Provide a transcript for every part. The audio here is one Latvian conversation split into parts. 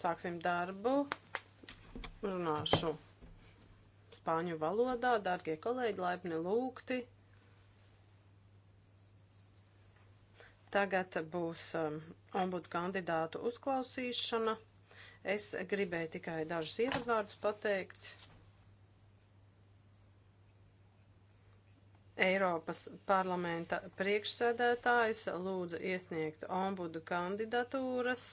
Sāksim darbu. Runāšu spāņu valodā, dārgie kolēģi, laipni lūgti. Tagad būs um, ombudu kandidātu uzklausīšana. Es gribēju tikai dažus ievadvārdus pateikt. Eiropas parlamenta priekšsēdētājs lūdza iesniegt ombudu kandidatūras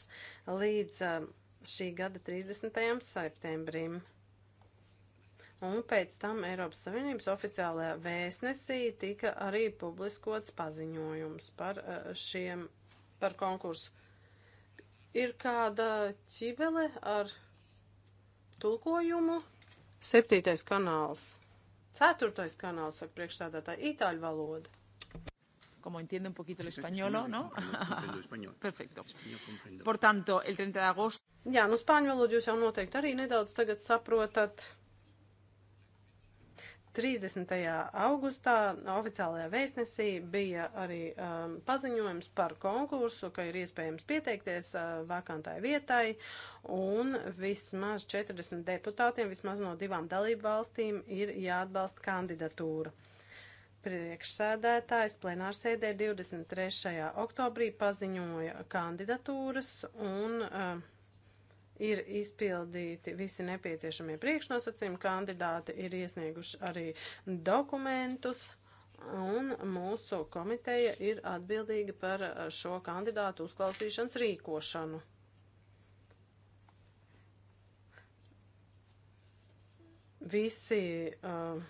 līdz um, šī gada 30. septembrim. Un pēc tam Eiropas Savienības oficiālajā vēstnesī tika arī publiskots paziņojums par eh, šiem, par konkursu. Ir kāda ķibele ar tulkojumu? Septītais kanāls. Ceturtais kanāls, saka priekšstādātāji, itāļu valoda como entiende un poquito el español, ¿no? Español. Perfecto. Por tanto, el 30 de agosto. Jā, nu spāņu valodu jūs jau noteikti arī nedaudz tagad saprotat. 30. augustā oficiālajā vēstnesī bija arī um, paziņojums par konkursu, ka ir iespējams pieteikties uh, vakantai vietai, un vismaz 40 deputātiem, vismaz no divām dalību valstīm, ir jāatbalsta kandidatūra priekšsēdētājs plenārsēdē 23. oktobrī paziņoja kandidatūras un uh, ir izpildīti visi nepieciešamie priekšnosacījumi. Kandidāti ir iesnieguši arī dokumentus. Un mūsu komiteja ir atbildīga par eh, šo kandidātu uzklausīšanas rīkošanu. Visi uh,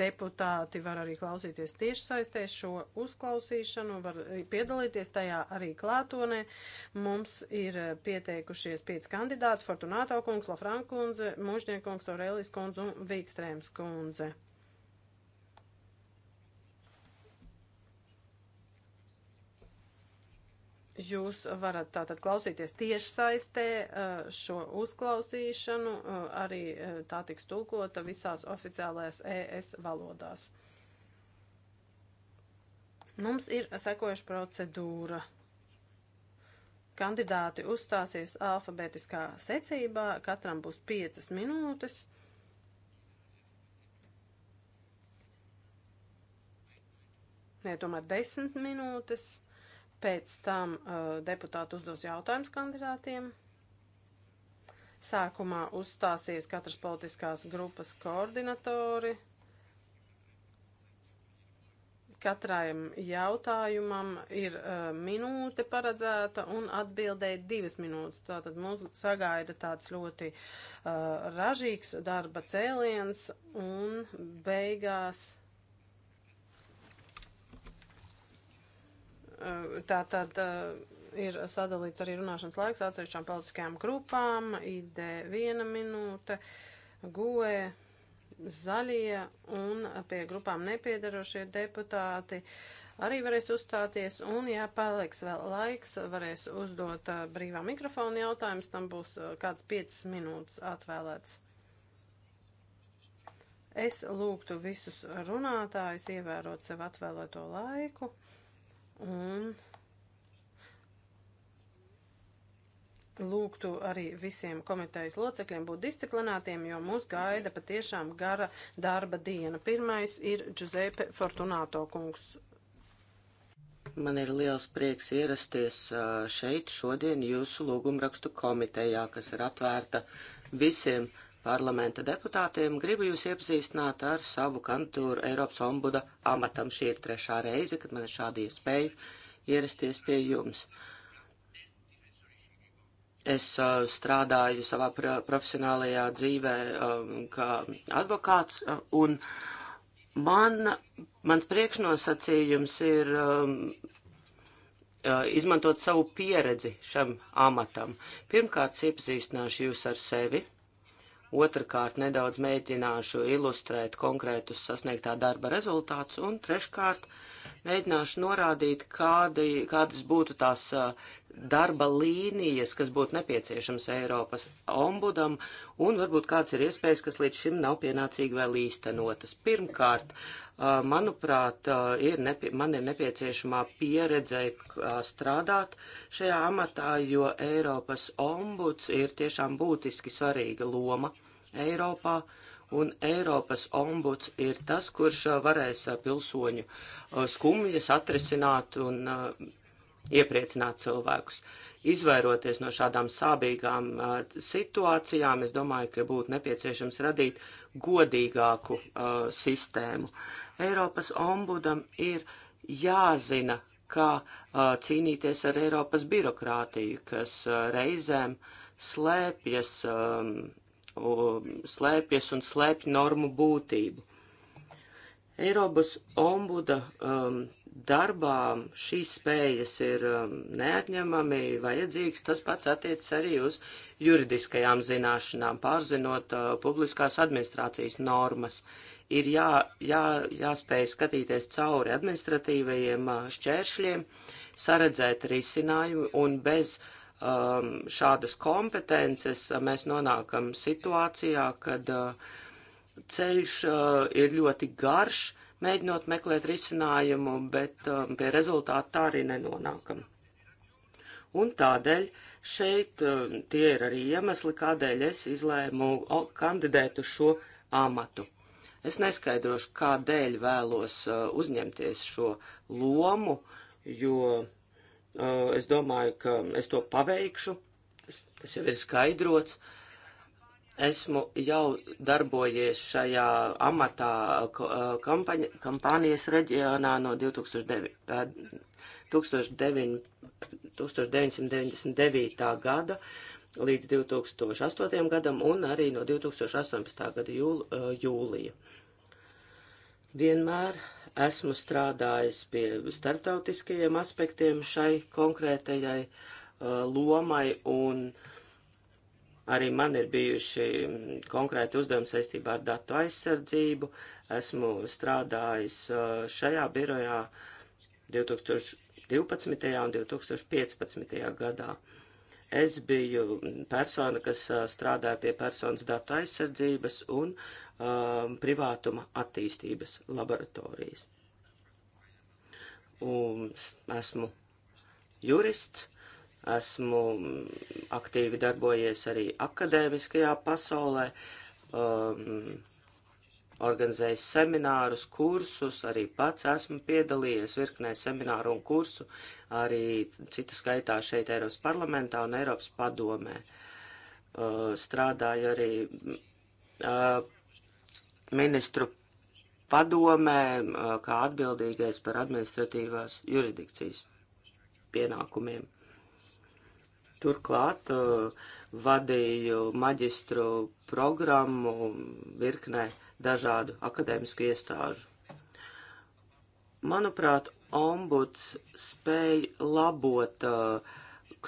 Deputāti var arī klausīties tiešsaistē šo uzklausīšanu, var piedalīties tajā arī klātonē. Mums ir pieteikušies pieci kandidāti - Fortunāto kungs, Lafrankunze, Mužņiekungs, Aurelijas kundze un Vīkstrēms kundze. Jūs varat tātad klausīties tieši saistē šo uzklausīšanu, arī tā tiks tulkota visās oficiālajās ES valodās. Mums ir sekojuša procedūra. Kandidāti uzstāsies alfabētiskā secībā, katram būs piecas minūtes. Nē, tomēr desmit minūtes. Pēc tam uh, deputāti uzdos jautājumus kandidātiem. Sākumā uzstāsies katras politiskās grupas koordinatori. Katram jautājumam ir uh, minūte paredzēta un atbildēja divas minūtes. Tātad mums sagaida tāds ļoti uh, ražīgs darba cēliens un beigās tā tad ir sadalīts arī runāšanas laiks atsevišķām politiskajām grupām, ID viena minūte, goe, zaļie un pie grupām nepiedarošie deputāti arī varēs uzstāties, un ja paliks vēl laiks, varēs uzdot brīvā mikrofona jautājumus, tam būs kāds 5 minūtes atvēlēts. Es lūgtu visus runātājus ievērot sev atvēlēto laiku un lūgtu arī visiem komitejas locekļiem būt disciplinētiem, jo mūs gaida patiešām gara darba diena. Pirmais ir Giuseppe Fortunato kungs. Man ir liels prieks ierasties šeit šodien jūsu lūgumrakstu komitejā, kas ir atvērta visiem uh, parlamenta deputātiem, gribu jūs iepazīstināt ar savu kantūru Eiropas ombuda amatam. Šī ir trešā reize, kad man ir šāda iespēja ierasties pie jums. Es uh, strādāju savā pro profesionālajā dzīvē um, kā advokāts, uh, un man, mans priekšnosacījums ir um, uh, izmantot savu pieredzi šam amatam. Pirmkārt, iepazīstināšu jūs ar sevi Otrakārt, nedaudz mēģināšu ilustrēt konkrētus sasniegtā darba rezultātus, un treškārt, mēģināšu norādīt, kādi, kādas būtu tās darba līnijas, kas būtu nepieciešams Eiropas ombudam, un varbūt kāds ir iespējas, kas līdz šim nav pienācīgi vēl īstenotas. Pirmkārt, uh, Eh, manuprāt, eh, ir nepie, man ir nepieciešamā pieredze eh, strādāt šajā amatā, jo Eiropas ombuds ir tiešām būtiski svarīga loma Eiropā. Un Eiropas ombuds ir tas, kurš varēs pilsoņu skumjas atrisināt un iepriecināt cilvēkus. Uh, izvairoties no šādām sābīgām uh, situācijām, es domāju, ka būtu nepieciešams radīt godīgāku uh, sistēmu. Eiropas ombudam ir jāzina, kā uh, cīnīties ar Eiropas birokrātiju, kas uh, reizēm slēpjas, um, slēpjas un slēpj normu būtību. Eiropas ombuda um, darbā šīs spējas ir um, neatņemami vajadzīgas, tas pats attiecas arī uz juridiskajām zināšanām, pārzinot uh, publiskās administrācijas normas. Ir jā, jā, jāspēj skatīties cauri administratīvajiem uh, šķēršļiem, saredzēt risinājumu un bez um, šādas kompetences uh, mēs nonākam situācijā, kad uh, ceļš uh, ir ļoti garš, mēģinot meklēt risinājumu, bet um, pie rezultāta tā arī nenonākam. Un tādēļ šeit um, tie ir arī iemesli, kādēļ es izlēmu o, kandidēt uz šo amatu. Es neskaidrošu, kādēļ vēlos uh, uzņemties šo lomu, jo uh, es domāju, ka es to paveikšu. Tas, tas jau ir skaidrots. Uh, Esmu jau darbojies šajā amatā kampaņa, kampānijas reģionā no 2009, 2009, 1999. gada līdz 2008. gadam un arī no 2018. gada jūl, jūlija. Vienmēr esmu strādājis pie starptautiskajiem aspektiem šai konkrētajai uh, lomai un uh, Arī man ir bijuši mm, konkrēti uzdevumi saistībā ar datu aizsardzību. Esmu strādājis uh, šajā birojā 2012. un 2015. gadā. Es biju mm, persona, kas uh, strādāja pie personas datu aizsardzības un um, privātuma attīstības laboratorijas. Un esmu jurists, Esmu mm, aktīvi darbojies arī akadēmiskajā pasaulē, um, organizējis seminārus, kursus, arī pats esmu piedalījies virknē semināru un kursu, arī cita skaitā šeit Eiropas parlamentā un Eiropas padomē. Uh, strādāju arī uh, ministru padomē uh, kā atbildīgais par administratīvās jurisdikcijas pienākumiem. Turklāt uh, vadīju maģistru programmu virknē dažādu akadēmisku iestāžu. Manuprāt, ombuds spēj labot uh,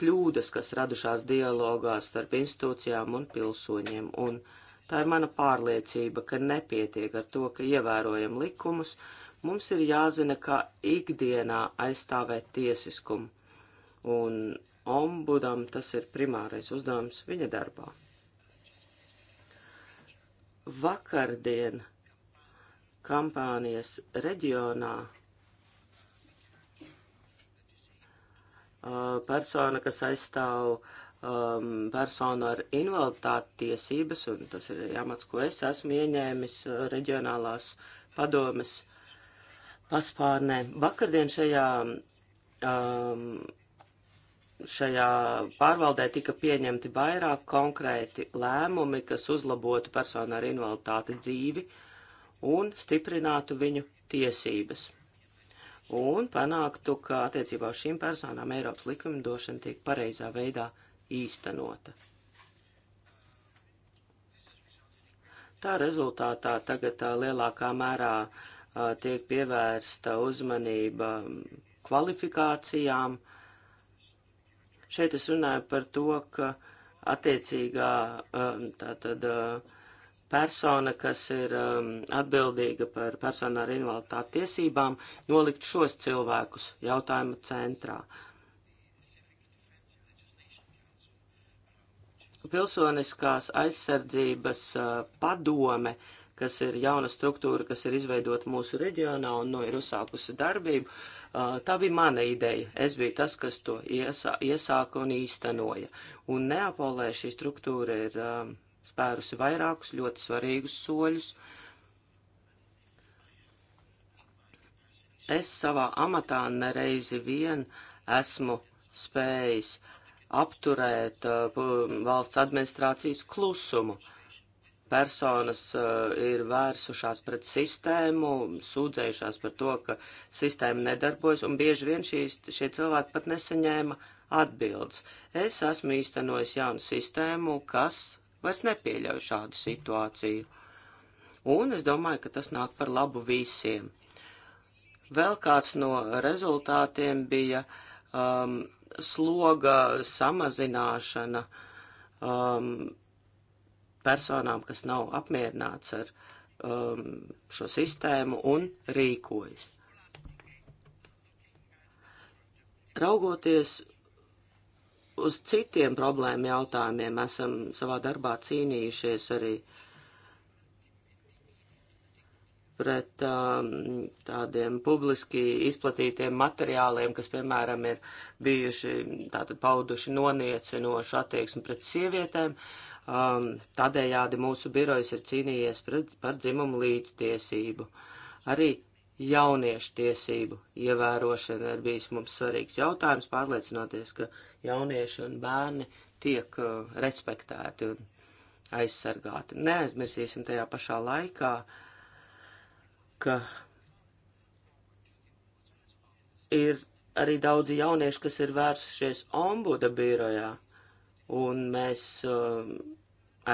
kļūdas, kas radušās dialogā starp institūcijām un pilsoņiem, un tā ir mana pārliecība, ka nepietiek ar to, ka ievērojam likumus, mums ir jāzina, kā ikdienā aizstāvēt tiesiskumu. Un ombudam tas ir primārais uzdevums viņa darbā. Vakardien kampānijas reģionā uh, persona, kas aizstāv um, personu ar invaliditāti tiesības, un tas ir jāmats, ko es esmu ieņēmis uh, reģionālās padomes paspārnē. Vakardien šajā um, šajā pārvaldē tika pieņemti vairāk konkrēti lēmumi, kas uzlabotu personu ar invaliditāti dzīvi un stiprinātu viņu tiesības. Un panāktu, ka attiecībā uz šīm personām Eiropas likumdošana tiek pareizā veidā īstenota. Tā rezultātā tagad lielākā mērā tiek pievērsta uzmanība kvalifikācijām, uh, Šeit es runāju par to, ka attiecīgā um, tātad uh, persona, kas ir um, atbildīga par personu ar invaliditāti tiesībām, nolikt šos cilvēkus jautājuma centrā. Pilsoniskās aizsardzības uh, padome kas ir jauna struktūra, kas ir izveidota mūsu reģionā un nu, ir uzsākusi darbību. Uh, tā bija mana ideja. Es biju tas, kas to iesā, iesāka un īstenoja. Un Neapolē šī struktūra ir um, spērusi vairākus ļoti svarīgus soļus. Es savā amatā nereizi vien esmu spējis apturēt uh, valsts administrācijas klusumu. Uh, personas uh, ir vērsušās pret sistēmu, sūdzējušās par to, ka sistēma nedarbojas, un bieži vien šīs, šie cilvēki pat nesaņēma atbildes. Es esmu īstenojis jaunu sistēmu, kas vairs nepieļauj šādu situāciju. Un es domāju, ka tas nāk par labu visiem. Vēl kāds no rezultātiem bija um, sloga samazināšana. Um, personām, kas nav apmierināts ar um, šo sistēmu un rīkojas. Raugoties uz citiem problēmu jautājumiem, esam savā darbā cīnījušies arī pret um, tādiem publiski izplatītiem materiāliem, kas, piemēram, ir bijuši tātad pauduši noniecinošu attieksmi pret sievietēm. Uh, Um, tādējādi mūsu birojas ir cīnījies pret, par dzimumu līdztiesību. Arī jauniešu tiesību ievērošana ir bijis mums svarīgs jautājums, pārliecinoties, ka jaunieši un bērni tiek uh, respektēti un aizsargāti. Neaizmirsīsim tajā pašā laikā, ka ir arī daudzi jaunieši, kas ir vērsušies ombuda birojā, un mēs uh,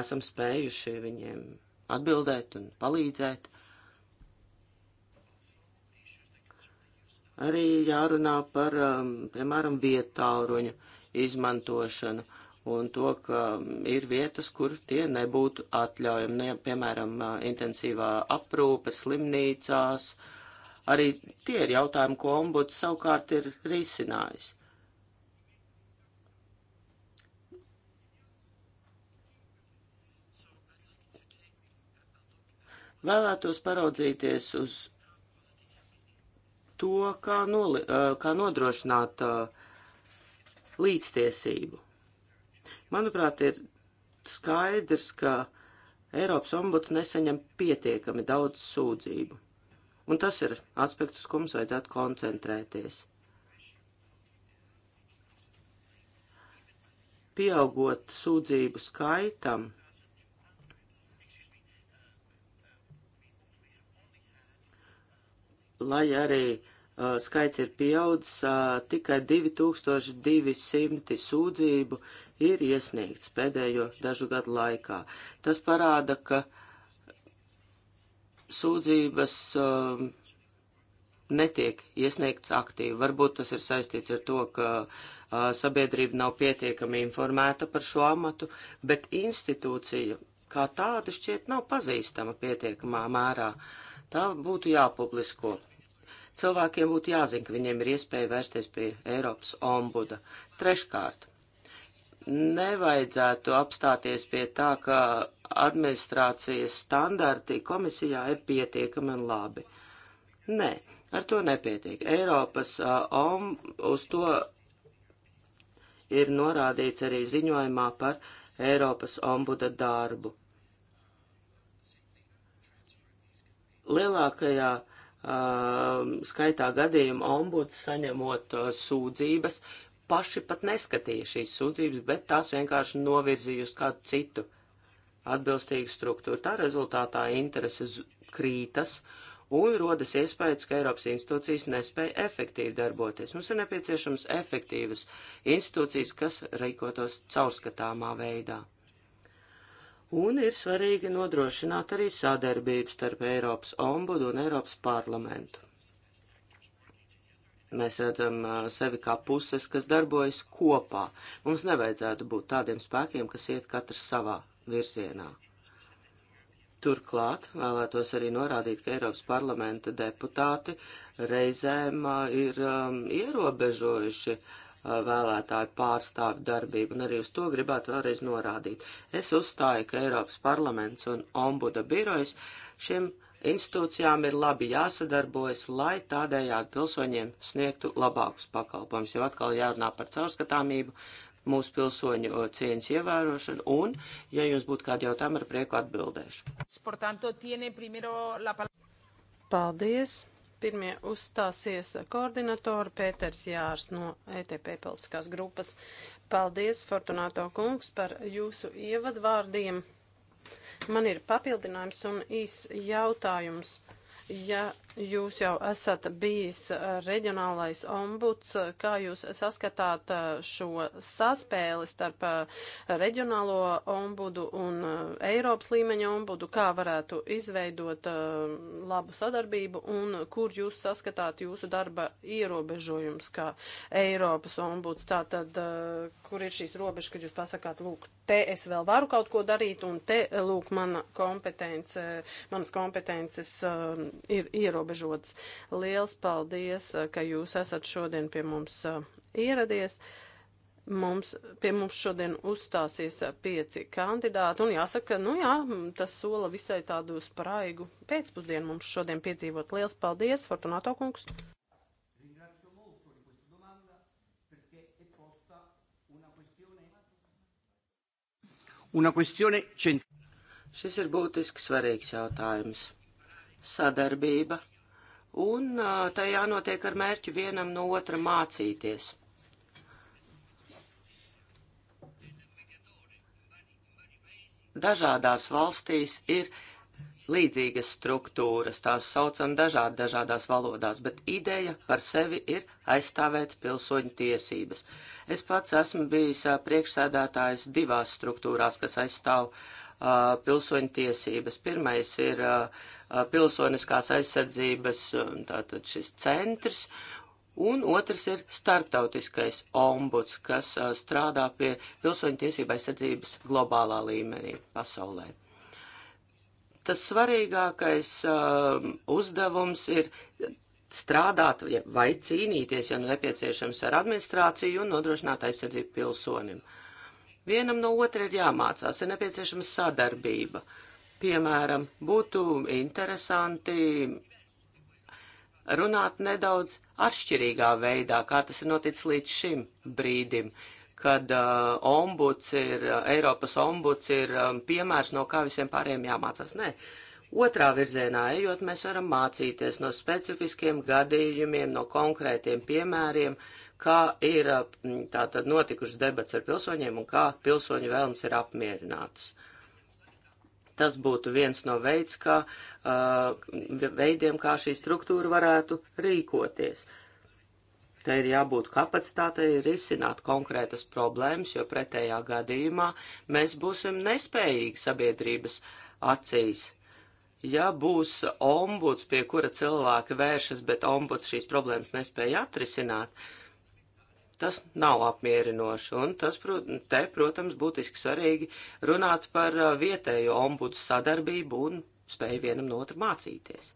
esam spējuši viņiem atbildēt un palīdzēt. Arī jārunā par, um, piemēram, vietāluņa izmantošanu un to, ka um, ir vietas, kur tie nebūtu atļaujami, ne, piemēram, uh, intensīvā aprūpe, slimnīcās. Arī tie ir jautājumi, ko ombuds savukārt ir risinājis. Vēlētos paraudzīties uz to, kā, noli, kā nodrošināt līdztiesību. Manuprāt, ir skaidrs, ka Eiropas ombuds nesaņem pietiekami daudz sūdzību. Un tas ir aspekts, uz ko mums vajadzētu koncentrēties. Pieaugot sūdzību skaitam, lai arī uh, skaits ir pieaudzis, uh, tikai 2200 sūdzību ir iesniegts pēdējo dažu gadu laikā. Tas parāda, ka sūdzības uh, netiek iesniegts aktīvi. Varbūt tas ir saistīts ar to, ka uh, sabiedrība nav pietiekami informēta par šo amatu, bet institūcija kā tāda šķiet nav pazīstama pietiekamā mērā. Uh, Tā būtu jāpublisko. Cilvēkiem būtu jāzina, ka viņiem ir iespēja vērsties pie Eiropas ombuda. Treškārt, nevajadzētu apstāties pie tā, ka administrācijas standarti komisijā ir pietiekami un labi. Nē, ar to nepietiek. Eiropas uh, om, uz to ir norādīts arī ziņojumā par Eiropas ombuda darbu. lielākajā uh, skaitā gadījumu ombuds saņemot uh, sūdzības, paši pat neskatīja šīs sūdzības, bet tās vienkārši novirzīja uz kādu citu atbilstīgu struktūru. Tā rezultātā intereses krītas un rodas iespējas, ka Eiropas institūcijas nespēja efektīvi darboties. Mums ir nepieciešams efektīvas institūcijas, kas rīkotos caurskatāmā veidā un ir svarīgi nodrošināt arī sadarbību starp Eiropas ombudu un Eiropas parlamentu. Mēs redzam sevi kā puses, kas darbojas kopā. Mums nevajadzētu būt tādiem spēkiem, kas iet katrs savā virzienā. Turklāt vēlētos arī norādīt, ka Eiropas parlamenta deputāti reizēm ir um, ierobežojuši uh, vēlētāju pārstāvu darbību, un arī uz to gribētu vēlreiz norādīt. Es uzstāju, ka Eiropas parlaments un ombuda birojas šiem institūcijām ir labi jāsadarbojas, lai tādējādi pilsoņiem sniegtu labākus pakalpojumus. Jau atkal jārunā par caurskatāmību, mūsu pilsoņu cieņas ievērošanu, un, ja jums būtu kādi jautājumi, ar prieku atbildēšu. Paldies! Pirmie uzstāsies koordinatori Pēters Jārs no ETP politiskās grupas. Paldies, Fortunāto kungs, par jūsu ievadvārdiem. Man ir papildinājums un īs jautājums. Ja Jūs jau esat bijis eh, reģionālais ombuds. Kā jūs saskatāt eh, šo saspēli starp eh, reģionālo ombudu un Eiropas līmeņa ombudu? Kā varētu izveidot labu sadarbību un kur jūs saskatāt jūsu darba ierobežojums kā Eiropas ombuds? Tātad, kur ir šīs robežas, kad jūs pasakāt, lūk, te es vēl varu kaut ko darīt un te, lūk, mana kompetence, manas kompetences ir ierobežojums? ierobežotas. Liels paldies, eh, ka jūs esat šodien pie mums eh, ieradies. Mums, pie mums šodien uzstāsies eh, pieci kandidāti, un jāsaka, nu jā, tas sola visai tādu spraigu pēcpusdienu mums šodien piedzīvot. Liels paldies, Fortunato kungs! una questione centrale. Šis ir būtiski svarīgs jautājums. Sadarbība un tai jānotiek ar mērķi vienam no otra mācīties. Dažādās valstīs ir līdzīgas struktūras, tās saucam dažādi dažādās valodās, bet ideja par sevi ir aizstāvēt pilsoņu tiesības. Es pats esmu bijis priekšsēdētājs divās struktūrās, kas aizstāv uh, pilsoņu tiesības. Pirmais ir pilsoniskās aizsardzības tātad šis centrs, un otrs ir starptautiskais ombuds, kas strādā pie pilsoņu tiesību aizsardzības globālā līmenī pasaulē. Tas svarīgākais uzdevums ir strādāt vai cīnīties, ja nu nepieciešams, ar administrāciju un nodrošināt aizsardzību pilsonim. Uh, Vienam no otra ir jāmācās, ir nepieciešama sadarbība. Piemēram, būtu interesanti runāt nedaudz atšķirīgā veidā, kā tas ir noticis līdz šim brīdim, kad uh, ombuds ir, uh, Eiropas ombuds ir um, piemērs, no kā visiem pārējiem jāmācās. Nē, otrā virzienā ejot, mēs varam mācīties no specifiskiem gadījumiem, no konkrētiem piemēriem, uh, kā ir mm, tātad notikušas debats ar pilsoņiem un kā pilsoņu vēlms ir apmierināts. Tas būtu viens no veids, kā, uh, veidiem, kā šī struktūra varētu rīkoties. Te ir jābūt kapacitātei risināt konkrētas problēmas, jo pretējā gadījumā mēs būsim nespējīgi sabiedrības acīs ja būs ombuds, pie kura cilvēki vēršas, bet ombuds šīs problēmas nespēja atrisināt, Tas nav apmierinoši, un tas, te, protams, būtiski svarīgi runāt par uh, vietējo ombudu sadarbību un spēju vienam no otru mācīties.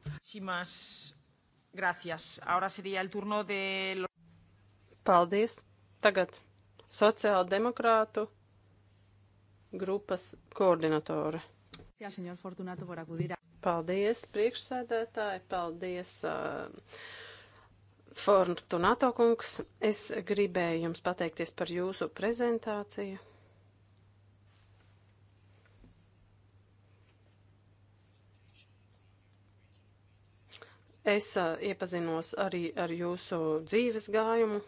Paldies! Tagad sociāldemokrātu grupas koordinatore. Jā, senjor Fortunato, var acudir. Paldies, priekšsēdētāji, paldies. Uh, Fortunato kungs, es gribēju jums pateikties par jūsu prezentāciju. Es uh, iepazinos arī ar jūsu dzīves gājumu.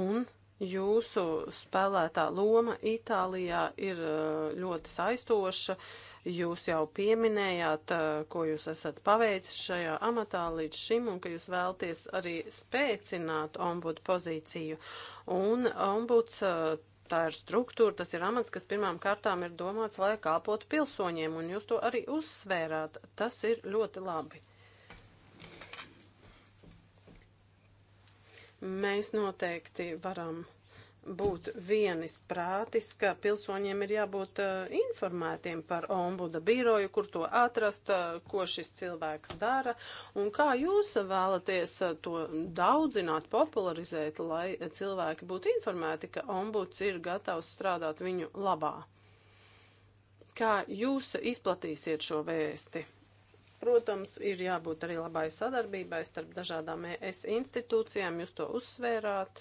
Un Jūsu spēlētā loma Itālijā ir eh, ļoti saistoša. Jūs jau pieminējāt, eh, ko jūs esat paveicis šajā amatā līdz šim un ka jūs vēlties arī spēcināt ombudu pozīciju. Un ombuds eh, tā ir struktūra, tas ir amats, kas pirmām kārtām ir domāts, lai kalpotu pilsoņiem, un jūs to arī uzsvērāt. Tas ir ļoti labi. Mēs noteikti varam būt vienis prātis, ka pilsoņiem ir jābūt uh, informētiem par ombuda biroju, kur to atrast, uh, ko šis cilvēks dara un kā jūs vēlaties uh, to daudzināt, popularizēt, lai cilvēki būtu informēti, ka ombuds ir gatavs strādāt viņu labā. Kā jūs izplatīsiet šo vēsti? Protams, ir jābūt arī labai sadarbībai starp dažādām ES institūcijām, jūs to uzsvērāt.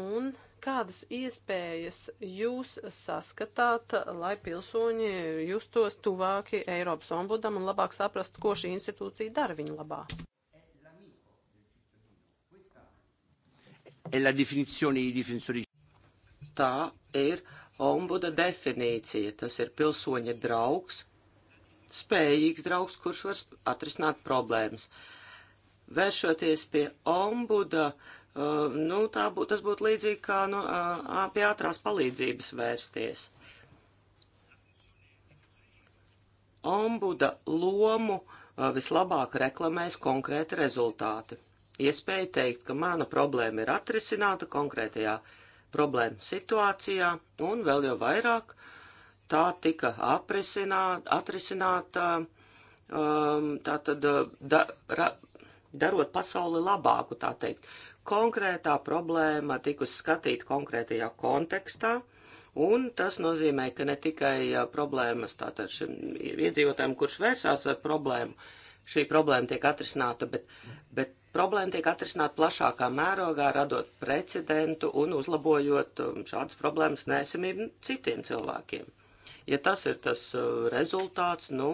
Un kādas iespējas jūs saskatāt, lai pilsoņi justos tuvāki Eiropas ombudam un labāk saprast, ko šī institūcija dara viņu labā? E la definizione di difensori. Tā ir ombuda definīcija. Tas ir pilsoņa draugs, spējīgs draugs, kurš var atrisināt problēmas. Vēršoties pie ombuda, uh, nu, tā būtu, tas būtu līdzīgi kā nu, uh, pie ātrās palīdzības vērsties. Ombuda lomu uh, vislabāk reklamēs konkrēti rezultāti. Iespēja teikt, ka mana problēma ir atrisināta konkrētajā problēmu situācijā, un vēl jau vairāk uh, tā tika atrisināta um, tātad uh, da, ra, darot pasauli labāku, tā teikt. Konkrētā problēma tikus skatīta konkrētajā kontekstā, un tas nozīmē, ka ne tikai uh, problēmas tātad šim iedzīvotājiem, kurš vērsās ar problēmu, šī problēma tiek atrisināta, bet, bet problēma tiek atrisināta plašākā mērogā, radot precedentu un uzlabojot um, šādas problēmas nesamību citiem cilvēkiem. Ja tas ir tas uh, rezultāts, nu,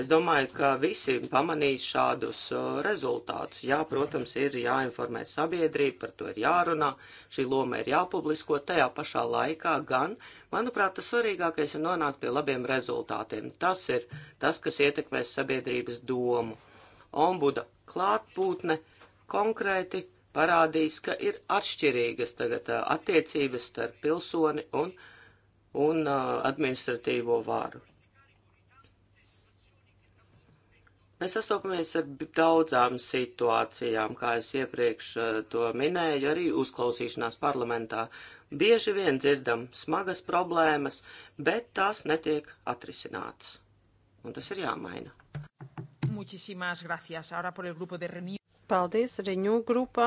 es domāju, ka visi pamanīs šādus uh, rezultātus. Jā, protams, ir jāinformē sabiedrība, par to ir jārunā, šī loma ir jāpublisko tajā pašā laikā, gan, manuprāt, tas svarīgākais ir nonākt pie labiem rezultātiem. Tas ir tas, kas ietekmēs sabiedrības domu. Ombuda klātbūtne konkrēti parādīs, ka ir atšķirīgas tagad uh, attiecības starp pilsoni un pilsoni un uh, administratīvo vāru. Mēs sastopamies ar daudzām situācijām, kā es iepriekš uh, to minēju, arī uzklausīšanās parlamentā. Bieži vien dzirdam smagas problēmas, bet tās netiek atrisinātas. Un tas ir jāmaina. Paldies, Riņu grupa.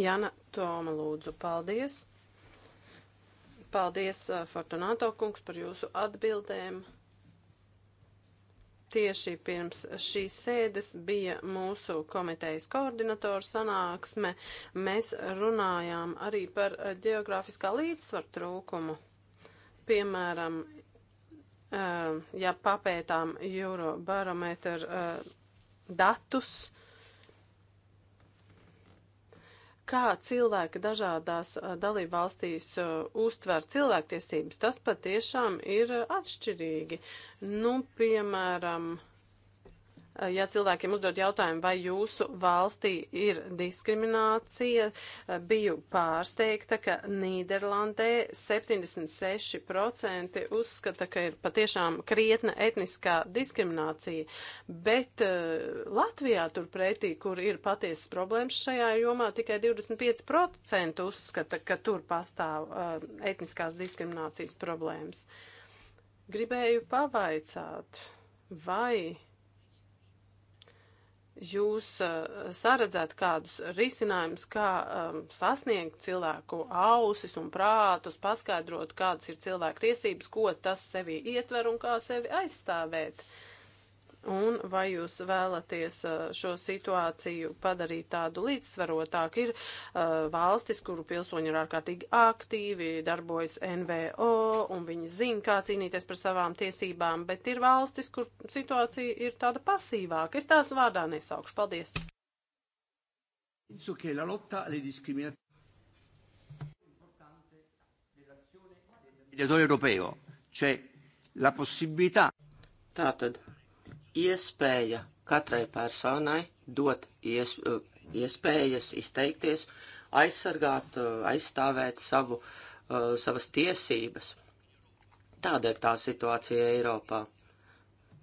Jana Toma, lūdzu, paldies. Paldies, uh, Fortunato kungs, par jūsu atbildēm. Tieši pirms šīs sēdes bija mūsu komitejas koordinatoru sanāksme. Mēs runājām arī par uh, geogrāfiskā līdzsvaru trūkumu. Piemēram, uh, ja papētām Eurobarometru datus, kā cilvēki dažādās dalībvalstīs uztver cilvēktiesības, tas patiešām ir atšķirīgi. Nu, piemēram, uh, Eh, ja cilvēkiem uzdod jautājumu, vai jūsu valstī ir diskriminācija, eh, biju pārsteigta, ka Nīderlandē 76% uzskata, ka ir patiešām krietna etniskā diskriminācija, bet uh, Latvijā turpretī, kur ir patiesas problēmas šajā jomā, tikai 25% uzskata, ka tur pastāv uh, etniskās diskriminācijas problēmas. Gribēju pavaicāt, vai jūs uh, saredzat kādus risinājumus, kā um, sasniegt cilvēku ausis un prātus, paskaidrot, kādas ir cilvēku tiesības, ko tas sevi ietver un kā sevi aizstāvēt. Uh, un vai jūs vēlaties uh, šo situāciju padarīt tādu līdzsvarotāku. Ir uh, valstis, kuru pilsoņi ir ārkārtīgi aktīvi, darbojas NVO un viņi zina, kā cīnīties par savām tiesībām, bet ir valstis, kur situācija ir tāda pasīvāka. Es tās vārdā nesaukšu. Paldies! Mediatore europeo, c'è la possibilità. Tātad iespēja katrai personai dot ies, uh, iespējas izteikties, aizsargāt, uh, aizstāvēt savu, uh, savas tiesības. Tāda ir tā situācija Eiropā.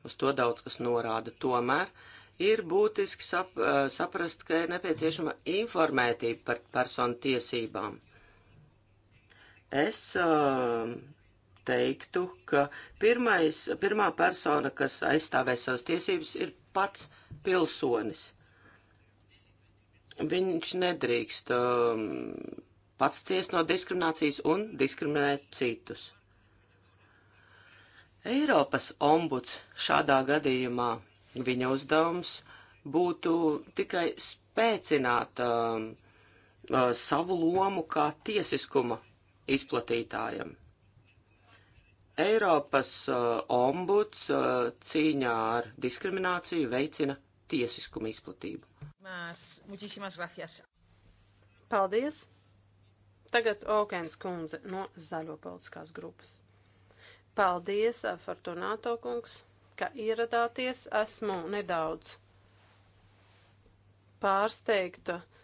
Uz to daudz kas norāda. Tomēr ir būtiski sap, saprast, ka ir nepieciešama informētība par personu tiesībām. Es uh, teiktu, ka pirmais, pirmā persona, kas aizstāvē savas tiesības, ir pats pilsonis. Viņš nedrīkst um, pats ciest no diskriminācijas un diskriminēt citus. Eiropas ombuds šādā gadījumā viņa uzdevums būtu tikai spēcināt um, uh, savu lomu kā tiesiskuma izplatītājam. Eiropas uh, ombuds uh, cīņā ar diskrimināciju veicina tiesiskumu izplatību. Mēs, muchísimas gracias. Paldies! Tagad Okēns kundze no Zaļo politiskās grupas. Paldies, uh, Fortunato kungs, ka ieradāties. Esmu nedaudz pārsteigta. Uh,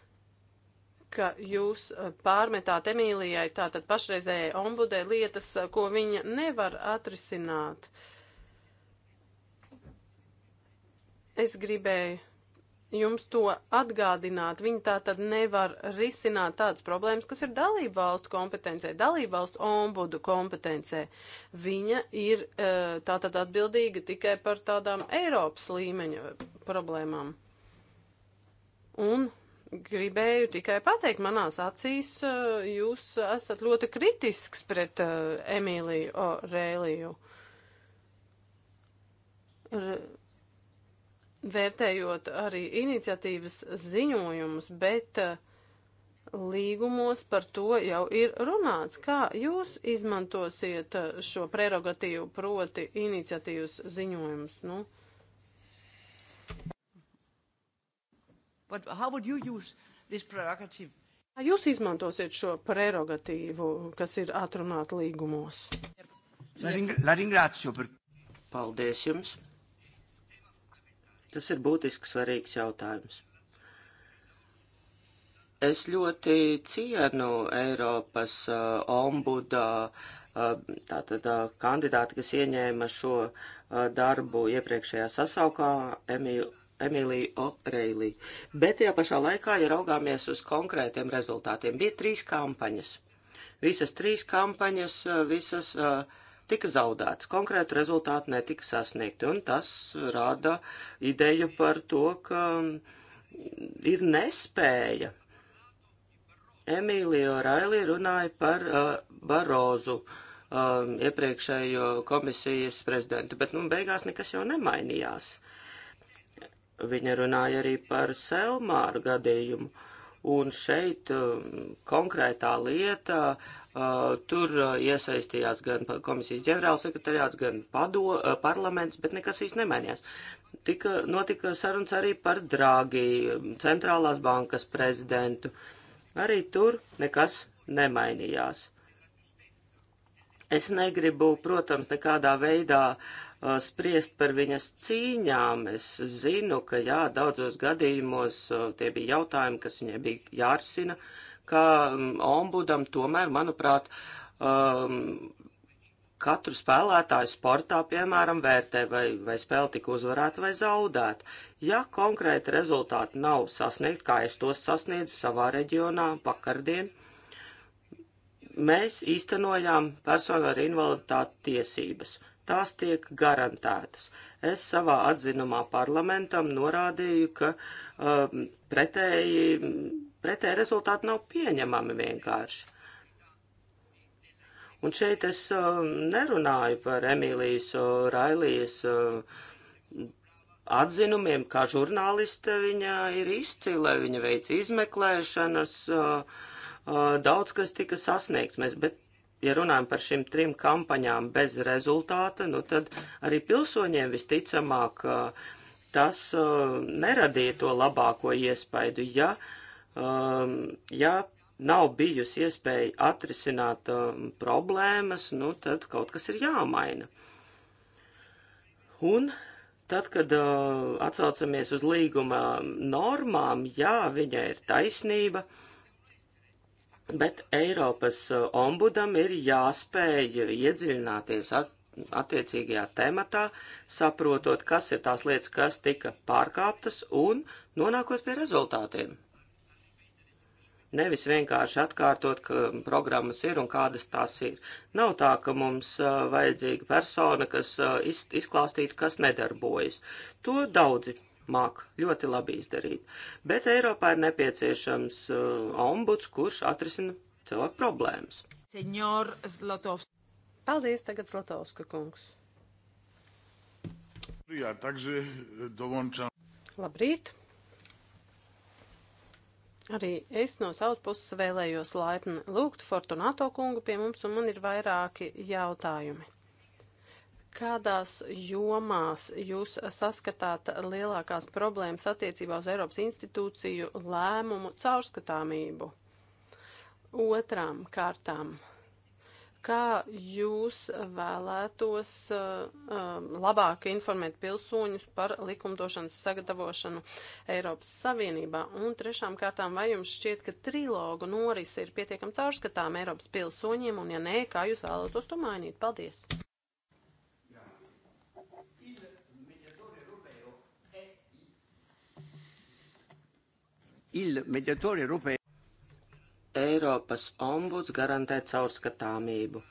ka jūs eh, pārmetāt Emīlijai, tātad pašreizējai ombudē, lietas, eh, ko viņa nevar atrisināt. Es gribēju jums to atgādināt. Viņi tā tad nevar risināt tādas problēmas, kas ir dalību valstu kompetencē, dalību valstu ombudu kompetencē. Viņa ir eh, tā tad atbildīga tikai par tādām Eiropas līmeņa problēmām. Un gribēju tikai pateikt, manās acīs eh, jūs esat ļoti kritisks pret eh, Emīliju Orēliju. Vērtējot arī iniciatīvas ziņojumus, bet eh, līgumos par to jau ir runāts. Kā jūs izmantosiet šo prerogatīvu proti iniciatīvas ziņojumus? Nu, uh, But how would you use this prerogative? Jūs izmantosiet šo prerogatīvu, kas ir atrunāta līgumos. La, ring, la ringrazio par. Paldies jums. Tas ir būtisks, svarīgs jautājums. Es ļoti cienu Eiropas uh, ombuda uh, tātad uh, kandidāti, kas ieņēma šo uh, darbu iepriekšējā sasaukā, Emīlu Emīliju Oreilī. Bet tajā pašā laikā, ja raugāmies uz konkrētiem rezultātiem, bija trīs kampaņas. Visas trīs kampaņas, eh, visas uh, tika zaudētas, konkrētu rezultātu netika sasniegti, un tas rada ideju par to, ka mm, ir nespēja. Emīlija Railī runāja par uh, Barozu, um, iepriekšējo komisijas prezidentu, bet, nu, beigās nekas jau nemainījās. Viņa runāja arī par Selmāru gadījumu. Un šeit um, konkrētā lietā uh, tur uh, iesaistījās gan komisijas ģenerālsekretariāts, gan pado, uh, parlaments, bet nekas īsti nemainījās. Tika, notika sarunas arī par Drāgi, um, centrālās bankas prezidentu. Arī tur nekas nemainījās. Es negribu, protams, nekādā veidā uh, Uh, spriest par viņas cīņām. Es zinu, ka jā, daudzos gadījumos uh, tie bija jautājumi, kas viņai bija jārisina, ka um, ombudam tomēr, manuprāt, um, katru spēlētāju sportā, piemēram, vērtē, vai, vai spēle tika uzvarēta vai zaudēta. Ja konkrēti rezultāti nav sasniegti, kā es tos sasniedzu savā reģionā vakardien, mēs īstenojām personu ar invaliditāti tiesības tās tiek garantētas. Es savā atzinumā parlamentam norādīju, ka um, pretēji, pretēji rezultāti nav pieņemami vienkārši. Un šeit es uh, nerunāju par Emīlijas uh, Railijas uh, atzinumiem, kā žurnāliste viņa ir izcila, viņa veic izmeklēšanas, uh, uh, daudz kas tika sasniegts, mēs, bet ja runājam par šīm trim kampaņām bez rezultāta, nu tad arī pilsoņiem visticamāk uh, tas uh, neradīja to labāko iespaidu, ja, um, ja nav bijusi iespēja atrisināt um, problēmas, nu tad kaut kas ir jāmaina. Un tad, kad uh, atsaucamies uz līguma normām, jā, viņai ir taisnība, uh, Bet Eiropas uh, ombudam ir jāspēj iedziļināties at, attiecīgajā tematā, saprotot, kas ir tās lietas, kas tika pārkāptas un nonākot pie rezultātiem. Nevis vienkārši atkārtot, ka programmas ir un kādas tās ir. Nav tā, ka mums uh, vajadzīga persona, kas uh, iz, izklāstītu, kas nedarbojas. To daudzi māk ļoti labi izdarīt. Bet Eiropā ir nepieciešams uh, ombuds, kurš atrisina cilvēku problēmas. Senjor Zlotovs. Paldies, tagad Zlotovska kungs. Jā, takže eh, dovolčam. Labrīt. Arī es no savas puses vēlējos laipni lūgt Fortunato kungu pie mums, un man ir vairāki jautājumi. Kādās jomās jūs saskatāt lielākās problēmas attiecībā uz Eiropas institūciju lēmumu caurskatāmību? Otrām kārtām kā jūs vēlētos uh, um, labāk informēt pilsoņus par likumdošanas sagatavošanu Eiropas Savienībā? Un trešām kārtām, vai jums šķiet, ka trilogu norise ir pietiekami caurskatām Eiropas pilsoņiem, un ja nē, kā jūs vēlētos to mainīt? Paldies! il mediatore europeo. Eiropas ombuds garantē caurskatāmību.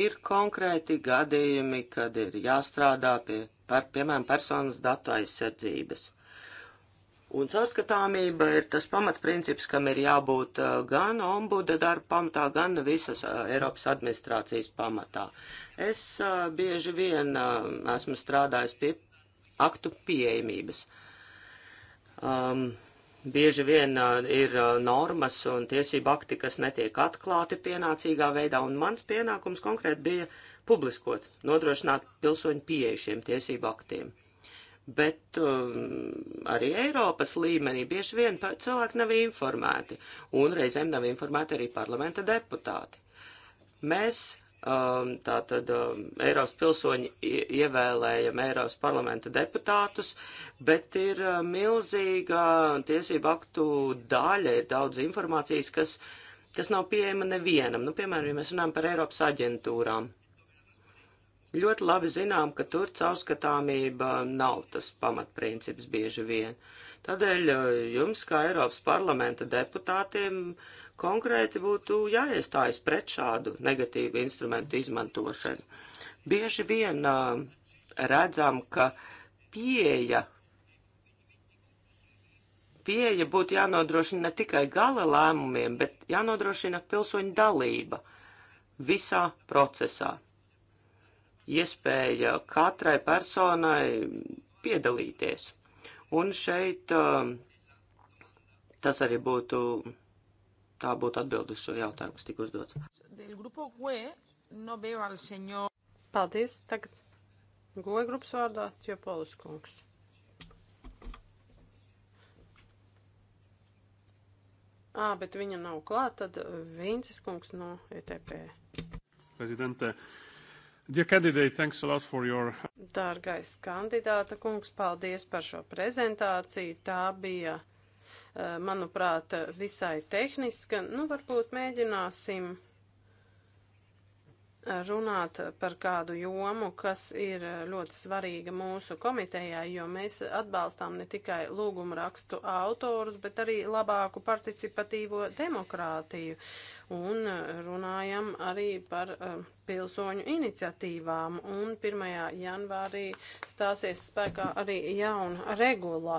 Ir konkrēti gadījumi, kad ir jāstrādā pie, par, piemēram, personas datu aizsardzības. Un caurskatāmība ir tas pamatprincips, kam ir jābūt uh, gan ombuda darba pamatā, gan visas uh, Eiropas administrācijas pamatā. Es uh, bieži vien esmu strādājis pie aktu pieejamības. Uh, um, bieži vien uh, ir uh, normas un tiesība akti, kas netiek atklāti pienācīgā veidā, un mans pienākums konkrēti bija publiskot, nodrošināt pilsoņu pieeju šiem tiesību aktiem. Bet um, arī Eiropas līmenī bieži vien cilvēki nav informēti, un reizēm nav informēti arī parlamenta deputāti. Mēs um, tātad um, Eiropas pilsoņi ievēlējam Eiropas parlamenta deputātus, bet ir uh, milzīga tiesību aktu daļa, ir daudz informācijas, kas, kas nav pieejama nevienam. Nu, piemēram, ja mēs runājam par Eiropas aģentūrām. Ļoti labi zinām, ka tur caurskatāmība nav tas pamatprincips bieži vien. Tādēļ uh, jums, kā Eiropas parlamenta deputātiem, uh, konkrēti būtu jāiestājas pret šādu negatīvu instrumentu izmantošanu. Bieži vien uh, redzam, ka pieeja pieeja būtu jānodrošina ne tikai gala lēmumiem, bet jānodrošina pilsoņu dalība visā procesā. Iespēja katrai personai piedalīties. Un šeit tas arī būtu Tā būtu atbildi uz šo jautājumu, kas tika uzdots. Paldies. Tagad goja grupas vārdā Tjopolis kungs. Ā, bet viņa nav klāt, tad Vinces kungs no ETP. Prezidente, dear candidate, thanks a lot for your... Dārgais kandidāta kungs, paldies par šo prezentāciju. Tā bija Eh, manuprāt, visai tehniska. Nu, varbūt mēģināsim eh, runāt par kādu jomu, kas ir eh, ļoti svarīga mūsu komitejai, jo mēs atbalstām ne tikai lūgumu rakstu autorus, bet arī labāku participatīvo demokrātiju un runājam arī par uh, pilsoņu iniciatīvām. Un 1. janvārī stāsies spēkā arī jauna regula.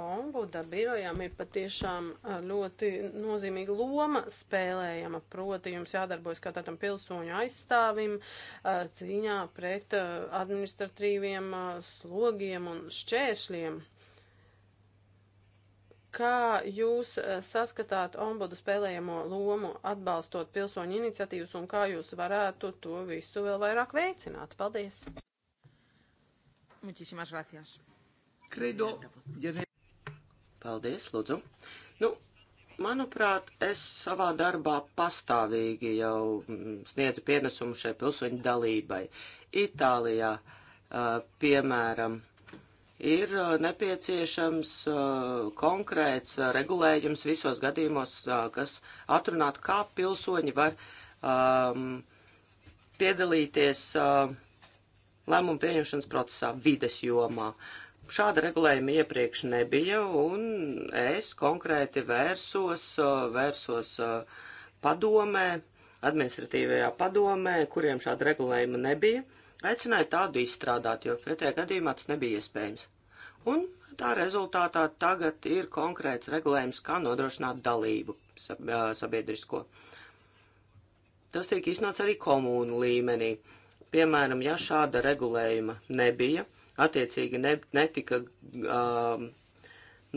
Ombuda birojām ir patiešām ļoti nozīmīga loma spēlējama, proti jums jādarbojas kā tādam pilsoņu aizstāvim cīņā pret administratīviem slogiem un šķēršļiem. Kā jūs saskatāt ombudu spēlējamo lomu atbalstot pilsoņu iniciatīvas un kā jūs varētu to visu vēl vairāk veicināt? Paldies! Muchísimas gracias. Credo di aver Paldies, lūdzu. Nu, manuprāt, es savā darbā pastāvīgi jau mm, sniedzu pienesumu šai pilsoņu dalībai. Itālijā, piemēram, ir nepieciešams konkrēts regulējums visos gadījumos, kas atrunātu, kā pilsoņi var um, piedalīties uh, lēmumu pieņemšanas procesā vides jomā. Uh, Šāda regulējuma iepriekš nebija, un es konkrēti vērsos, vērsos uh, padomē, administratīvajā padomē, kuriem šāda regulējuma nebija, aicināju tādu izstrādāt, jo pretējā gadījumā tas nebija iespējams. Un tā rezultātā tagad ir konkrēts regulējums, kā nodrošināt dalību uh, sabiedrisko. Tas tiek īstenots arī komūnu līmenī. Piemēram, ja šāda regulējuma nebija, Attiecīgi ne, netika um,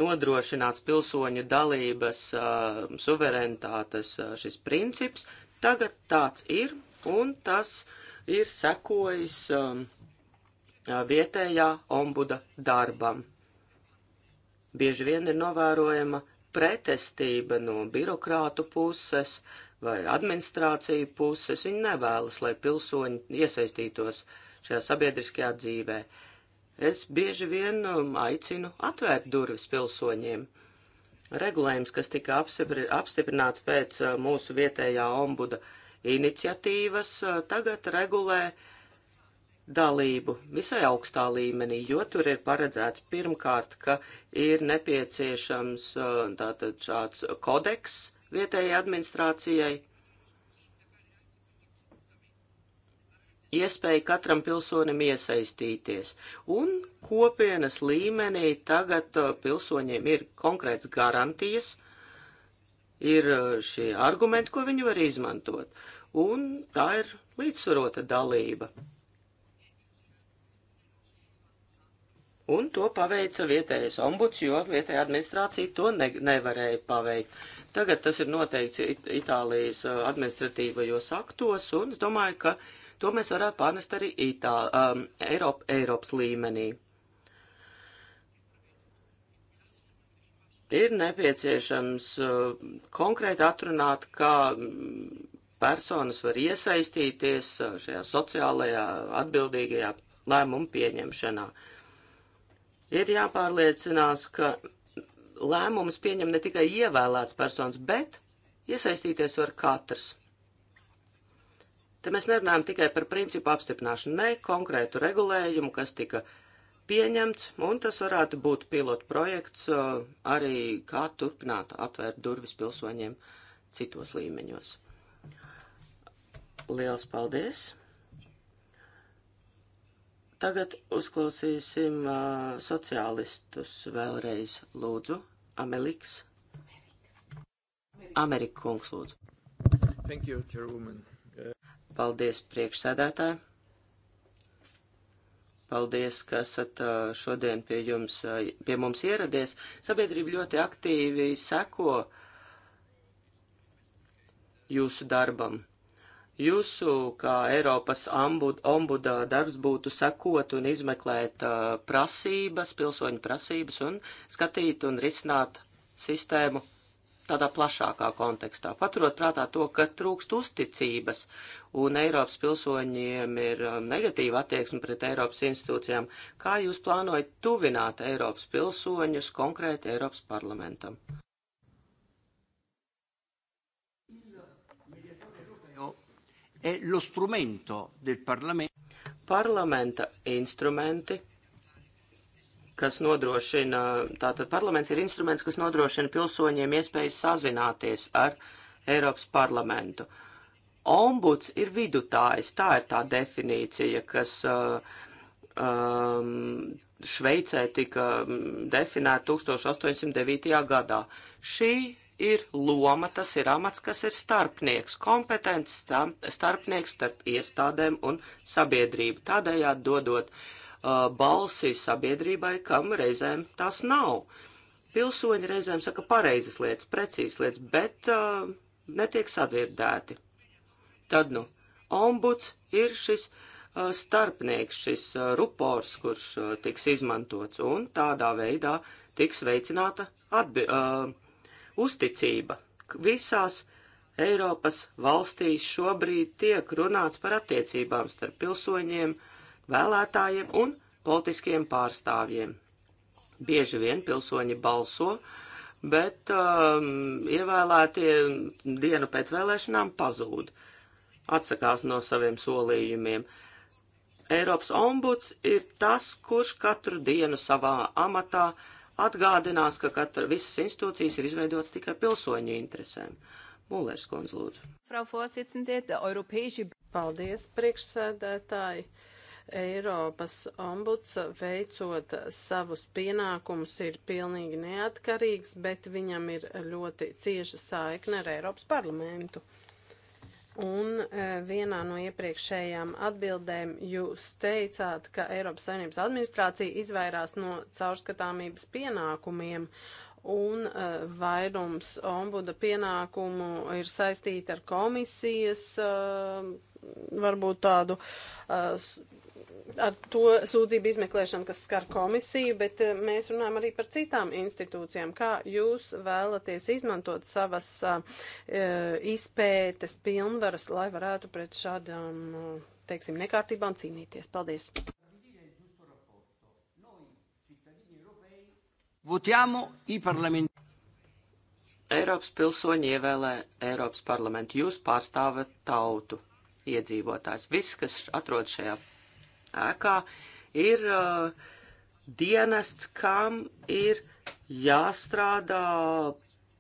nodrošināts pilsoņu dalības uh, suverenitātes uh, šis princips. Tagad tāds ir, un tas ir sekojis um, vietējā ombuda darbam. Bieži vien ir novērojama pretestība no birokrātu puses vai administrāciju puses. Viņi nevēlas, lai pilsoņi iesaistītos šajā sabiedriskajā dzīvē. Uh, Es bieži vien um, aicinu atvērt durvis pilsoņiem. Regulējums, kas tika apstiprināts pēc uh, mūsu vietējā ombuda iniciatīvas, uh, tagad regulē dalību visai augstā līmenī, jo tur ir paredzēts pirmkārt, ka ir nepieciešams uh, tātad šāds kodeks vietējai administrācijai, iespēja katram pilsonim iesaistīties. Un kopienas līmenī tagad uh, pilsoņiem ir konkrēts garantijas, ir uh, šie argumenti, ko viņi var izmantot. Un tā ir līdzsvarota dalība. Un to paveica vietējais ombuds, jo vietējā administrācija to ne, nevarēja paveikt. Tagad tas ir noteikts It Itālijas uh, administratīvajos aktos, un es domāju, ka To mēs varētu pārnest arī Itā, um, Eiropa, Eiropas līmenī. Ir nepieciešams uh, konkrēti atrunāt, kā personas var iesaistīties uh, šajā sociālajā atbildīgajā lēmumu pieņemšanā. Ir jāpārliecinās, ka lēmumus pieņem ne tikai ievēlēts personas, bet iesaistīties var katrs. Te mēs nerunājam tikai par principu apstiprināšanu, ne konkrētu regulējumu, kas tika pieņemts, un tas varētu būt pilotu projekts uh, arī kā turpināt atvērt durvis pilsoņiem citos līmeņos. Liels paldies! Tagad uzklausīsim uh, sociālistus vēlreiz, lūdzu, Ameliks. Amerikas kungs, lūdzu. Thank you, Chairwoman. Uh, Paldies priekšsēdētāji. Paldies, ka esat šodien pie, jums, pie mums ieradies. Sabiedrība ļoti aktīvi seko jūsu darbam. Jūsu, kā Eiropas ombuda darbs būtu sekot un izmeklēt prasības, pilsoņu prasības un skatīt un risināt sistēmu tādā plašākā kontekstā, paturot prātā to, ka trūkst uzticības un Eiropas pilsoņiem ir um, negatīva attieksme pret Eiropas institūcijām. Kā jūs plānojat tuvināt Eiropas pilsoņus konkrēti Eiropas parlamentam? Parlamenta instrumenti kas nodrošina, tātad parlaments ir instruments, kas nodrošina pilsoņiem iespēju sazināties ar Eiropas parlamentu. Ombuds ir vidutājs, tā ir tā definīcija, kas uh, um, Šveicē tika um, definēta 1809. gadā. Šī ir loma, tas ir amats, kas ir starpnieks, kompetents starpnieks starp iestādēm un sabiedrību, tādējādi dodot uh, uh, balsi sabiedrībai, kam reizēm tās nav. Pilsoņi reizēm saka pareizas lietas, precīzas lietas, bet uh, netiek sadzirdēti. Tad, nu, ombuds ir šis uh, starpnieks, šis uh, rupors, kurš uh, tiks izmantots, un tādā veidā tiks veicināta atbi, uh, uzticība. Visās Eiropas valstīs šobrīd tiek runāts par attiecībām starp pilsoņiem, uh, vēlētājiem un politiskiem pārstāvjiem. Bieži vien pilsoņi balso, bet um, ievēlētie dienu pēc vēlēšanām pazūd, atsakās no saviem solījumiem. Eiropas ombuds ir tas, kurš katru dienu savā amatā atgādinās, ka katra, visas institūcijas ir izveidotas tikai pilsoņu interesēm. Mūlērs kundze, lūdzu. Frau Vorsitzende, der Europäische. Paldies, priekšsēdētāji. Uh, Eiropas ombuds veicot savus pienākumus ir pilnīgi neatkarīgs, bet viņam ir ļoti cieša saikne ar Eiropas parlamentu. Un e, vienā no iepriekšējām atbildēm jūs teicāt, ka Eiropas Savienības administrācija izvairās no caurskatāmības pienākumiem un uh, vairums ombuda pienākumu ir saistīti ar komisijas uh, varbūt tādu uh, ar to sūdzību izmeklēšanu, kas skar komisiju, bet eh, mēs runājam arī par citām institūcijām. Kā jūs vēlaties izmantot savas uh, izpētes pilnvaras, lai varētu pret šādām, eh, teiksim, nekārtībām cīnīties? Paldies! Votiamo i parlamenti. Eiropas pilsoņi ievēlē Eiropas parlamentu. Jūs pārstāvat tautu iedzīvotājs. Viss, kas atrodas šajā ēkā ir uh, dienests, kam ir jāstrādā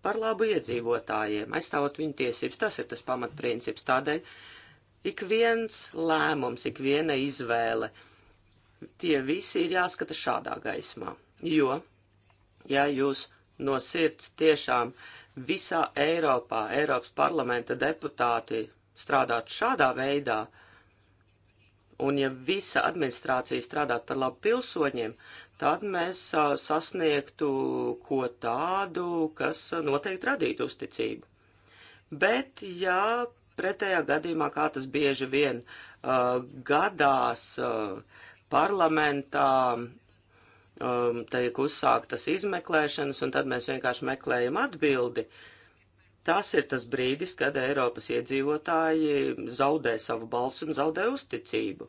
par labu iedzīvotājiem, aizstāvot viņu tiesības. Tas ir tas pamatprincips. Tādēļ ik viens lēmums, ik viena izvēle, tie visi ir jāskata šādā gaismā. Jo, ja jūs no sirds tiešām visā Eiropā, Eiropas parlamenta deputāti strādātu šādā veidā, uh, Un ja visa administrācija strādātu par labu pilsoņiem, tad mēs a, sasniegtu ko tādu, kas noteikti radītu uzticību. Bet, ja pretējā gadījumā, kā tas bieži vien uh, gadās uh, parlamentā, um, tiek uzsāktas izmeklēšanas, un tad mēs vienkārši meklējam atbildi, uh, Tas ir tas brīdis, kad Eiropas iedzīvotāji zaudē savu balsu un zaudē uzticību.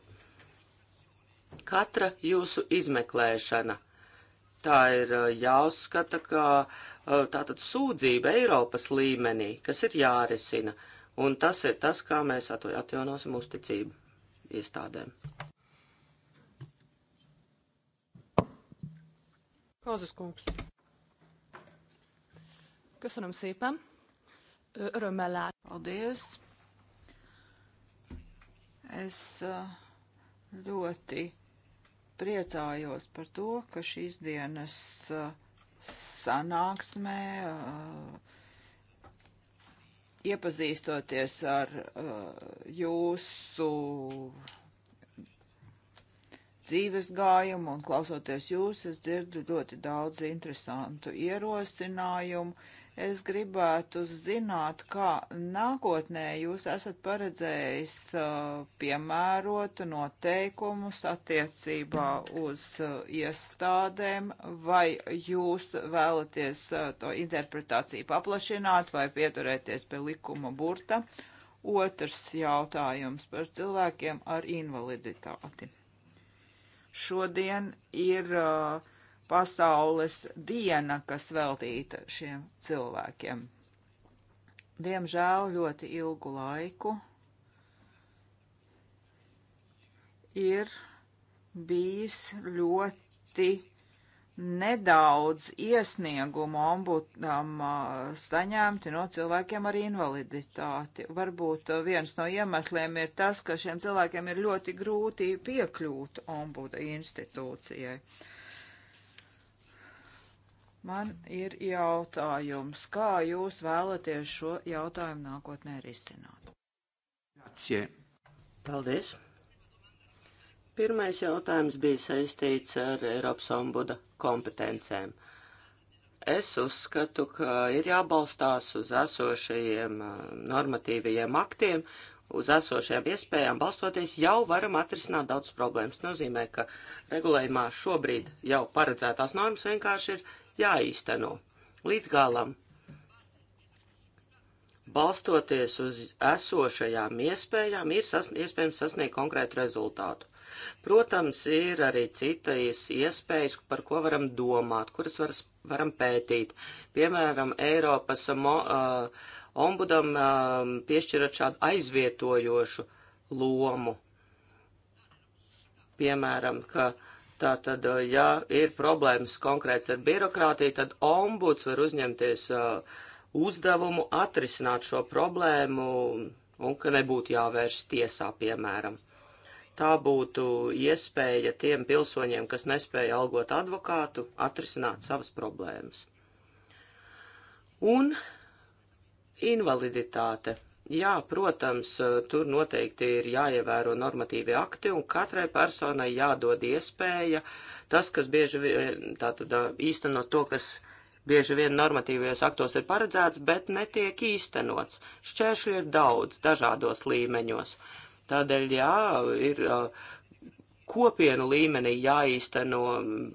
Katra jūsu izmeklēšana. Tā ir eh, jāuzskata kā eh, tātad sūdzība Eiropas līmenī, kas ir jārisina, un tas ir tas, kā mēs atjaunosim uzticību iestādēm. Kozas kungs. Köszönöm szépen! örömmel lát. Paldies! Es uh, ļoti priecājos par to, ka šīs dienas uh, sanāksmē, uh, iepazīstoties ar jūsu dzīves gājumu un klausoties jūs, es dzirdu ļoti daudz interesantu ierosinājumu Es gribētu zināt, kā nākotnē jūs esat paredzējis uh, piemērot noteikumus attiecībā uz uh, iestādēm, vai jūs vēlaties uh, to interpretāciju paplašināt vai pieturēties pie likuma burta. Otrs jautājums par cilvēkiem ar invaliditāti. Šodien ir uh, pasaules diena, kas veltīta šiem cilvēkiem. Diemžēl ļoti ilgu laiku ir bijis ļoti nedaudz iesniegumu ombudam saņemti no cilvēkiem ar invaliditāti. Varbūt viens no iemesliem ir tas, ka šiem cilvēkiem ir ļoti grūti piekļūt ombuda institūcijai. Uh, Man ir jautājums, kā jūs vēlaties šo jautājumu nākotnē risināt? Cie. Paldies! Pirmais jautājums bija saistīts ar Eiropas ombuda kompetencēm. Es uzskatu, ka ir jābalstās uz esošajiem uh, normatīvajiem aktiem, uz esošajām iespējām balstoties, jau varam atrisināt daudz problēmas. Tas nozīmē, ka regulējumā šobrīd jau paredzētās normas vienkārši ir jāīsteno līdz galam. Balstoties uz esošajām iespējām, ir sasn iespējams sasniegt konkrētu rezultātu. Protams, ir arī citas iespējas, par ko varam domāt, kuras var, varam pētīt. Piemēram, Eiropas mo, uh, ombudam uh, um, piešķirot šādu aizvietojošu lomu. Piemēram, ka uh, Tātad, ja ir problēmas konkrēts ar birokrātiju, tad ombuds var uzņemties uzdevumu atrisināt šo problēmu un ka nebūtu jāvēršas tiesā, piemēram. Tā būtu iespēja tiem pilsoņiem, kas nespēja algot advokātu, atrisināt savas problēmas. Un invaliditāte. Jā, protams, eh, tur noteikti ir jāievēro normatīvi akti un katrai personai jādod iespēja tas, kas bieži vien, tātad eh, īstenot to, kas bieži vien normatīvajos aktos ir paredzēts, bet netiek īstenots. Šķēršļi ir daudz dažādos līmeņos. Tādēļ, jā, ir eh, kopienu līmenī jāīsteno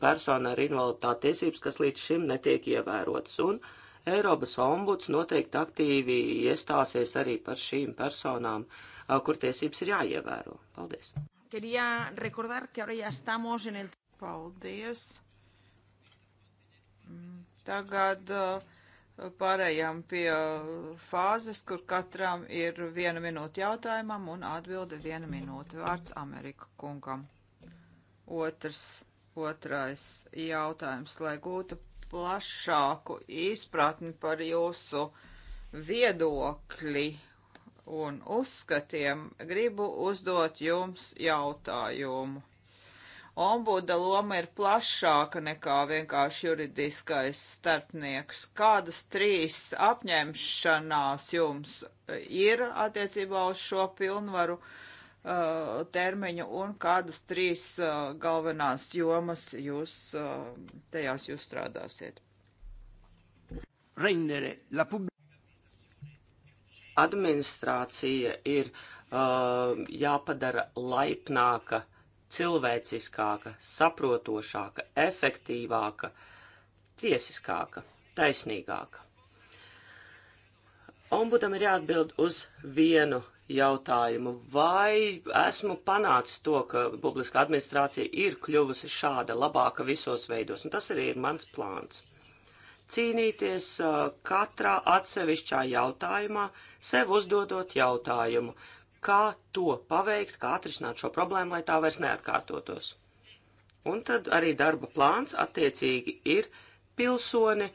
persona ar invaliditāti tiesības, kas līdz šim netiek ievērotas. Un, uh, Eiropas ombuds noteikti aktīvi iestāsies arī par šīm personām, kur tiesības ir jāievēro. Paldies! Paldies! Tagad uh, Pārējām pie fāzes, kur katram ir viena minūte jautājumam un atbilde viena minūte. Vārds Amerika kungam. Otrs, otrais jautājums, lai gūtu plašāku izpratni par jūsu viedokli un uzskatiem, gribu uzdot jums jautājumu. Ombuda loma ir plašāka nekā vienkārši juridiskais starpnieks. Kādas trīs apņemšanās jums ir attiecībā uz šo pilnvaru? Uh, uh, termiņu un kādas trīs uh, galvenās jomas jūs uh, tajās jūs strādāsiet? Rendere, la pub... Administrācija ir uh, jāpadara laipnāka, cilvēciskāka, saprotošāka, efektīvāka, tiesiskāka, taisnīgāka. Ombudam ir jāatbild uz vienu jautājumu, vai esmu panācis to, ka publiska administrācija ir kļuvusi šāda labāka visos veidos, un tas arī ir mans plāns. Cīnīties uh, katrā atsevišķā jautājumā, sev uzdodot jautājumu, kā to paveikt, kā atrisināt šo problēmu, lai tā vairs neatkārtotos. Un tad arī darba plāns attiecīgi ir pilsoni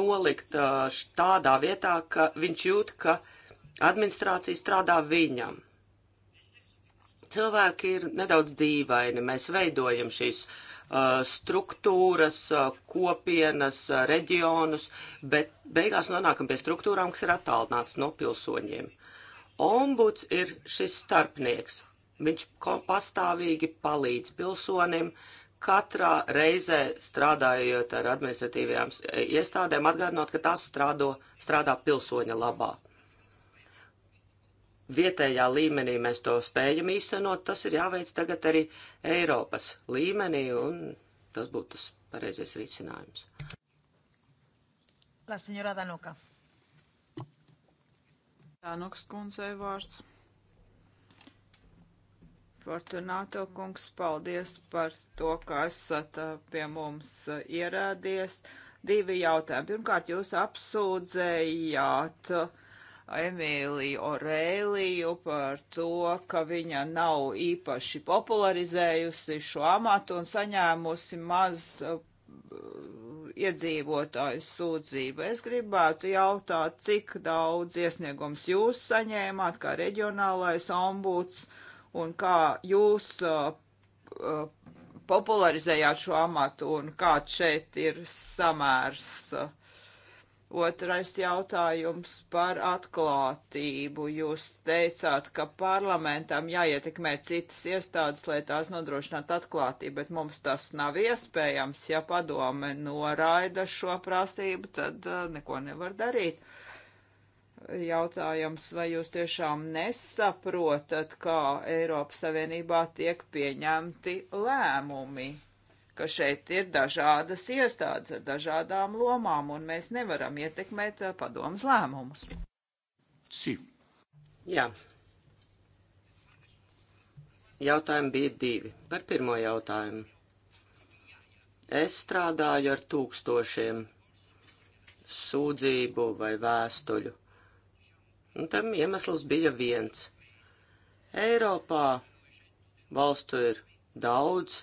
nolikt uh, tādā vietā, ka viņš jūt, ka uh, administrācija strādā viņam. Cilvēki ir nedaudz dīvaini. Mēs veidojam šīs uh, struktūras, uh, kopienas, uh, reģionus, bet beigās nonākam pie struktūrām, kas ir attālināts no pilsoņiem. Ombuds ir šis starpnieks. Viņš pastāvīgi palīdz pilsonim katrā reizē strādājot ar administratīvajām iestādēm, atgādinot, ka tās strādo, strādā pilsoņa labā vietējā līmenī mēs to spējam īstenot, tas ir jāveic tagad arī Eiropas līmenī, un tas būtu tas pareizais risinājums. La senora Danuka. Danuks kundzei vārds. Fortunato kungs, paldies par to, ka esat pie mums ierādies. Divi jautājumi. Pirmkārt, jūs apsūdzējāt uh, Emīliju Orēliju par to, ka viņa nav īpaši popularizējusi šo amatu un saņēmusi maz uh, iedzīvotāju sūdzību. Es gribētu jautāt, cik daudz iesniegums jūs saņēmāt kā reģionālais ombuds un kā jūs uh, uh popularizējāt šo amatu un kāds šeit ir samērs. Uh, Otrais jautājums par atklātību. Jūs teicāt, ka parlamentam jāietekmē citas iestādes, lai tās nodrošinātu atklātību, bet mums tas nav iespējams. Ja padome noraida šo prasību, tad uh, neko nevar darīt. Jautājums, vai jūs tiešām nesaprotat, kā Eiropas Savienībā tiek pieņemti lēmumi? ka šeit ir dažādas iestādes ar dažādām lomām, un mēs nevaram ietekmēt eh, padomas lēmumus. Sí. Jā. Jautājumi bija divi. Par pirmo jautājumu. Es strādāju ar tūkstošiem sūdzību vai vēstuļu. Un tam iemesls bija viens. Eiropā valstu ir daudz,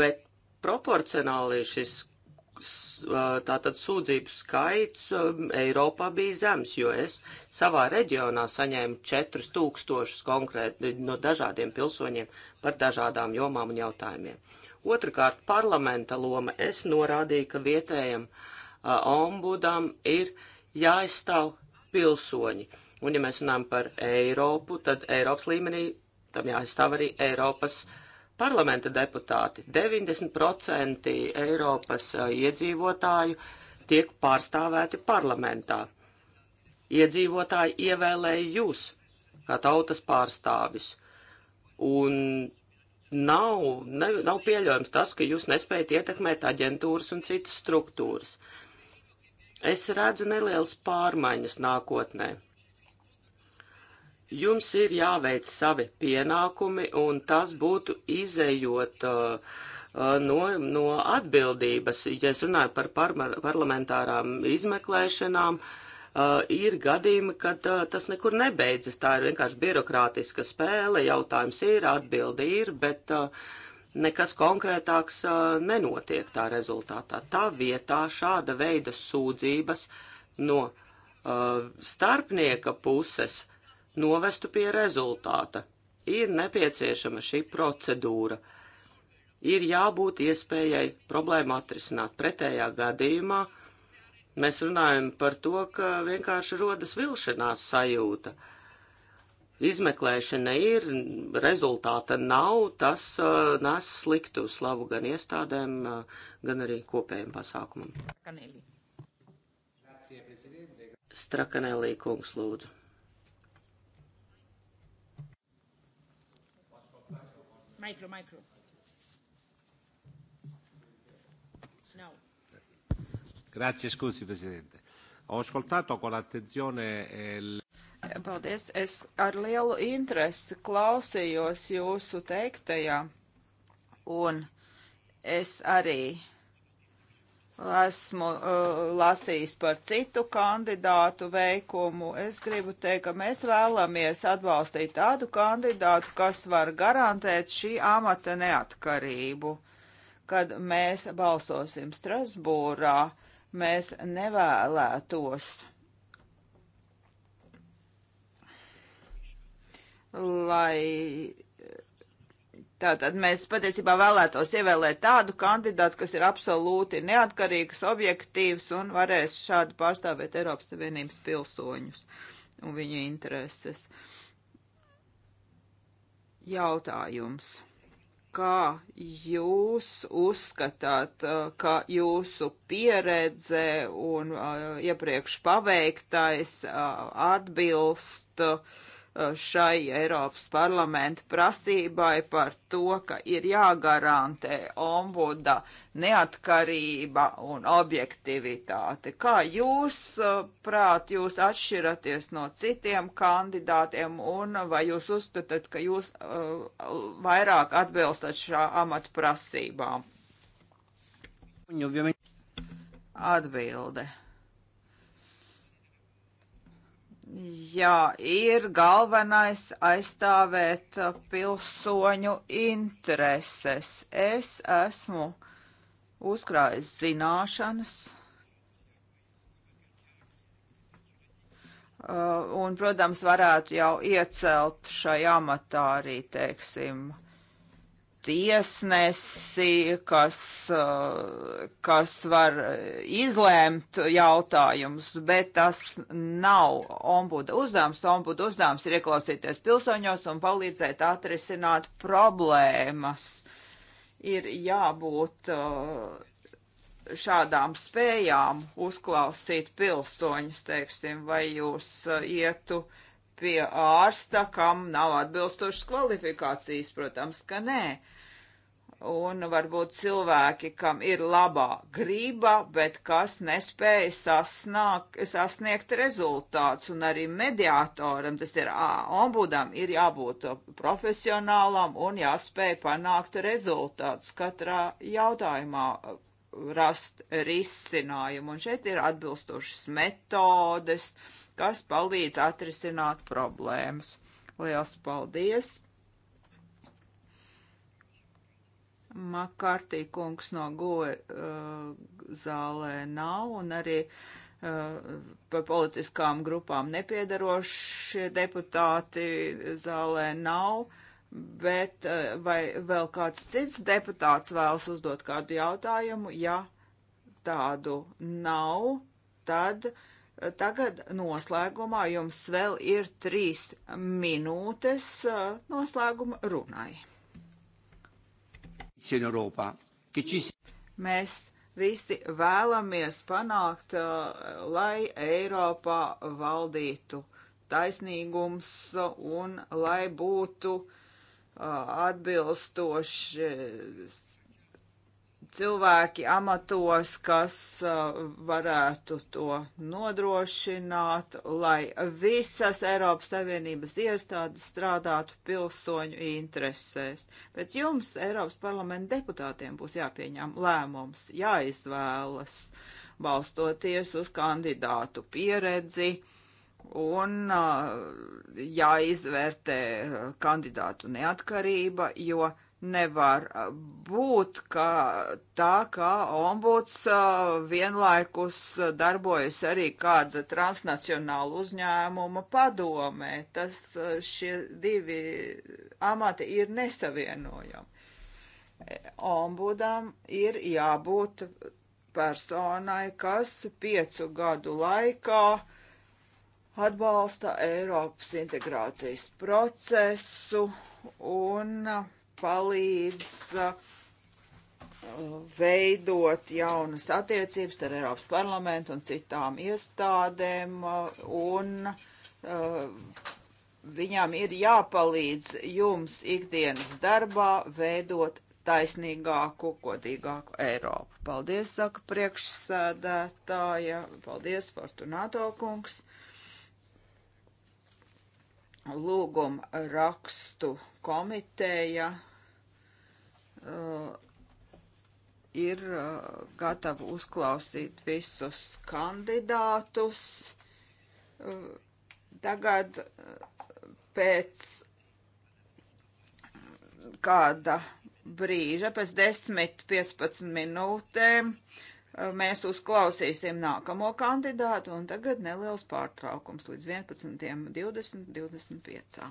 bet proporcionāli šis tātad sūdzību skaits Eiropā bija zems, jo es savā reģionā saņēmu 4000 konkrēti no dažādiem pilsoņiem par dažādām jomām un jautājumiem. Otrakārt, parlamenta loma. Es norādīju, ka vietējiem uh, ombudam ir jāizstāv pilsoņi. Un, ja mēs runājam par Eiropu, tad Eiropas līmenī tam jāizstāv arī Eiropas uh, parlamenta deputāti, 90% Eiropas iedzīvotāju tiek pārstāvēti parlamentā. Iedzīvotāji ievēlēja jūs kā tautas pārstāvis. Un nav, ne, nav pieļaujams tas, ka jūs nespējat ietekmēt aģentūras un citas struktūras. Es redzu nelielas pārmaiņas nākotnē jums ir jāveic savi pienākumi, un tas būtu izējot uh, uh no, no atbildības. Ja es runāju par par parlamentārām izmeklēšanām, uh, ir gadījumi, kad uh, tas nekur nebeidzas. Tā ir vienkārši birokrātiska spēle, jautājums ir, atbildi ir, bet uh, nekas konkrētāks uh, nenotiek tā rezultātā. Tā vietā šāda veida sūdzības no starpnieka puses uh, novestu pie rezultāta. Ir nepieciešama šī procedūra. Ir jābūt iespējai problēmu atrisināt. Pretējā gadījumā mēs runājam par to, ka vienkārši rodas vilšanās sajūta. Izmeklēšana ir, rezultāta nav, tas uh, nes sliktu slavu gan iestādēm, uh, gan arī kopējiem pasākumam. Strakanēlī kungs lūdzu. Micro, micro. No. Grazie, scusi Presidente. Ho ascoltato con attenzione il... Paldies, es ar lielu interesi klausījos jūsu teiktajā, un es arī esmu uh, lasījis par citu kandidātu veikumu. Es gribu teikt, ka mēs vēlamies atbalstīt tādu kandidātu, kas var garantēt šī amata neatkarību. Kad mēs balsosim Strasbūrā, mēs nevēlētos, lai Tātad mēs patiesībā vēlētos ievēlēt tādu kandidātu, kas ir absolūti neatkarīgs, objektīvs un varēs šādi pārstāvēt Eiropas Savienības pilsoņus un viņu intereses. Jautājums. Kā jūs uzskatāt, uh, ka jūsu pieredze un uh, iepriekš paveiktais uh, atbilst uh, šai Eiropas parlamenta prasībai par to, ka ir jāgarantē ombuda neatkarība un objektivitāte. Kā jūs, uh, prāt, jūs atšķiraties no citiem kandidātiem un vai jūs uzskatāt, ka jūs uh, vairāk atbilstat šā amata prasībām? Atbilde. Jā, ir galvenais aizstāvēt pilsoņu intereses. Es esmu uzkrājis zināšanas. Uh, un, protams, varētu jau iecelt šai amatā arī, teiksim, uh, tiesnesi, kas, eh, kas var izlēmt jautājumus, bet tas nav ombuda uzdevums. Ombuda uzdevums ir ieklausīties pilsoņos un palīdzēt atrisināt problēmas. Ir jābūt eh, šādām spējām uzklausīt pilsoņus, teiksim, vai jūs eh, ietu. Uh, pie ārsta, kam nav atbilstošas kvalifikācijas, protams, ka nē. Un varbūt cilvēki, kam ir labā grība, bet kas nespēja sasnāk, sasniegt rezultātus, un arī mediātoram, tas ir ombudam, ir jābūt profesionālam un jāspēj panākt rezultātus katrā jautājumā, rast risinājumu. Un šeit ir atbilstošas metodes, uh, kas palīdz atrisināt problēmas. Liels paldies! Makārtī kungs no goja uh, zālē nav un arī uh, pa politiskām grupām nepiedarošie deputāti zālē nav, bet uh, vai vēl kāds cits deputāts vēlas uzdot kādu jautājumu? Ja tādu nav, tad uh, Tagad noslēgumā jums vēl ir trīs minūtes uh, noslēguma runai. Mēs visi vēlamies panākt, uh, lai Eiropā valdītu taisnīgums un lai būtu uh, atbilstoši cilvēki amatos, kas uh, varētu to nodrošināt, lai visas Eiropas Savienības iestādes strādātu pilsoņu interesēs. Bet jums, Eiropas parlamenta deputātiem, būs jāpieņem lēmums, jāizvēlas, balstoties uz kandidātu pieredzi un uh, jāizvērtē kandidātu neatkarība, jo nevar uh, būt, ka tā kā ombuds uh, vienlaikus uh, darbojas arī kāda transnacionāla uzņēmuma padomē. Tas šie divi amati ir nesavienojami. E, ombudam ir jābūt personai, kas piecu gadu laikā atbalsta Eiropas integrācijas procesu un uh, palīdz uh, veidot jaunas attiecības ar Eiropas parlamentu un citām iestādēm, uh, un uh, viņām ir jāpalīdz jums ikdienas darbā veidot taisnīgāku, godīgāku Eiropu. Paldies, saka priekšsēdētāja. Paldies, Fortunato kungs. Lūguma rakstu komiteja uh, ir uh, gatava uzklausīt visus kandidātus. Uh, tagad uh, pēc kāda brīža, pēc 10-15 minūtēm, uh, mēs uzklausīsim nākamo kandidātu, un tagad neliels pārtraukums līdz 11.20-25.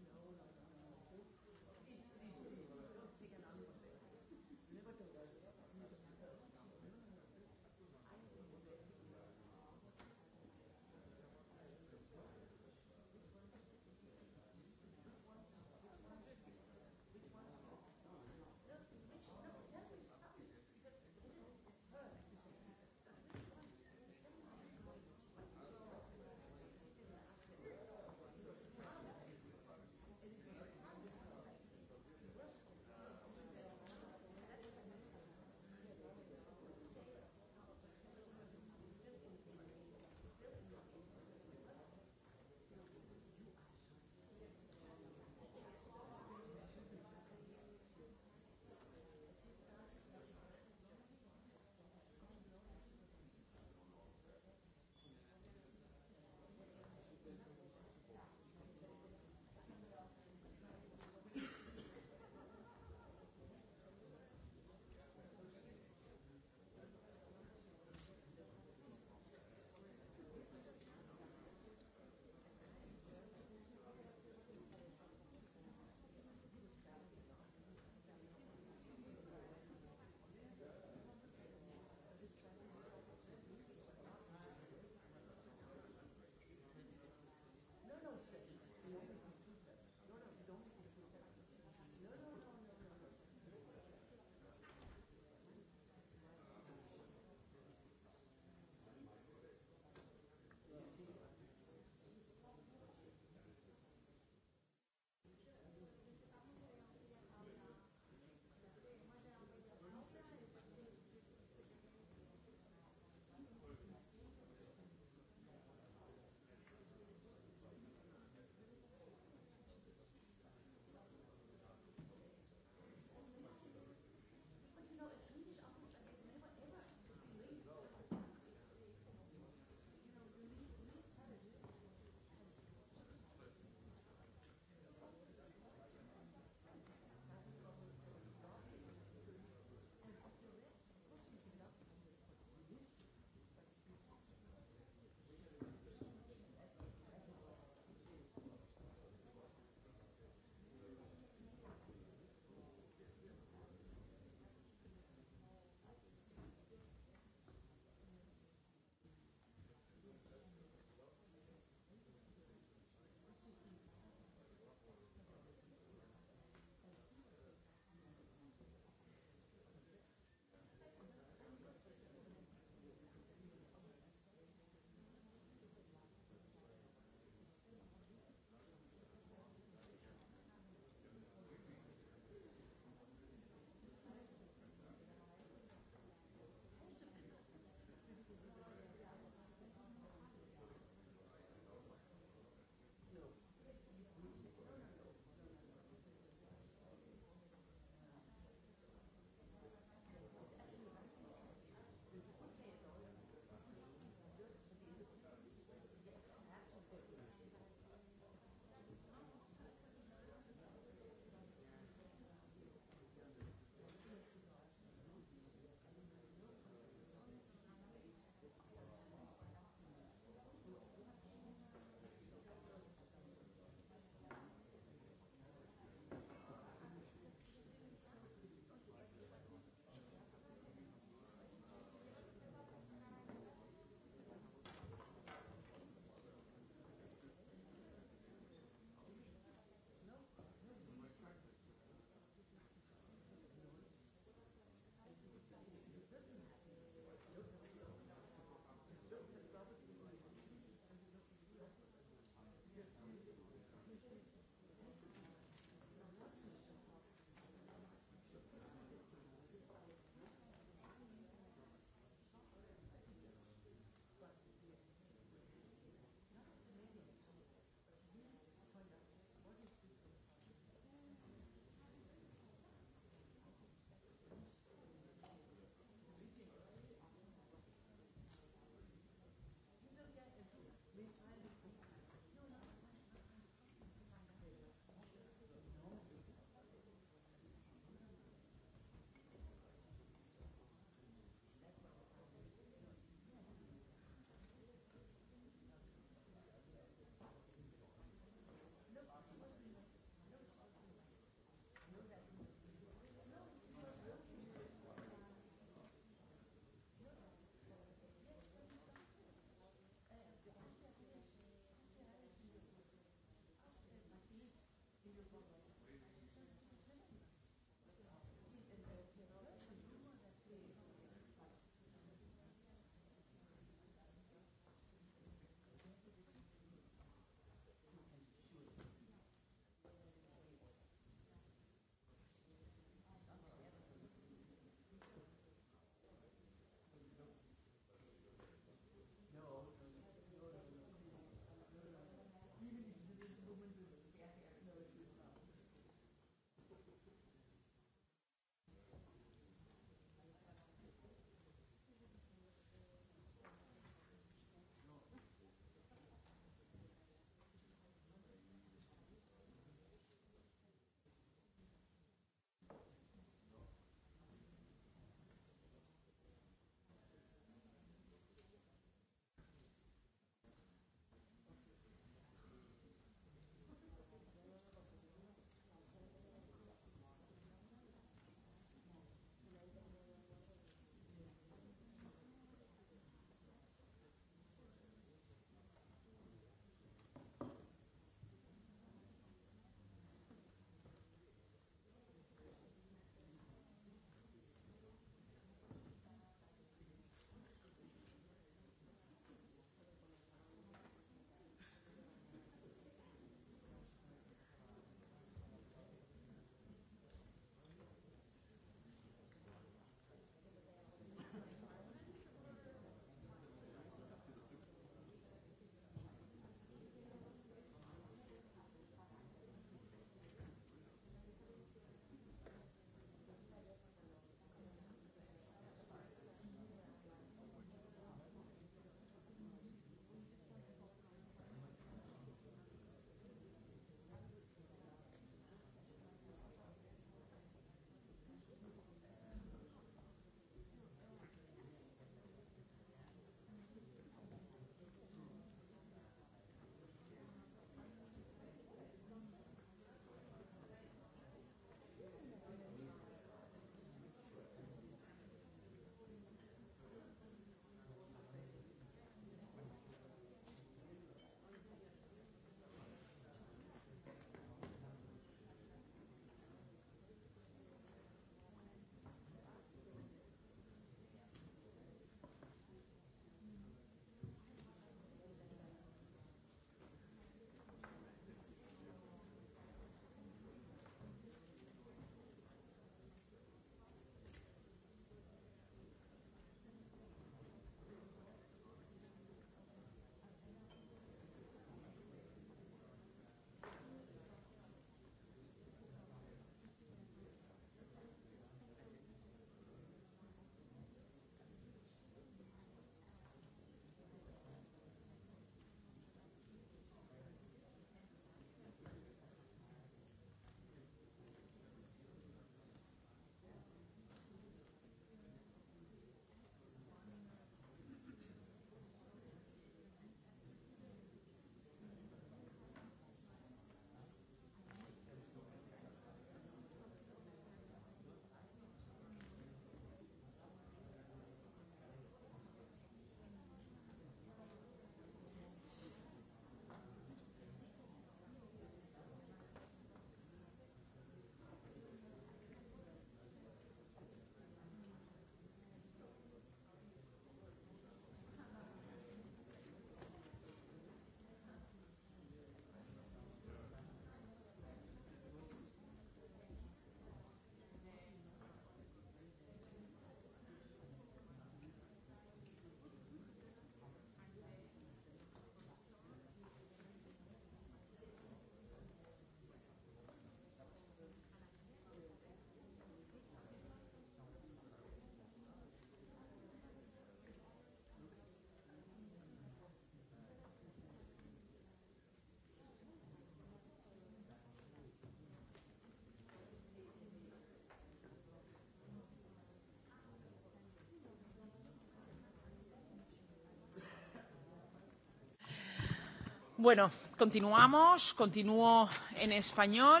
Bueno, continuamos, continuo en español.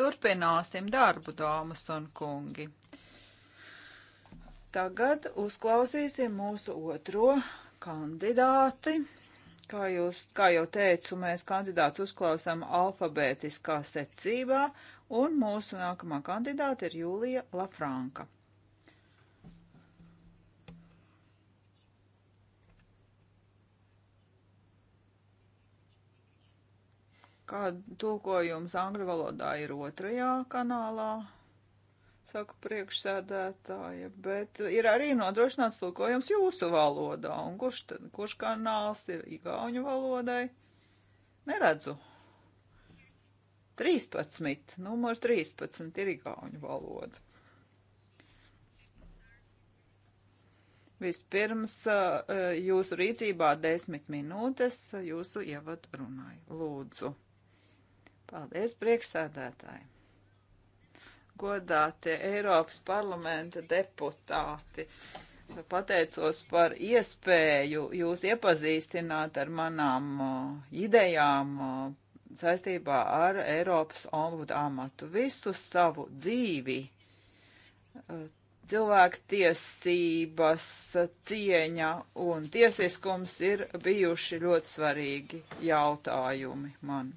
Turpināsim darbu, dāmas un kungi. Tagad uzklausīsim mūsu otro kandidāti. Kā, jūs, kā jau teicu, mēs kandidātus uzklausām alfabētiskā secībā, un mūsu nākamā kandidāte ir Jūlija Lafranka. Kāda tulkojums angļu valodā ir otrajā kanālā, saka priekšsēdētāja, bet ir arī nodrošināts tulkojums jūsu valodā. Un kurš, tad, kurš kanāls ir igauņu valodai? Neredzu. 13, numur 13 ir igauņu valoda. Vispirms eh, jūsu rīcībā desmit minūtes jūsu ievadu runai. Lūdzu. Paldies, priekšsēdētāji! Godātie Eiropas parlamenta deputāti! Pateicos par iespēju jūs iepazīstināt ar manām uh, idejām uh, saistībā ar Eiropas ombudu amatu. Visu savu dzīvi uh, cilvēktiesības, cieņa un tiesiskums ir bijuši ļoti svarīgi jautājumi man.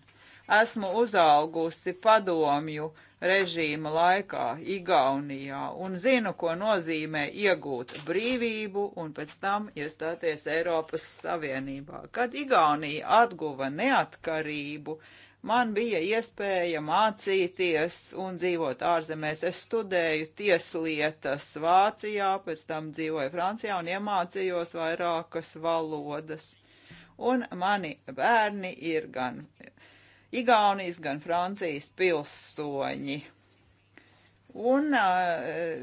Esmu uzaugusi padomju režīma laikā Igaunijā un zinu, ko nozīmē iegūt brīvību un pēc tam iestāties Eiropas Savienībā. Kad Igaunija atguva neatkarību, man bija iespēja mācīties un dzīvot ārzemēs. Es studēju tieslietas Vācijā, pēc tam dzīvoju Francijā un iemācījos vairākas valodas. Un mani bērni ir gan Igaunijas, gan Francijas pilsoņi. Un eh,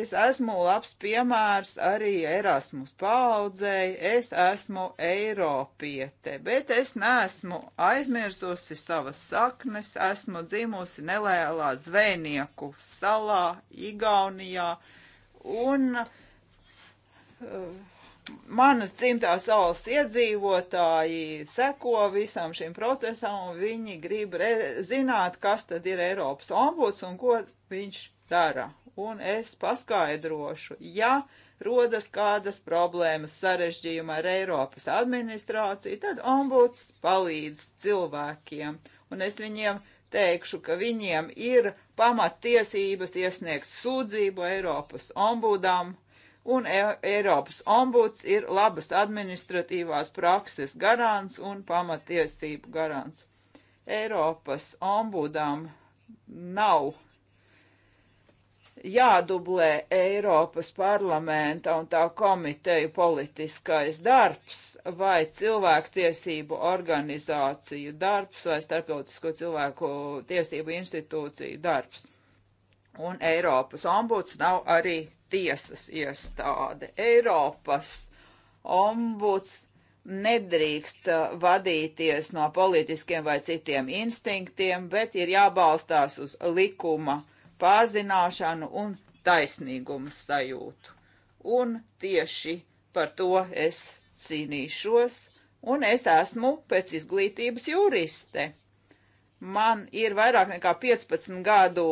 es esmu labs piemērs arī Erasmus paudzei, es esmu Eiropiete, bet es neesmu aizmirsusi savas saknes, esmu dzimusi nelēlā zvejnieku salā, Igaunijā, un uh, manas dzimtās salas iedzīvotāji seko visam šim procesam un viņi grib zināt, kas tad ir Eiropas ombuds un ko viņš dara. Un es paskaidrošu, ja rodas kādas problēmas sarežģījuma ar Eiropas administrāciju, tad ombuds palīdz cilvēkiem. Un es viņiem teikšu, ka viņiem ir pamattiesības iesniegt sūdzību Eiropas ombudam, un e Eiropas ombuds ir labas administratīvās prakses garants un pamatiesību garants. Eiropas ombudam nav jādublē Eiropas parlamenta un tā komiteju politiskais darbs vai cilvēktiesību organizāciju darbs vai starptautisko cilvēku tiesību institūciju darbs. Un Eiropas ombuds nav arī tiesas iestāde. Eiropas ombuds nedrīkst uh, vadīties no politiskiem vai citiem instinktiem, bet ir jābalstās uz likuma pārzināšanu un taisnīgumu sajūtu. Un tieši par to es cīnīšos, un es esmu pēc izglītības juriste. Man ir vairāk nekā 15 gadu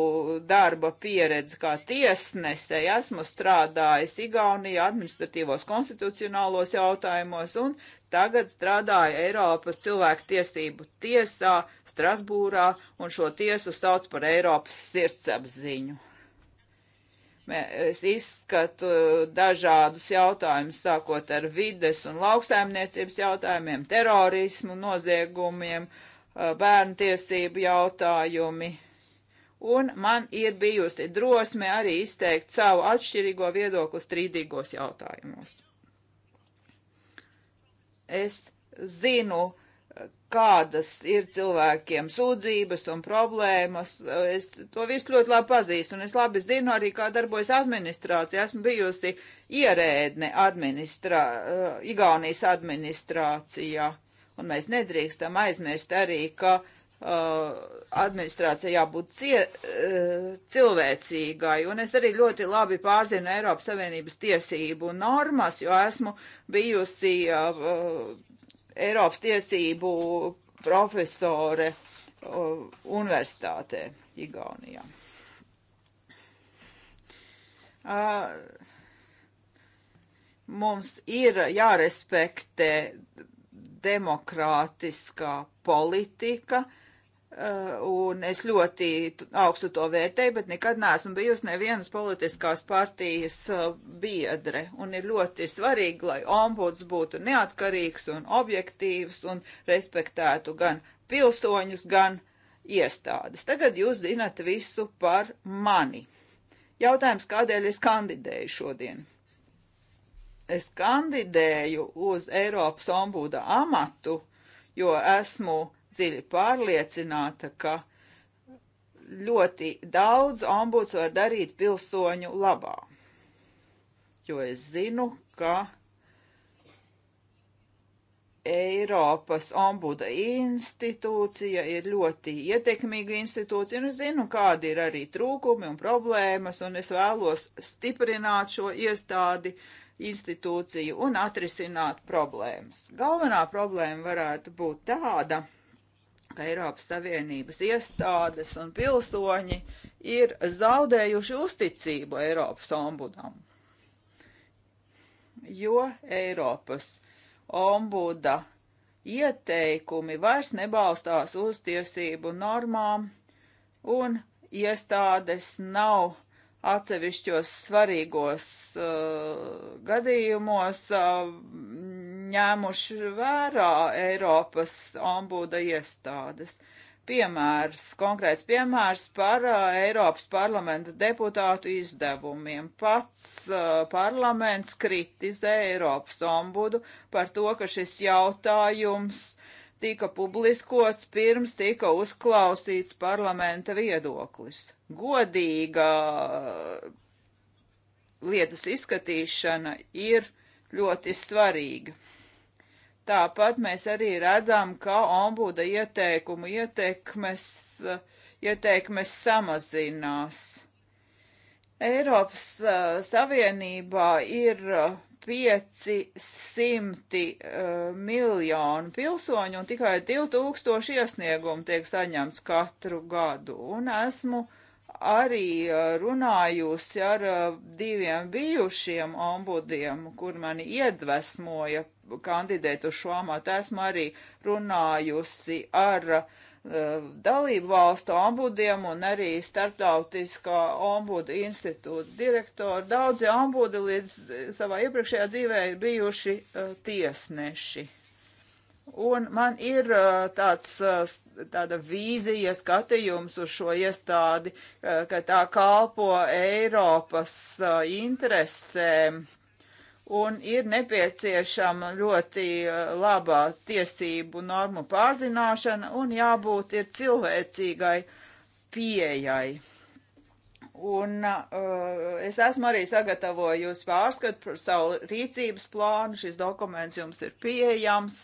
darba pieredze kā tiesnese. Esmu strādājis Igaunijā administratīvos konstitucionālos jautājumos un tagad strādāju Eiropas cilvēku tiesību tiesā Strasbūrā un šo tiesu sauc par Eiropas sirdsapziņu. Es izskatu dažādus jautājumus, sākot ar vides un lauksaimniecības jautājumiem, terorismu, noziegumiem, uh, Uh, bērnu tiesību jautājumi. Un man ir bijusi drosme arī izteikt savu atšķirīgo viedokli strīdīgos jautājumos. Es zinu, kādas ir cilvēkiem sūdzības un problēmas. Es to visu ļoti labi pazīstu, un es labi zinu arī, kā darbojas administrācija. Esmu bijusi ierēdne administrā, uh, Igaunijas administrācijā. Uh, Un mēs nedrīkstam aizmirst arī, ka uh, administrācija jābūt cie, uh, cilvēcīgai. Un es arī ļoti labi pārzinu Eiropas Savienības tiesību normas, jo esmu bijusi uh, uh Eiropas tiesību profesore uh, universitātē Igaunijā. Uh, mums ir jārespektē demokrātiskā politika, uh, un es ļoti augstu to vērtēju, bet nekad neesmu bijusi nevienas politiskās partijas uh, biedre, un ir ļoti svarīgi, lai ombuds būtu neatkarīgs un objektīvs un respektētu gan pilsoņus, gan iestādes. Tagad jūs zinat visu par mani. Jautājums, kādēļ es kandidēju šodien? es kandidēju uz Eiropas ombuda amatu, jo esmu dziļi pārliecināta, ka ļoti daudz ombuds var darīt pilsoņu labā. Jo es zinu, ka Eiropas ombuda institūcija ir ļoti ietekmīga institūcija, un es zinu, kādi ir arī trūkumi un problēmas, un es vēlos stiprināt šo iestādi, uh, institūciju un atrisināt problēmas. Galvenā problēma varētu būt tāda, ka Eiropas Savienības iestādes un pilsoņi ir zaudējuši uzticību Eiropas ombudam. Jo Eiropas ombuda ieteikumi vairs nebalstās uz tiesību normām un iestādes nav atsevišķos svarīgos uh, gadījumos uh, ņēmuši vērā Eiropas ombuda iestādes. Piemērs, konkrēts piemērs par uh, Eiropas parlamenta deputātu izdevumiem. Pats uh, parlaments kritizē Eiropas ombudu par to, ka šis jautājums uh, tika publiskots pirms tika uzklausīts parlamenta viedoklis. Godīga uh, lietas izskatīšana ir ļoti svarīga. Tāpat mēs arī redzam, ka ombuda ieteikumu ietekmes, uh, ieteikmes samazinās. Eiropas uh, Savienībā ir uh, 500 uh, eh, miljonu pilsoņu un tikai 2000 iesniegumu tiek saņemts katru gadu. Un esmu arī eh, runājusi ar uh, diviem bijušiem ombudiem, kur mani iedvesmoja kandidēt uz šo amatu. Esmu arī runājusi ar uh, Eh, dalību valstu ombudiem un arī starptautiskā ombuda institūta direktora. Daudzi ombudi līdz eh, savā iepriekšējā dzīvē ir bijuši uh, tiesneši. Un man ir uh, tāds, uh, tāda vīzija skatījums uz šo iestādi, ka tā kalpo Eiropas interesēm un ir nepieciešama ļoti eh, labā tiesību normu pārzināšana un jābūt ir cilvēcīgai pieejai. Un uh, es esmu arī sagatavojusi pārskatu par savu rīcības plānu, šis dokuments jums ir pieejams,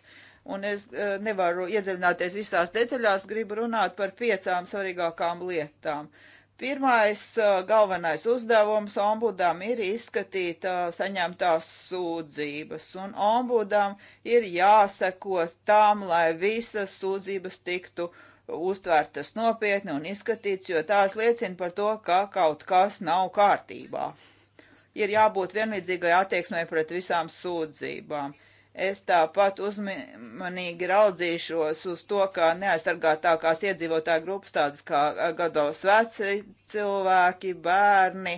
un es uh, nevaru iedziļināties visās detaļās, gribu runāt par piecām svarīgākām lietām. Uh, Pirmais galvenais uzdevums ombudam ir izskatīt saņemtās sūdzības, un ombudam ir jāseko tam, lai visas sūdzības tiktu uztvērtas nopietni un izskatīts, jo tās liecina par to, ka kaut kas nav kārtībā. Ir jābūt vienlīdzīgai attieksmē pret visām sūdzībām. Uh, Es tāpat uzmanīgi raudzīšos uz to, kā neaizsargātākās iedzīvotāju grupas, tādas kā gados veci cilvēki, bērni,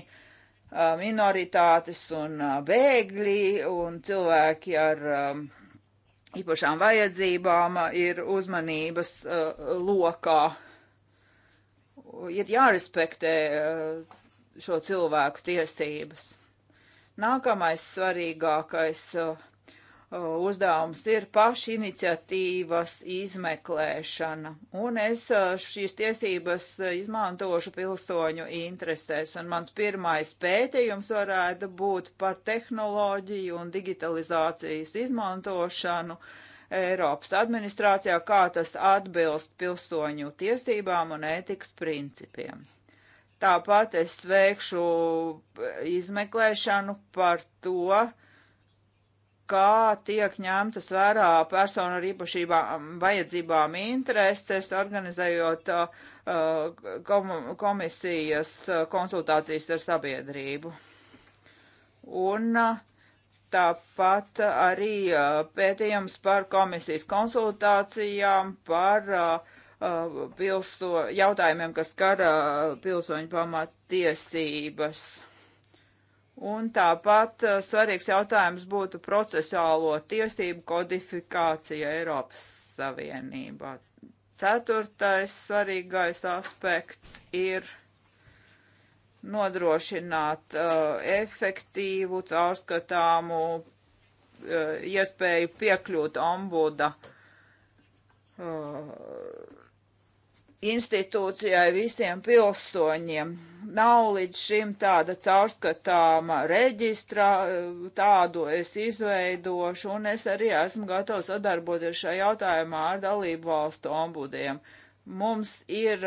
minoritātes un bēgļi un cilvēki ar īpašām vajadzībām ir uzmanības lokā. Ir jārespektē šo cilvēku tiesības. Nākamais svarīgākais uh, Uh, uzdevums ir pašiniciatīvas izmeklēšana, un es uh, šīs tiesības izmantošu pilsoņu interesēs, un mans pirmais pētījums varētu būt par tehnoloģiju un digitalizācijas izmantošanu Eiropas administrācijā, kā tas atbilst pilsoņu tiesībām un ētikas principiem. Tāpat es veikšu izmeklēšanu par to, uh, kā tiek ņemtas vērā personu ar īpašībām vajadzībām intereses, organizējot uh, kom komisijas uh, konsultācijas ar sabiedrību. Un uh, tāpat arī uh, pētījums par komisijas konsultācijām, par uh, uh, pilso, jautājumiem, kas skar pilsoņu pamattiesības. tiesības Un tāpat eh, svarīgs jautājums būtu procesuālo tiesību kodifikācija Eiropas Savienībā. Ceturtais svarīgais aspekts ir nodrošināt uh, efektīvu, caurskatāmu uh, iespēju piekļūt ombuda uh, institūcijai visiem pilsoņiem. Nav līdz šim tāda caurskatāma reģistra, tādu es izveidošu, un es arī esmu gatavs sadarboties šajā jautājumā ar dalību valstu ombudiem. Uh, mums ir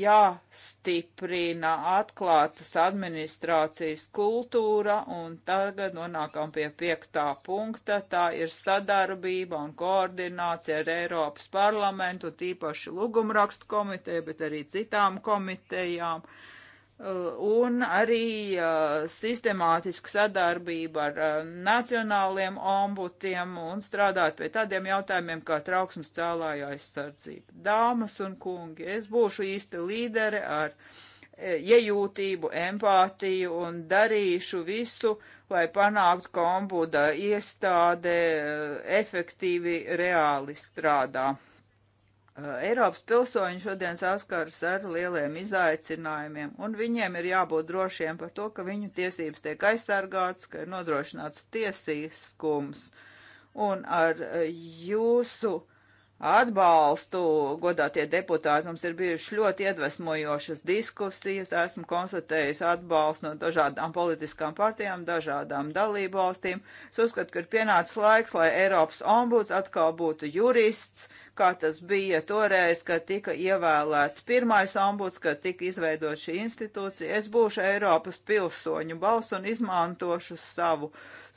jāstiprina atklātas administrācijas kultūra, un tagad nonākam pie piektā punkta. Tā ir sadarbība un koordinācija ar Eiropas parlamentu, tīpaši lūgumrakstu komiteju, bet arī citām komitejām. Uh, Uh, un arī uh, sistemātiska sadarbība ar uh, nacionāliem ombudiem un strādāt pie tādiem jautājumiem kā trauksmes cēlāja aizsardzība. Dāmas un kungi, es būšu īsti līderi ar e, iejūtību, empātiju un darīšu visu, lai panāktu, ka ombuda iestāde e, efektīvi reāli strādā. Eh, Eiropas pilsoņi šodien saskaras ar lieliem izaicinājumiem, un viņiem ir jābūt drošiem par to, ka viņu tiesības tiek aizsargātas, ka ir nodrošināts tiesiskums. Un ar eh, jūsu atbalstu, godātie deputāti, mums ir bijušas ļoti iedvesmojošas diskusijas. Esmu konstatējis atbalstu no dažādām politiskām partijām, dažādām dalībvalstīm. Es uzskatu, ka ir pienācis laiks, lai Eiropas ombuds atkal būtu jurists kā tas bija toreiz, kad tika ievēlēts pirmais ombuds, kad tika izveidot šī institūcija. Es būšu Eiropas pilsoņu balss un izmantošu savu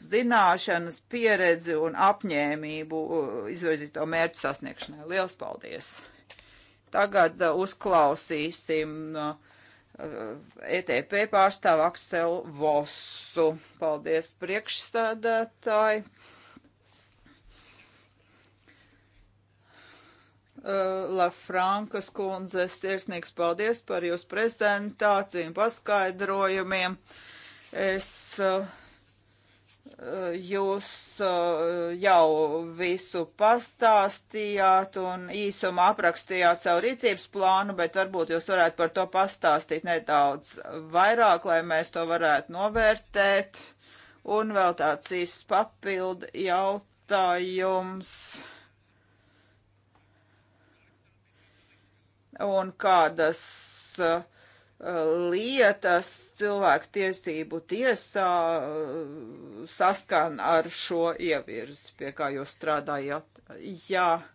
zināšanas, pieredzi un apņēmību uh, izvirzīto mērķu sasniegšanai. Liels paldies! Tagad uh, uzklausīsim uh, ETP pārstāvu Akselu Vosu. Paldies priekšsādātāji! Eh, Lafrankas kundze, sirsnīgs paldies par jūsu prezentāciju un paskaidrojumiem. Es eh, jūs eh, jau visu pastāstījāt un īsumā aprakstījāt savu rīcības plānu, bet varbūt jūs varētu par to pastāstīt nedaudz vairāk, lai mēs to varētu novērtēt. Un vēl tāds īsts papildu jautājums. un kādas uh, lietas cilvēku tiesību tiesā uh, saskan ar šo ievirzi, pie kā jūs strādājat. Jā, uh,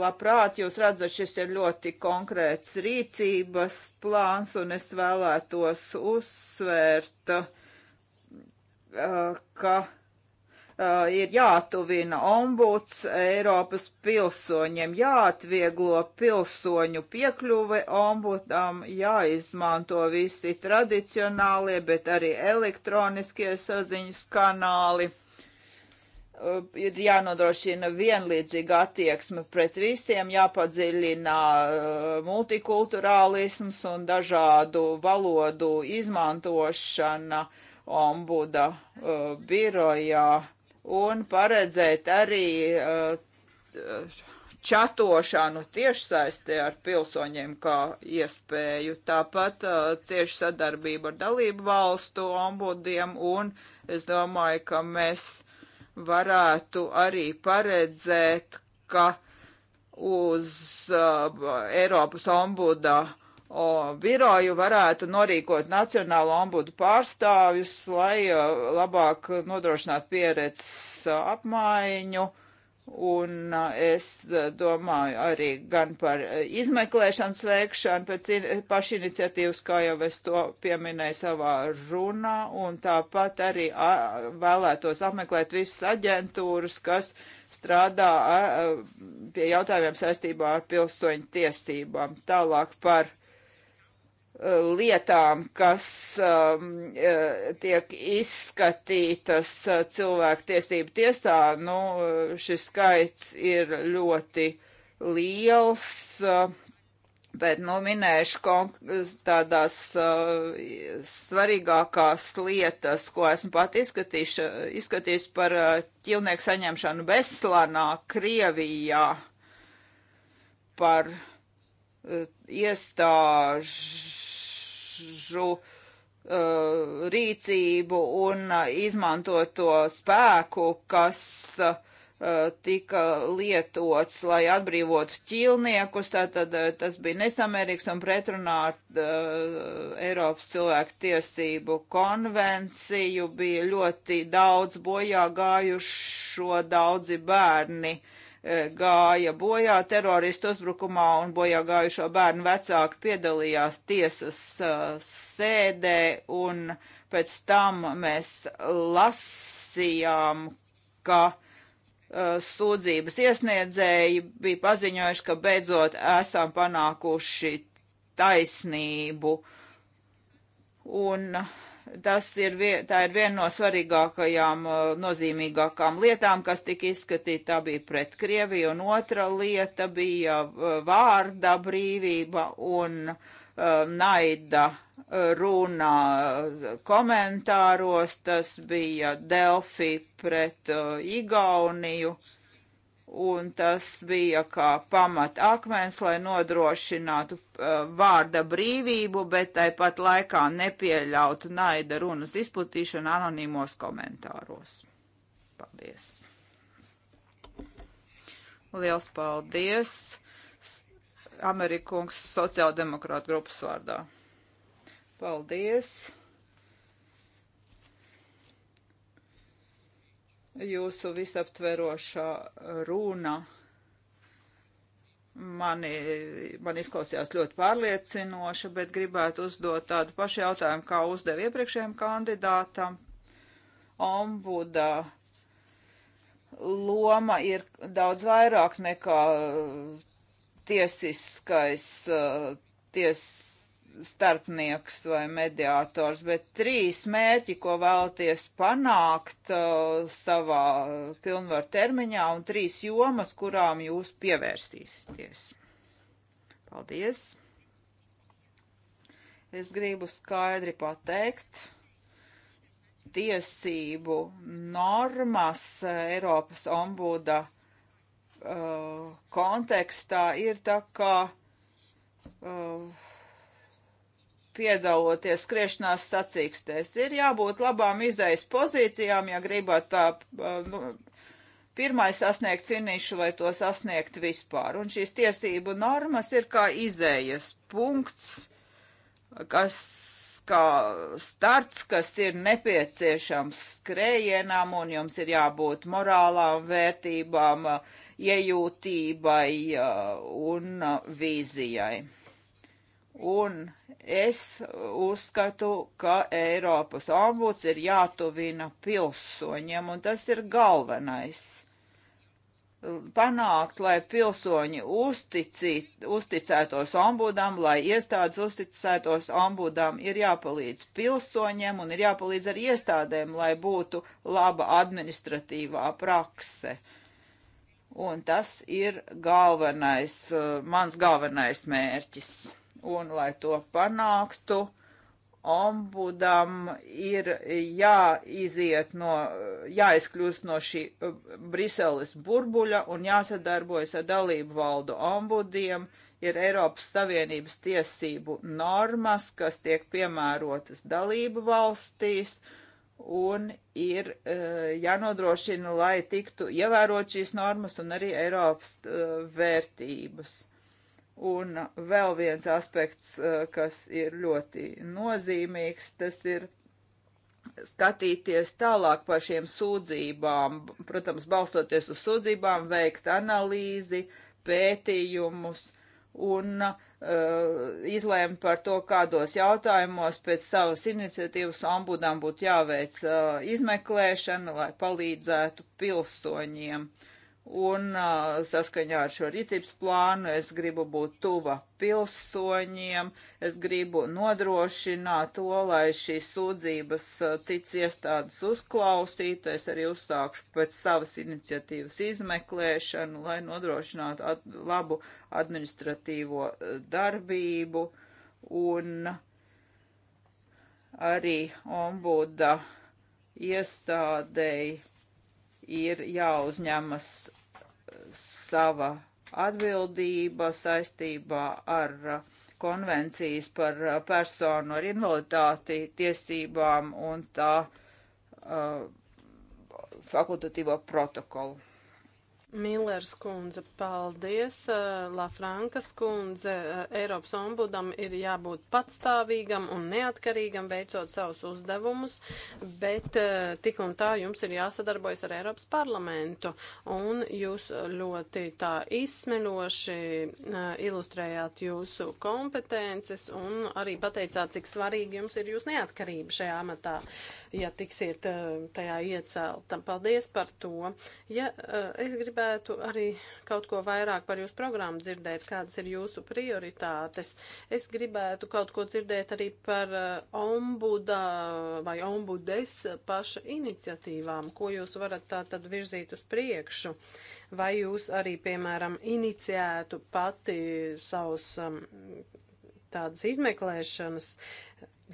labprāt, jūs redzat, šis ir ļoti konkrēts rīcības plāns, un es vēlētos uzsvērt, uh, ka Eh, ir jātuvina ombuds Eiropas pilsoņiem, jāatvieglo pilsoņu piekļuve ombudam, jāizmanto visi tradicionālie, bet arī elektroniskie saziņas kanāli eh, ir jānodrošina vienlīdzīga attieksme pret visiem, jāpadziļina eh, multikulturālisms un dažādu valodu izmantošana ombuda uh, birojā un paredzēt arī uh, čatošanu tiešsaistē ar pilsoņiem kā iespēju. Tāpat uh, cieši sadarbība ar dalību valstu ombudiem un es domāju, ka mēs varētu arī paredzēt, ka uz uh, Eiropas ombuda uh, O, biroju varētu norīkot nacionālo ombudu pārstāvjus, lai uh, labāk nodrošinātu pieredzes uh, apmaiņu. Un uh, es domāju arī gan par izmeklēšanas veikšanu pēc pašiniciatīvas, kā jau es to pieminēju savā runā, un tāpat arī vēlētos apmeklēt visas aģentūras, kas strādā ar, pie jautājumiem saistībā ar pilsoņu tiesībām. Tālāk par lietām, kas um, e, tiek izskatītas e, cilvēku tiesību tiesā, nu, e, šis skaits ir ļoti liels, bet, nu, minēšu tādās uh, svarīgākās lietas, ko esmu pat izskatījis par ķilnieku saņemšanu Beslanā, Krievijā, par uh, iestāžu uh, rīcību un uh, izmantot to spēku, kas uh, tika lietots, lai atbrīvotu ķīlniekus. Tātad tas bija nesamērīgs un pretrunā ar uh, Eiropas cilvēku tiesību konvenciju. Bija ļoti daudz bojā gājušo, daudzi bērni uh, E, gāja bojā teroristu uzbrukumā un bojā gājušo bērnu vecāki piedalījās tiesas e, sēdē un pēc tam mēs lasījām, ka e, sūdzības iesniedzēji bija paziņojuši, ka beidzot esam panākuši taisnību. Un uh, tas ir, tā ir viena no svarīgākajām, uh, nozīmīgākām lietām, kas tika izskatīta. Tā bija pret Krieviju, un otra lieta bija uh, vārda brīvība un uh, naida uh, runā komentāros. Tas bija Delfi pret uh, Igauniju. Uh, un tas bija kā pamat akmens, lai nodrošinātu uh, vārda brīvību, bet tāpat laikā nepieļautu naida runas izplatīšanu anonīmos komentāros. Paldies! Liels paldies! Amerikungs sociāldemokrāta grupas vārdā. Paldies! jūsu visaptverošā runa mani, man izklausījās ļoti pārliecinoša, bet gribētu uzdot tādu pašu jautājumu, kā uzdev iepriekšējiem kandidātam. Ombuda loma ir daudz vairāk nekā tiesiskais, uh, ties, starpnieks vai mediātors, bet trīs mērķi, ko vēlaties panākt uh, savā pilnvaru termiņā un trīs jomas, kurām jūs pievērsīsieties. Paldies! Es gribu skaidri pateikt, tiesību normas Eiropas ombuda uh, kontekstā ir tā kā uh, piedaloties skriešanās sacīkstēs. Ir jābūt labām izējas pozīcijām, ja gribat tā nu, pirmai sasniegt finišu vai to sasniegt vispār. Un šīs tiesību normas ir kā izējas punkts, kas kā starts, kas ir nepieciešams skrējienam, un jums ir jābūt morālām vērtībām, iejūtībai un vīzijai. Un es uzskatu, ka Eiropas ombuds ir jātuvina pilsoņiem, un tas ir galvenais. Panākt, lai pilsoņi uzticīt, uzticētos ombudam, lai iestādes uzticētos ombudam, ir jāpalīdz pilsoņiem un ir jāpalīdz ar iestādēm, lai būtu laba administratīvā prakse. Un tas ir galvenais, mans galvenais mērķis. Un, lai to panāktu, ombudam ir jāiziet no, jāizkļūst no šī uh, Briseles burbuļa un jāsadarbojas ar dalību valdu ombudiem. Ir Eiropas Savienības tiesību normas, kas tiek piemērotas dalību valstīs, un ir e, jānodrošina, lai tiktu ievērot šīs normas un arī Eiropas e, vērtības. E, Un vēl viens aspekts, eh, kas ir ļoti nozīmīgs, tas ir skatīties tālāk par šiem sūdzībām, protams, balstoties uz sūdzībām, veikt analīzi, pētījumus un uh, eh, izlēma par to, kādos jautājumos pēc savas iniciatīvas ombudām būtu jāveic uh, izmeklēšana, lai palīdzētu pilsoņiem. Uh, un saskaņā ar šo rīcības plānu es gribu būt tuva pilsoņiem, es gribu nodrošināt to, lai šīs sūdzības cits iestādes uzklausītu, es arī uzsākšu pēc savas iniciatīvas izmeklēšanu, lai nodrošinātu at labu administratīvo darbību un arī ombuda iestādēji ir jāuzņemas sava atbildība saistībā ar uh, konvencijas par uh, personu ar invaliditāti tiesībām un tā uh, fakultatīvo protokolu. Millers kundze, paldies. Eh, Lafrankas kundze, eh, Eiropas ombudam ir jābūt patstāvīgam un neatkarīgam veicot savus uzdevumus, bet eh, tik un tā jums ir jāsadarbojas ar Eiropas parlamentu. Un jūs ļoti tā izsmeļoši ilustrējāt jūsu kompetences un arī pateicāt, cik svarīgi jums ir jūs neatkarība šajā amatā, ja tiksiet tajā iecelta. Paldies par to. Ja, es gribu gribētu arī kaut ko vairāk par jūsu programmu dzirdēt, kādas ir jūsu prioritātes. Es gribētu kaut ko dzirdēt arī par eh, ombuda vai ombudes paša iniciatīvām, ko jūs varat tā tad virzīt uz priekšu. Vai jūs arī, piemēram, iniciētu pati savus um, tādas izmeklēšanas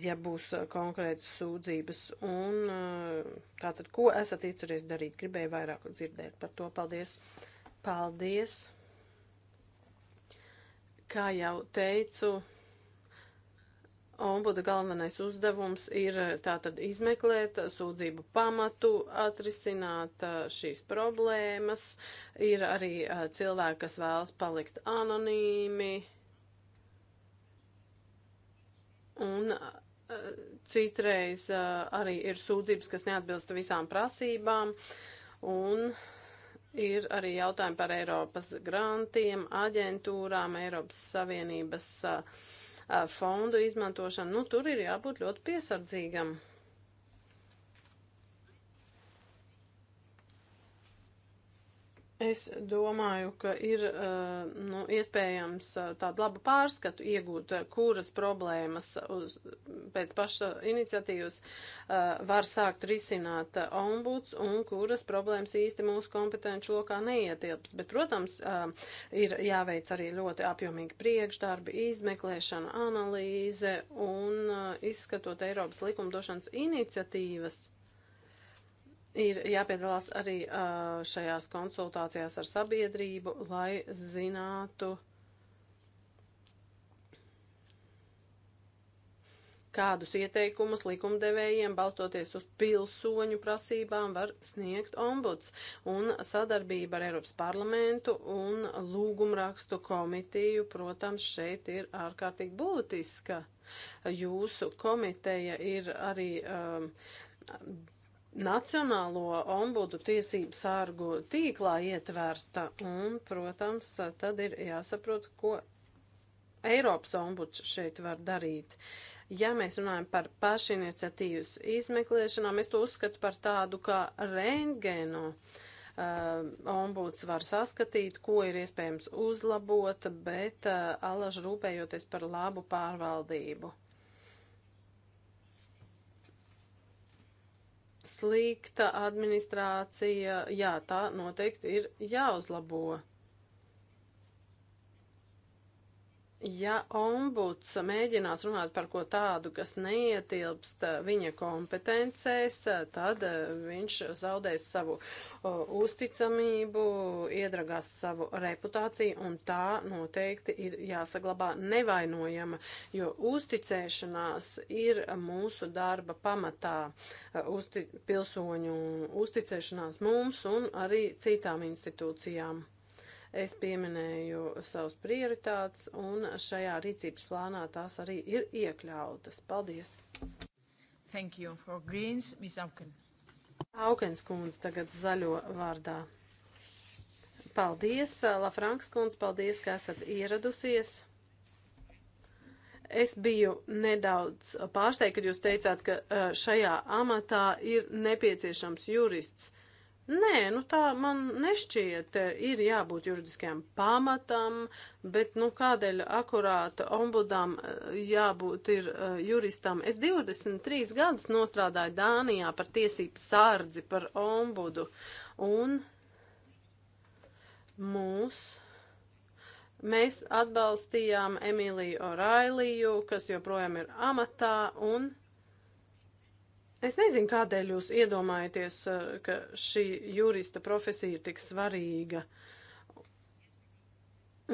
ja būs konkrētas sūdzības. Un tātad, ko esat iecerējis darīt? Gribēju vairāk dzirdēt par to. Paldies! Paldies! Kā jau teicu, ombuda galvenais uzdevums ir tātad izmeklēt sūdzību pamatu, atrisināt šīs problēmas. Ir arī cilvēki, kas vēlas palikt anonīmi. Un Eh, citreiz eh, arī ir sūdzības, kas neatbilst visām prasībām, un ir arī jautājumi par Eiropas grantiem, aģentūrām, Eiropas Savienības eh, fondu izmantošanu. Nu, tur ir jābūt ļoti piesardzīgam. Es domāju, ka ir eh, nu, iespējams eh, tādu labu pārskatu iegūt, eh, kuras problēmas uz, pēc paša iniciatīvas var sākt risināt ombuds un kuras problēmas īsti mūsu kompetenci lokā neietilps. Bet, protams, ir jāveic arī ļoti apjomīgi priekšdarbi, izmeklēšana, analīze un izskatot Eiropas likumdošanas iniciatīvas ir jāpiedalās arī šajās konsultācijās ar sabiedrību, lai zinātu, kādus ieteikumus likumdevējiem balstoties uz pilsoņu prasībām var sniegt ombuds un sadarbība ar Eiropas parlamentu un lūgumrakstu komitiju, protams, šeit ir ārkārtīgi būtiska. Jūsu komiteja ir arī um, Nacionālo ombudu tiesību sārgu tīklā ietverta un, protams, tad ir jāsaprot, ko Eiropas ombuds šeit var darīt. Ja mēs runājam par pašiniciatīvas izmeklēšanām, es to uzskatu par tādu kā rengēnu. Uh, um, ombuds var saskatīt, ko ir iespējams uzlabot, bet uh, alaž rūpējoties par labu pārvaldību. slikta administrācija, jā, tā noteikti ir jāuzlabo. Ja ombuds mēģinās runāt par ko tādu, kas neietilpst viņa kompetencēs, tad eh, viņš zaudēs savu uh, uzticamību, iedragās savu reputāciju, un tā noteikti ir jāsaglabā nevainojama, jo uzticēšanās ir mūsu darba pamatā uh, uzti pilsoņu uzticēšanās mums un arī citām institūcijām. Es pieminēju savus prioritātes, un šajā rīcības plānā tās arī ir iekļautas. Paldies! Thank you for Greens, Ms. Auken. Aukens kundze tagad zaļo vārdā. Paldies, Lafranks kundze, paldies, ka esat ieradusies es biju nedaudz pārsteigta, kad jūs teicāt, ka eh, šajā amatā ir nepieciešams jurists. Nē, nu tā man nešķiet, ir jābūt juridiskajam pamatam, bet nu kādēļ akurāta ombudam eh, jābūt ir eh, juristam? Es 23 gadus nostrādāju Dānijā par tiesību sārdzi, par ombudu, un mūs mēs atbalstījām Emīliju Orailiju, kas joprojām ir amatā, un Es nezinu, kādēļ jūs iedomājaties, eh, ka šī jurista profesija ir tik svarīga.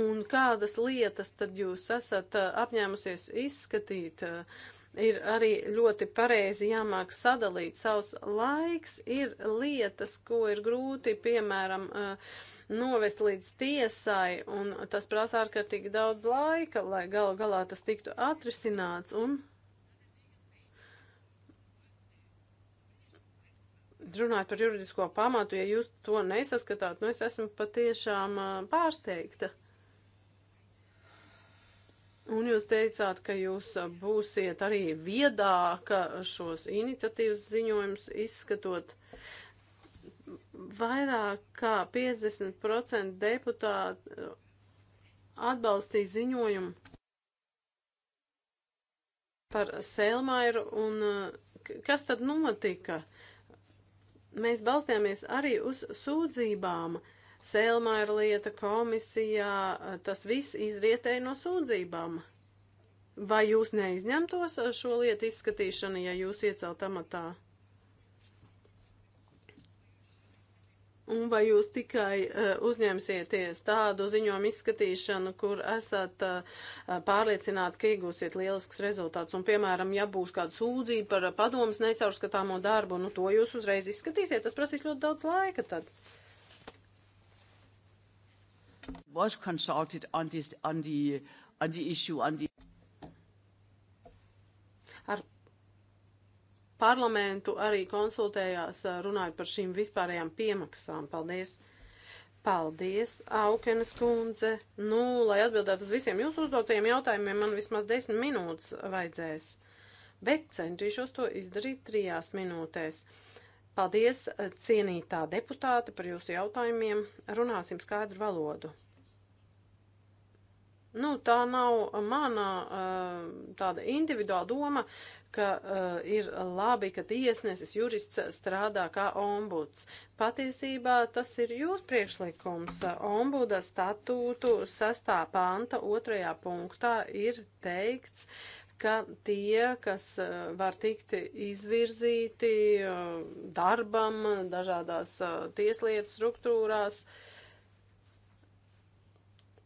Un kādas lietas tad jūs esat eh, apņēmusies izskatīt? Eh, ir arī ļoti pareizi jāmāk sadalīt savs laiks. Ir lietas, ko ir grūti, piemēram, novest līdz tiesai, un tas prasa ārkārtīgi daudz laika, lai galu galā tas tiktu atrisināts. Un runāt par juridisko pamatu, ja jūs to nesaskatāt, nu es esmu patiešām pārsteigta. Un jūs teicāt, ka jūs būsiet arī viedāka šos iniciatīvas ziņojumus izskatot. Vairāk kā 50% deputāti atbalstīja ziņojumu par Selmairu un kas tad notika? Uh, mēs balstījāmies arī uz sūdzībām. Sēlmaira lieta komisijā, tas viss izrietēja no sūdzībām. Vai jūs neizņemtos šo lietu izskatīšanu, ja jūs iecelt amatā? Un vai jūs tikai uh, uzņemsieties tādu ziņojumu izskatīšanu, kur esat uh, pārliecināti, ka iegūsiet lielisks rezultāts? Un, piemēram, ja būs kāda sūdzība par padomus necaurskatāmo darbu, nu to jūs uzreiz izskatīsiet, tas prasīs ļoti daudz laika tad. Was consulted on, this, on, the, on the issue, on the... Ar parlamentu arī konsultējās runājot par šīm vispārējām piemaksām. Paldies! Paldies, Aukenes kundze! Nu, lai atbildētu uz visiem jūsu uzdotajiem jautājumiem, man vismaz desmit minūtes vajadzēs, bet centīšos to izdarīt trijās minūtēs. Paldies, cienītā deputāte, par jūsu jautājumiem. Runāsim skaidru valodu. Nu, tā nav mana tāda individuāla doma ka uh, ir labi, ka tiesnesis jurists strādā kā ombuds. Patiesībā tas ir jūs priekšlikums. Ombuda statūtu sastā panta otrajā punktā ir teikts, ka tie, kas eh, var tikt izvirzīti eh, darbam dažādās tieslietu struktūrās, uh,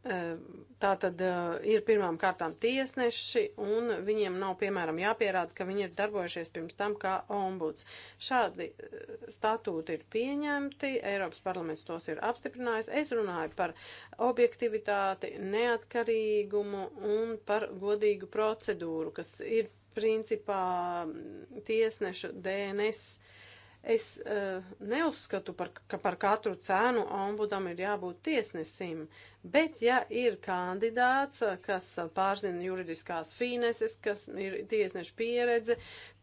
Ehm, tā tad eh, ir pirmām kārtām tiesneši, un viņiem nav, piemēram, jāpierāda, ka viņi ir darbojušies pirms tam kā ombuds. Šādi eh, statūti ir pieņemti, Eiropas parlaments tos ir apstiprinājis. Es runāju par objektivitāti, neatkarīgumu un par godīgu procedūru, kas ir principā mm, tiesnešu DNS. Uh, Es uh, neuzskatu, par, ka par katru cēnu ombudam ir jābūt tiesnesim, bet ja ir kandidāts, kas pārzina juridiskās fīneses, kas ir tiesneša pieredze,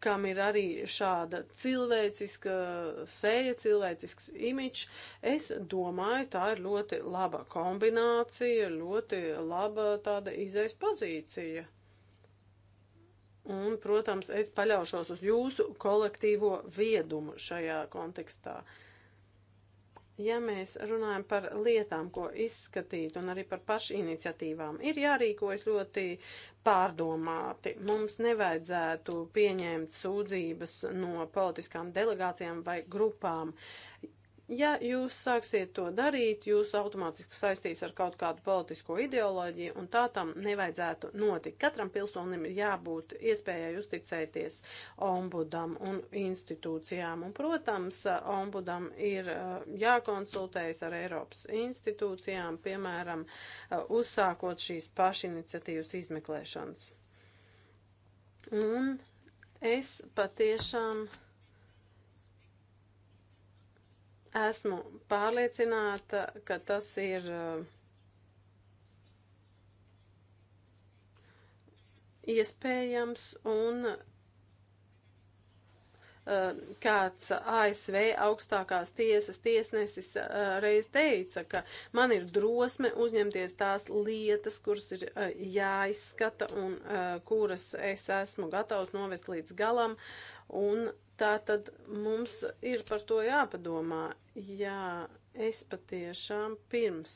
kam ir arī šāda cilvēciska seja, cilvēcisks imičs, es domāju, tā ir ļoti laba kombinācija, ļoti laba tāda izaisa pozīcija. Un, protams, es paļaušos uz jūsu kolektīvo viedumu šajā kontekstā. Ja mēs runājam par lietām, ko izskatīt, un arī par pašiniciatīvām, ir jārīkojas ļoti pārdomāti. Mums nevajadzētu pieņemt sūdzības no politiskām delegācijām vai grupām. Ja jūs sāksiet to darīt, jūs automātiski saistīs ar kaut kādu politisko ideoloģiju, un tā tam nevajadzētu notikt. Katram pilsonim ir jābūt iespējai uzticēties ombudam un institūcijām, un, protams, ombudam ir uh, jākonsultējas ar Eiropas institūcijām, piemēram, uh, uzsākot šīs pašiniciatīvas izmeklēšanas. Un es patiešām. Esmu pārliecināta, ka tas ir eh, iespējams un eh, kāds ASV augstākās tiesas tiesnesis eh, reiz teica, ka man ir drosme uzņemties tās lietas, kuras ir jāizskata un kuras es esmu gatavs novest līdz galam. Un tā tad mums ir par to jāpadomā. Jā, es patiešām pirms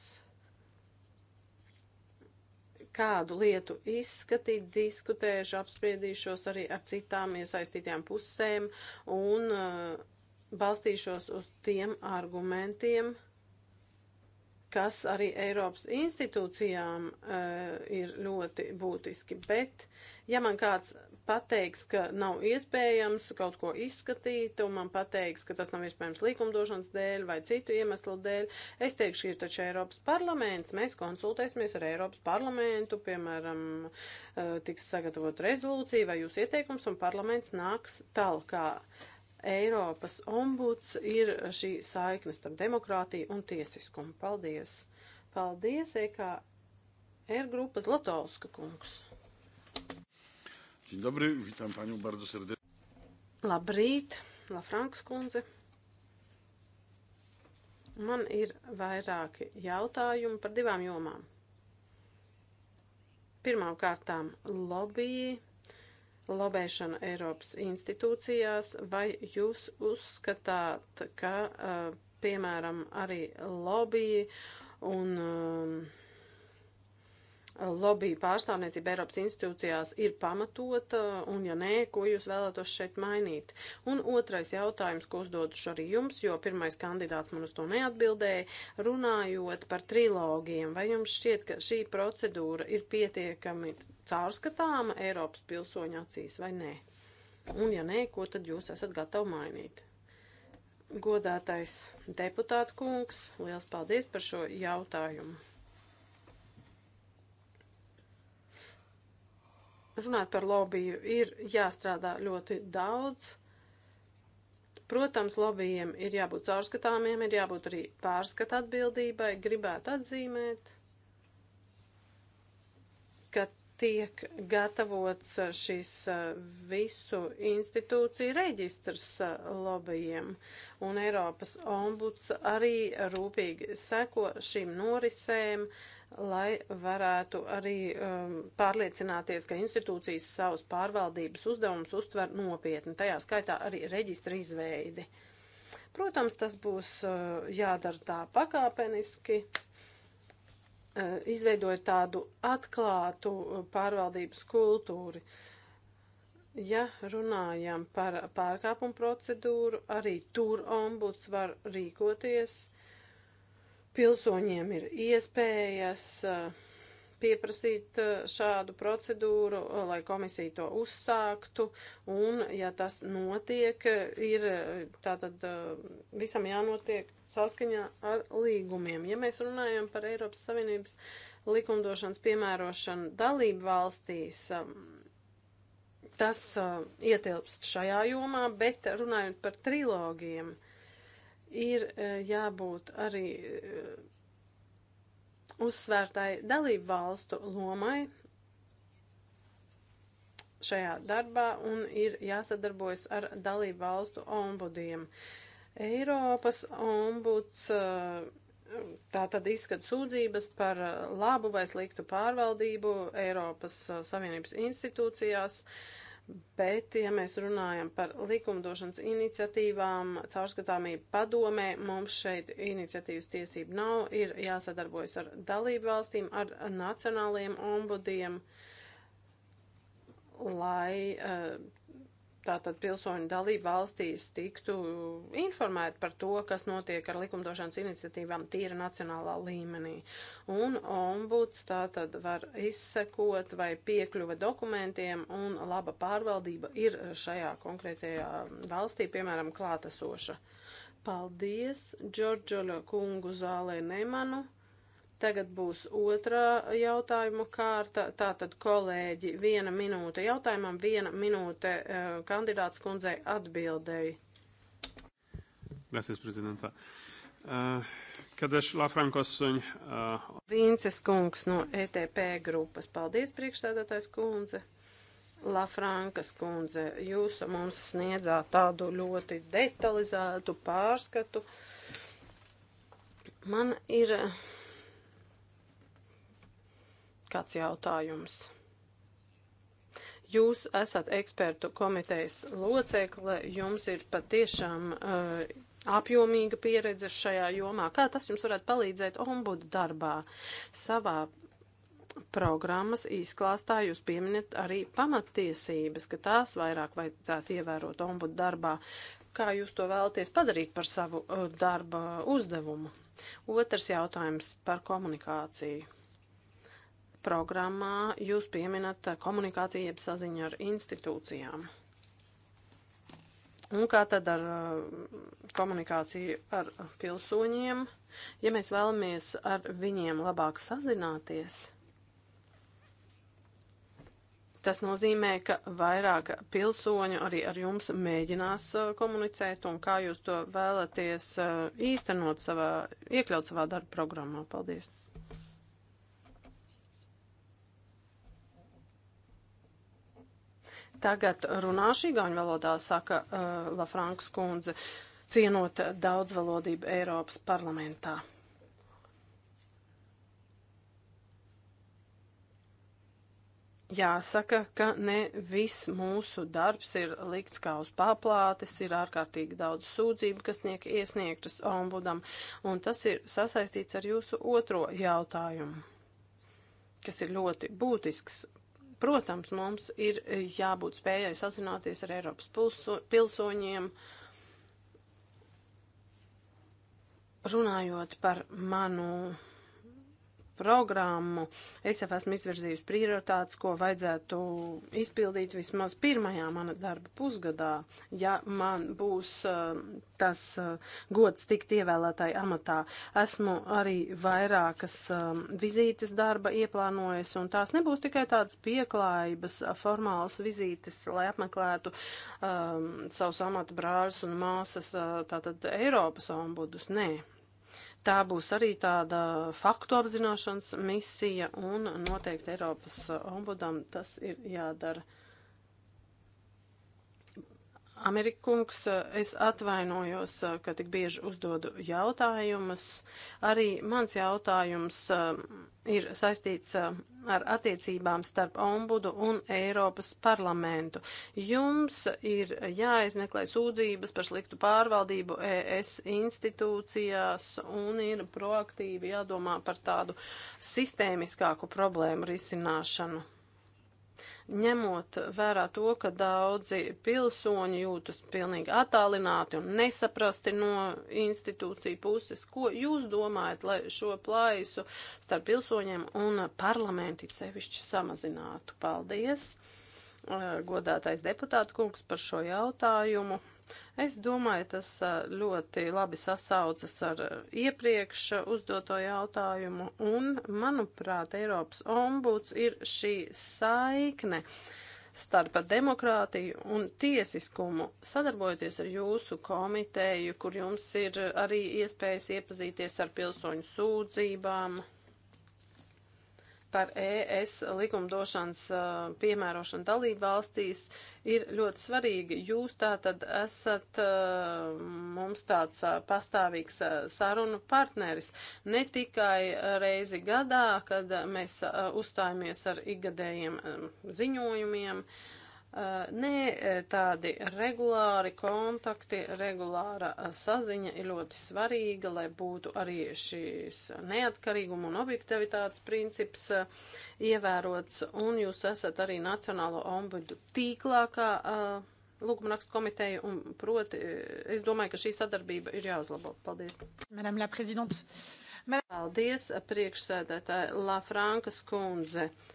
kādu lietu izskatīt, diskutēšu, apspriedīšos arī ar citām iesaistītajām pusēm un uh, balstīšos uz tiem argumentiem, kas arī Eiropas institūcijām uh, ir ļoti būtiski. Bet, ja man kāds pateiks, ka nav iespējams kaut ko izskatīt, un man pateiks, ka tas nav iespējams likumdošanas dēļ vai citu iemeslu dēļ. Es teikšu, ir taču Eiropas parlaments, mēs konsultēsimies ar Eiropas parlamentu, piemēram, eh, tiks sagatavot rezolūcija vai jūs ieteikums, un parlaments nāks talkā. Eiropas ombuds ir šī saiknes starp demokrātiju un tiesiskumu. Paldies! Paldies, EKR grupas Latovska kungs! Dzień dobry, witam panią bardzo serdecznie. Labrīt, Lafrankas kundze. Man ir vairāki jautājumi par divām jomām. Pirmām kārtām lobby, lobēšana Eiropas institūcijās, vai jūs uzskatāt, ka, eh, piemēram, arī lobby un uh, lobby pārstāvniecība Eiropas institūcijās ir pamatota, un ja nē, ko jūs vēlētos šeit mainīt? Un otrais jautājums, ko uzdoduši arī jums, jo pirmais kandidāts man uz to neatbildēja, runājot par trilogiem, vai jums šķiet, ka šī procedūra ir pietiekami caurskatāma Eiropas pilsoņu acīs vai nē? Un ja nē, ko tad jūs esat gatavi mainīt? Godātais deputāta kungs, liels paldies par šo jautājumu! runāt par lobiju, ir jāstrādā ļoti daudz. Protams, lobijiem ir jābūt caurskatāmiem, ir jābūt arī pārskata atbildībai, gribētu atzīmēt, ka tiek gatavots šis eh, visu institūciju reģistrs eh, lobijiem, un Eiropas ombuds arī rūpīgi seko šīm norisēm, uh, lai varētu arī um, pārliecināties, ka institūcijas savus pārvaldības uzdevumus uztver nopietni, tajā skaitā arī reģistra izveidi. Protams, tas būs uh, jādara tā pakāpeniski, uh, izveidojot tādu atklātu uh, pārvaldības kultūru. Ja runājam par pārkāpumu procedūru, arī tur ombuds var rīkoties pilsoņiem ir iespējas eh, pieprasīt eh, šādu procedūru, eh, lai komisija to uzsāktu, un, ja tas notiek, ir tātad visam jānotiek saskaņā ar līgumiem. Ja mēs runājam par Eiropas Savienības likumdošanas piemērošanu dalību valstīs, tas ietilpst šajā jomā, bet runājot par trilogiem, ir e, jābūt arī e, uzsvērtai dalību valstu lomai šajā darbā un ir jāsadarbojas ar dalību valstu ombudiem. Eiropas ombuds e, tā tad izskat sūdzības par labu vai sliktu pārvaldību Eiropas Savienības institūcijās. Uh, Bet, ja mēs runājam par likumdošanas iniciatīvām, caurskatāmību padomē, mums šeit iniciatīvas tiesība nav, ir jāsadarbojas ar dalību valstīm, ar nacionāliem ombudiem, lai uh, tātad pilsoņu dalību valstīs tiktu informēti par to, kas notiek ar likumdošanas iniciatīvām tīra nacionālā līmenī. Un ombuds tātad var izsekot vai piekļuva dokumentiem un laba pārvaldība ir šajā konkrētajā valstī, piemēram, klātesoša. Paldies, Džordžoļa kungu zālē nemanu. Tagad būs otrā jautājuma kārta. Tātad, kolēģi, viena minūte jautājumam, viena minūte uh, kandidāts kundzei atbildēji. Gracias, prezidentā. Uh, eh, Kadeš Lafrankosuņ. Uh... Eh, Vinces kungs no ETP grupas. Paldies, priekšstādātais kundze. Lafrankas kundze, jūs mums sniedzāt tādu ļoti detalizētu pārskatu. Man ir. Uh, kāds jautājums. Jūs esat ekspertu komitejas locekle, jums ir patiešām uh, apjomīga pieredze šajā jomā. Kā tas jums varētu palīdzēt ombudu darbā? Savā programmas izklāstā jūs pieminat arī pamattiesības, ka tās vairāk vajadzētu ievērot ombudu darbā. Kā jūs to vēlaties padarīt par savu uh, darba uzdevumu? Otrs jautājums par komunikāciju programmā jūs pieminat komunikāciju jeb saziņu ar institūcijām. Un kā tad ar uh, komunikāciju ar pilsoņiem? Ja mēs vēlamies ar viņiem labāk sazināties, tas nozīmē, ka vairāk pilsoņu arī ar jums mēģinās uh, komunicēt un kā jūs to vēlaties uh, īstenot savā, iekļaut savā darba programmā. Paldies! Tagad runāšu īgāņu valodā, saka uh, Lafrankas kundze, cienot daudzvalodību Eiropas parlamentā. Jāsaka, ka ne viss mūsu darbs ir likts kā uz paplātes, ir ārkārtīgi daudz sūdzību, kas tiek iesniegtas ombudam, un tas ir sasaistīts ar jūsu otro jautājumu, kas ir ļoti būtisks Protams, mums ir jābūt spējai sazināties ar Eiropas pulso, pilsoņiem. Runājot par manu programmu. Es jau esmu izvirzījusi prioritātes, ko vajadzētu izpildīt vismaz pirmajā mana darba pusgadā, ja man būs uh, tas uh, gods tikt ievēlētāji amatā. Esmu arī vairākas uh, vizītes darba ieplānojis, un tās nebūs tikai tādas pieklājības formālas vizītes, lai apmeklētu um, savus amata brāļus un māsas, tātad Eiropas ombudus. Nē, Tā būs arī tāda faktu apzināšanas misija un noteikti Eiropas ombudam tas ir jādara. Amerikungs, es atvainojos, ka tik bieži uzdodu jautājumus. Arī mans jautājums um, ir saistīts um, ar attiecībām starp ombudu un Eiropas parlamentu. Jums ir jāizmeklē sūdzības par sliktu pārvaldību ES institūcijās un ir proaktīvi jādomā par tādu sistēmiskāku problēmu risināšanu. Ņemot vērā to, ka daudzi pilsoņi jūtas pilnīgi attālināti un nesaprasti no institūciju puses, ko jūs domājat, lai šo plaisu starp pilsoņiem un parlamenti sevišķi samazinātu? Paldies, eh, godātais deputāta kungs, par šo jautājumu. Es domāju, tas ļoti labi sasaucas ar iepriekš uzdoto jautājumu, un, manuprāt, Eiropas ombuds ir šī saikne starp demokrātiju un tiesiskumu, sadarbojoties ar jūsu komiteju, kur jums ir arī iespējas iepazīties ar pilsoņu sūdzībām, par ES likumdošanas piemērošanu dalību valstīs ir ļoti svarīgi. Jūs tā tad esat mums tāds pastāvīgs sarunu partneris. Ne tikai reizi gadā, kad mēs uzstājamies ar ikgadējiem ziņojumiem, uh, Uh, nē, eh, tādi regulāri kontakti, regulāra eh, saziņa ir ļoti svarīga, lai būtu arī šīs neatkarīguma un objektivitātes princips eh, ievērots. Un jūs esat arī Nacionālo ombudu tīklākā lūgumrakstu komiteja, un proti, es domāju, ka šī sadarbība ir jāuzlabo. Paldies. Madame la prezidente. Paldies, priekšsēdētāja Lafrankas kundze. Uh,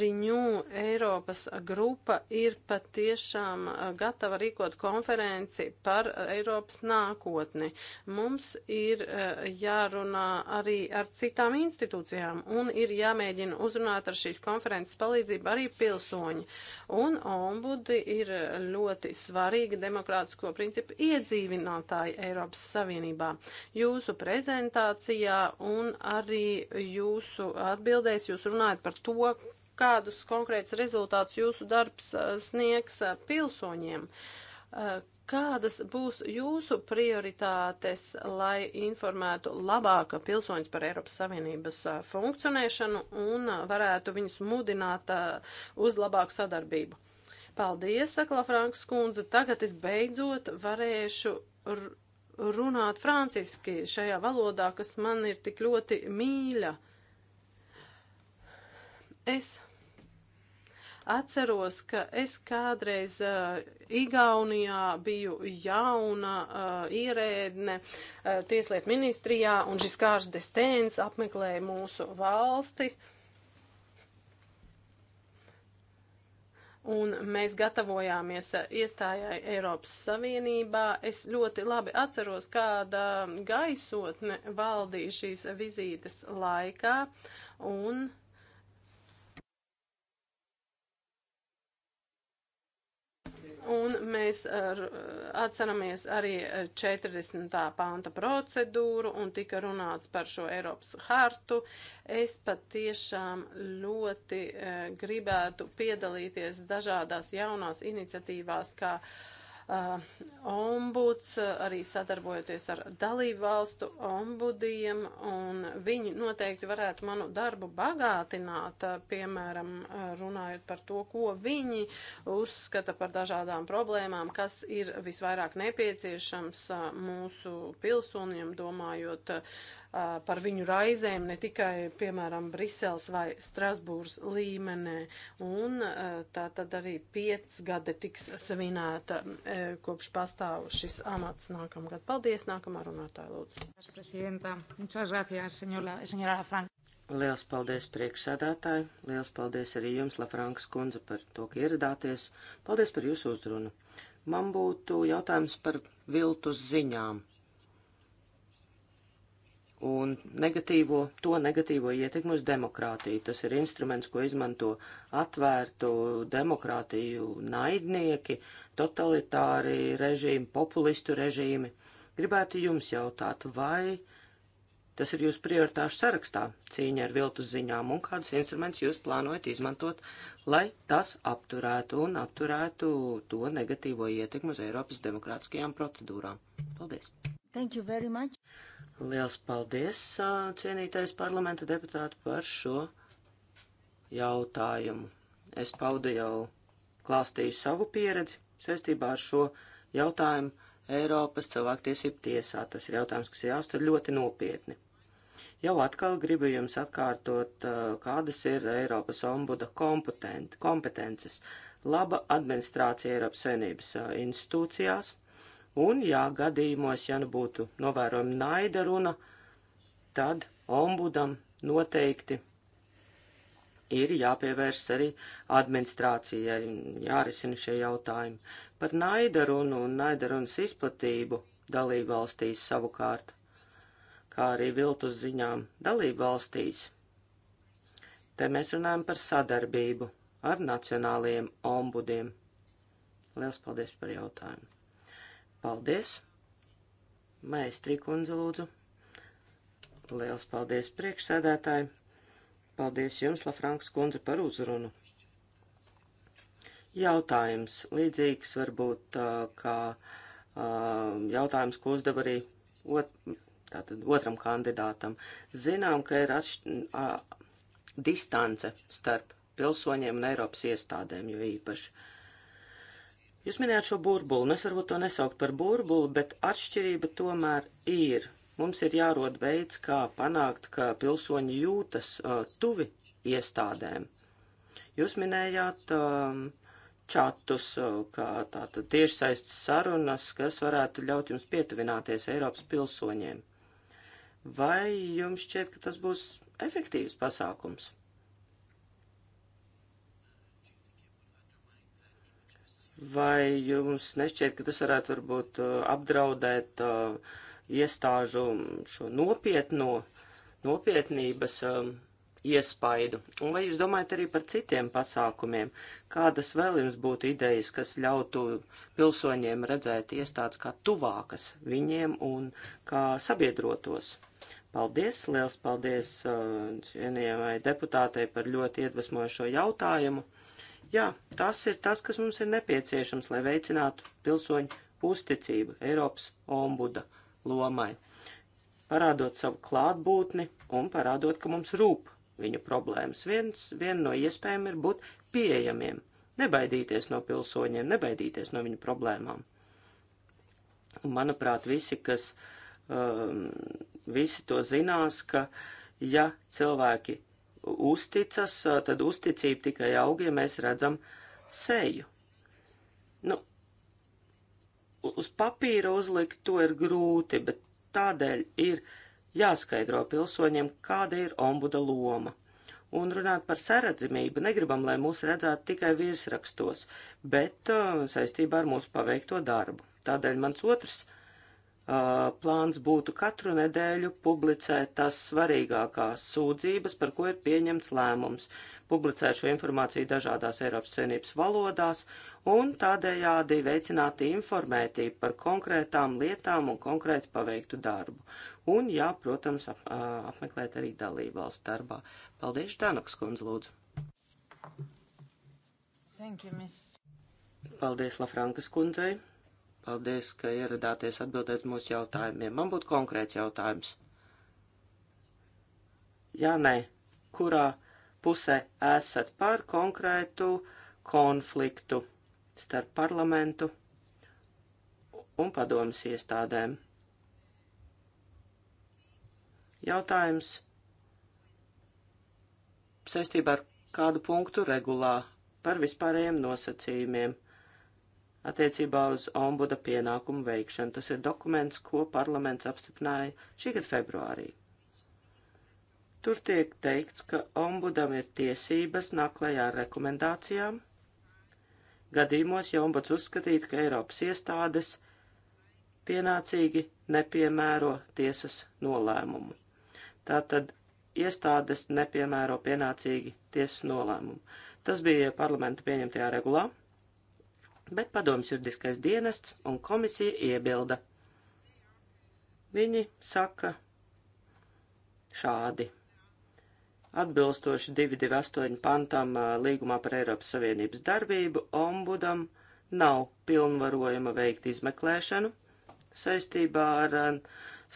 Riņū Eiropas grupa ir patiešām uh, gatava rīkot konferenci par uh, Eiropas nākotni. Mums ir uh, jārunā arī ar citām institūcijām un ir jāmēģina uzrunāt ar šīs konferences palīdzību arī pilsoņi. Un ombudi ir ļoti svarīgi demokrātisko principu iedzīvinātāji Eiropas Savienībā. Jūsu prezentācijā un arī jūsu atbildēs jūs runājat par to, kādus konkrētus rezultātus jūsu darbs sniegs pilsoņiem. Kādas būs jūsu prioritātes, lai informētu labāk pilsoņus par Eiropas Savienības funkcionēšanu un varētu viņus mudināt uz labāku sadarbību? Paldies, saka Franks kundze. Tagad es beidzot varēšu runāt franciski šajā valodā, kas man ir tik ļoti mīļa. Uh, Es atceros, ka es kādreiz uh, Igaunijā biju jauna uh, ierēdne uh, Tieslietu ministrijā, un šis kārs destēns apmeklēja mūsu valsti. Un mēs gatavojāmies iestājai Eiropas Savienībā. Es ļoti labi atceros, kāda gaisotne valdīja šīs vizītes laikā. Un uh, Un mēs ar, atceramies arī 40. E, panta procedūru un tika runāts par šo Eiropas hartu. Es pat tiešām ļoti e, gribētu piedalīties dažādās jaunās iniciatīvās, kā uh, uh, ombuds, uh, arī sadarbojoties ar dalību valstu ombudiem, un viņi noteikti varētu manu darbu bagātināt, uh, piemēram, uh, runājot par to, ko viņi uzskata par dažādām problēmām, kas ir visvairāk nepieciešams uh, mūsu pilsoņiem, domājot uh, par viņu raizēm ne tikai, piemēram, Brisels vai Strasbūrs līmenē. Un tā tad arī piecgade tiks svinēta, kopš pastāv šis amats nākamgad. Paldies, nākamā runātāja lūdzu. Liels paldies priekšsēdētāji, liels paldies arī jums, Lafrankas kundze, par to, ka ieradāties. Paldies par jūsu uzrunu. Man būtu jautājums par viltus ziņām un negatīvo, to negatīvo ietekmi uz demokrātiju. Tas ir instruments, ko izmanto atvērtu demokrātiju naidnieki, totalitāri režīmi, populistu režīmi. Gribētu jums jautāt, vai tas ir jūsu prioritāšu sarakstā cīņa ar viltus ziņām un kādus instrumentus jūs plānojat izmantot, lai tas apturētu un apturētu to negatīvo ietekmi uz Eiropas demokrātiskajām procedūrām. Paldies! Thank you very much. Liels paldies, cienītais parlamenta deputāti, par šo jautājumu. Es paudu jau klāstīju savu pieredzi saistībā ar šo jautājumu Eiropas cilvēktiesību tiesā. Tas ir jautājums, kas jāuztver ļoti nopietni. Jau atkal gribu jums atkārtot, kādas ir Eiropas ombuda kompetences. Laba administrācija Eiropas Savienības institūcijās, Un, jā, gadījumos, ja nu būtu novērojama naida runa, tad ombudam noteikti ir jāpievērš arī administrācijai, jārisina šie jautājumi. Par naida runu un naida runas izplatību dalību valstīs savukārt, kā arī viltus ziņām dalību valstīs. Te mēs runājam par sadarbību ar nacionālajiem ombudiem. Liels paldies par jautājumu! Paldies! Maestri kundze lūdzu. Liels paldies priekšsēdētāji. Paldies jums, Lafranks kundze, par uzrunu. Jautājums līdzīgs varbūt kā jautājums, ko uzdev arī ot, tātad, otram kandidātam. Zinām, ka ir atš, a, distance starp pilsoņiem un Eiropas iestādēm, jo īpaši. Uh, Jūs minējāt šo burbuli, un es varbūt to nesaukt par burbuli, bet atšķirība tomēr ir. Mums ir jārod veids, kā panākt, ka pilsoņi jūtas uh, tuvi iestādēm. Jūs minējāt um, čatus, uh, kā tātad tiešsaistes sarunas, kas varētu ļaut jums pietuvināties Eiropas pilsoņiem. Vai jums šķiet, ka tas būs efektīvs pasākums? Vai jums nešķiet, ka tas varētu varbūt uh, apdraudēt uh, iestāžu šo nopietno, nopietnības um, iespaidu? Un vai jūs domājat arī par citiem pasākumiem? Kādas vēl jums būtu idejas, kas ļautu pilsoņiem redzēt iestādes kā tuvākas viņiem un kā sabiedrotos? Paldies, liels paldies uh, cienījamai uh, deputātei par ļoti iedvesmojošo jautājumu. Jā, tas ir tas, kas mums ir nepieciešams, lai veicinātu pilsoņu uzticību Eiropas ombuda lomai, parādot savu klātbūtni un parādot, ka mums rūp viņu problēmas. Viens, viena no iespējām ir būt pieejamiem, nebaidīties no pilsoņiem, nebaidīties no viņu problēmām. Un, manuprāt, visi, kas um, visi to zinās, ka ja cilvēki uzticas, tad uzticība tikai aug, ja mēs redzam seju. Nu, uz papīra uzlikt to ir grūti, bet tādēļ ir jāskaidro pilsoņiem, kāda ir ombuda loma. Un runāt par saredzamību, negribam, lai mūs redzētu tikai virsrakstos, bet uh, saistībā ar mūsu paveikto darbu. Tādēļ mans otrs uh, plāns būtu katru nedēļu publicēt tās svarīgākās sūdzības, par ko ir pieņemts lēmums, publicēt šo informāciju dažādās Eiropas Savienības valodās un tādējādi veicināt informētību par konkrētām lietām un konkrēti paveiktu darbu. Un, jā, protams, ap, apmeklēt arī dalību valsts darbā. Paldies, Dānaks kundze, lūdzu. Thank you, miss. Paldies, Lafrankas kundzei. Paldies, ka ieradāties atbildēt mūsu jautājumiem. Man būtu konkrēts jautājums. Jā, nē, kurā pusē esat par konkrētu konfliktu starp parlamentu un padomas iestādēm? Jautājums saistībā ar kādu punktu regulā par vispārējiem nosacījumiem – attiecībā uz ombuda pienākumu veikšanu. Tas ir dokuments, ko parlaments apstiprināja šī gada februārī. Tur tiek teikts, ka ombudam ir tiesības nākt klajā ar rekomendācijām. Gadījumos, ja ombuds uzskatītu, ka Eiropas iestādes pienācīgi nepiemēro tiesas nolēmumu. Tātad iestādes nepiemēro pienācīgi tiesas nolēmumu. Tas bija parlamenta pieņemtajā regulā bet padoms juridiskais dienests un komisija iebilda. Viņi saka šādi. Atbilstoši 228 pantam līgumā par Eiropas Savienības darbību, ombudam nav pilnvarojuma veikt izmeklēšanu saistībā ar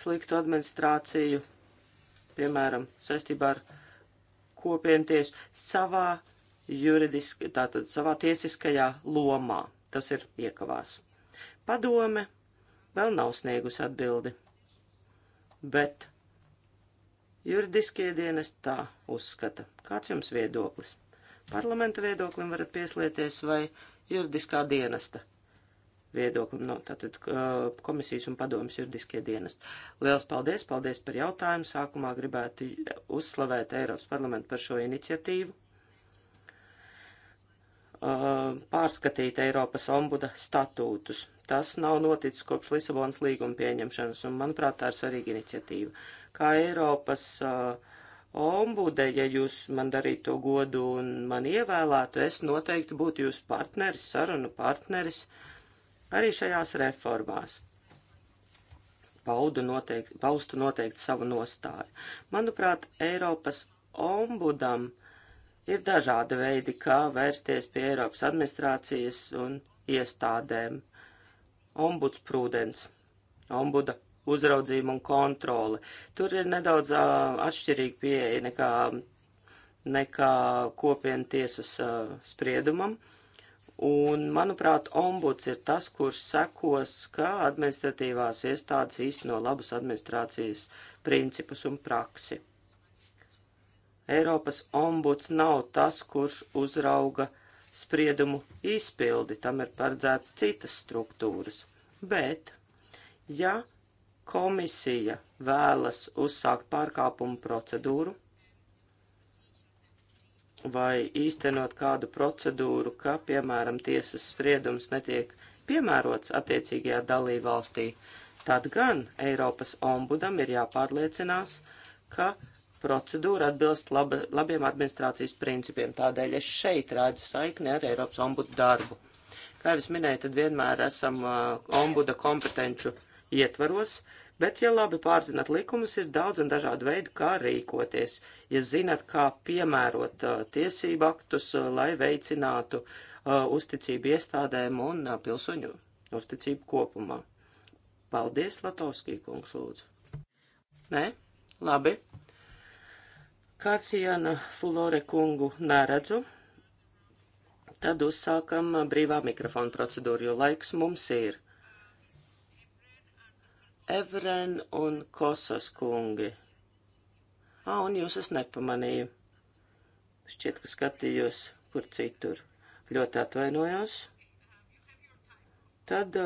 sliktu administrāciju, piemēram, saistībā ar kopienu tiesu savā juridiski, tātad savā tiesiskajā lomā tas ir iekavās. Padome vēl nav sniegusi atbildi, bet juridiskie dienas tā uzskata. Kāds jums viedoklis? Parlamenta viedoklim varat pieslieties vai juridiskā dienesta viedoklim, no nu, tātad komisijas un padomas juridiskie dienesti. Liels paldies, paldies par jautājumu. Sākumā gribētu uzslavēt Eiropas parlamentu par šo iniciatīvu. Uh, pārskatīt Eiropas ombuda statūtus. Tas nav noticis kopš Lisabonas līguma pieņemšanas, un, manuprāt, tā ir svarīga iniciatīva. Kā Eiropas uh, ombude, ja jūs man darītu to godu un man ievēlētu, es noteikti būtu jūsu partneris, sarunu partneris arī šajās reformās. Paudu noteikti, paustu noteikti savu nostāju. Manuprāt, Eiropas ombudam uh, Ir dažādi veidi, kā vērsties pie Eiropas administrācijas un iestādēm. Ombuds prudens, ombuda uzraudzība un kontrole. Tur ir nedaudz uh, atšķirīga pieeja nekā, nekā kopienu tiesas uh, spriedumam. Un, manuprāt, ombuds ir tas, kurš sekos, kā administratīvās iestādes īsteno labus administrācijas principus un praksi. Eiropas ombuds nav tas, kurš uzrauga spriedumu izpildi, tam ir paredzēts citas struktūras. Bet, ja komisija vēlas uzsākt pārkāpumu procedūru vai īstenot kādu procedūru, ka, piemēram, tiesas spriedums netiek piemērots attiecīgajā dalībvalstī, tad gan Eiropas ombudam ir jāpārliecinās, ka procedūra atbilst laba, labiem administrācijas principiem. Tādēļ es šeit redzu saikni ar Eiropas ombudu darbu. Kā jau es minēju, tad vienmēr esam uh, ombuda kompetenču ietvaros, bet, ja labi pārzinat likumus, ir daudz un dažādu veidu, kā rīkoties. Ja zinat, kā piemērot uh, tiesību aktus, uh, lai veicinātu uh, uzticību iestādēm un uh, pilsoņu uzticību kopumā. Paldies, Latovskī kungs, lūdzu. Nē? Labi. Kācijana Fulore kungu neredzu. Tad uzsākam brīvā mikrofona procedūru, jo laiks mums ir. Evren un Kosas kungi. Ā, un jūs es nepamanīju. Šķiet, ka skatījos kur citur. Ļoti atvainojos. Tad,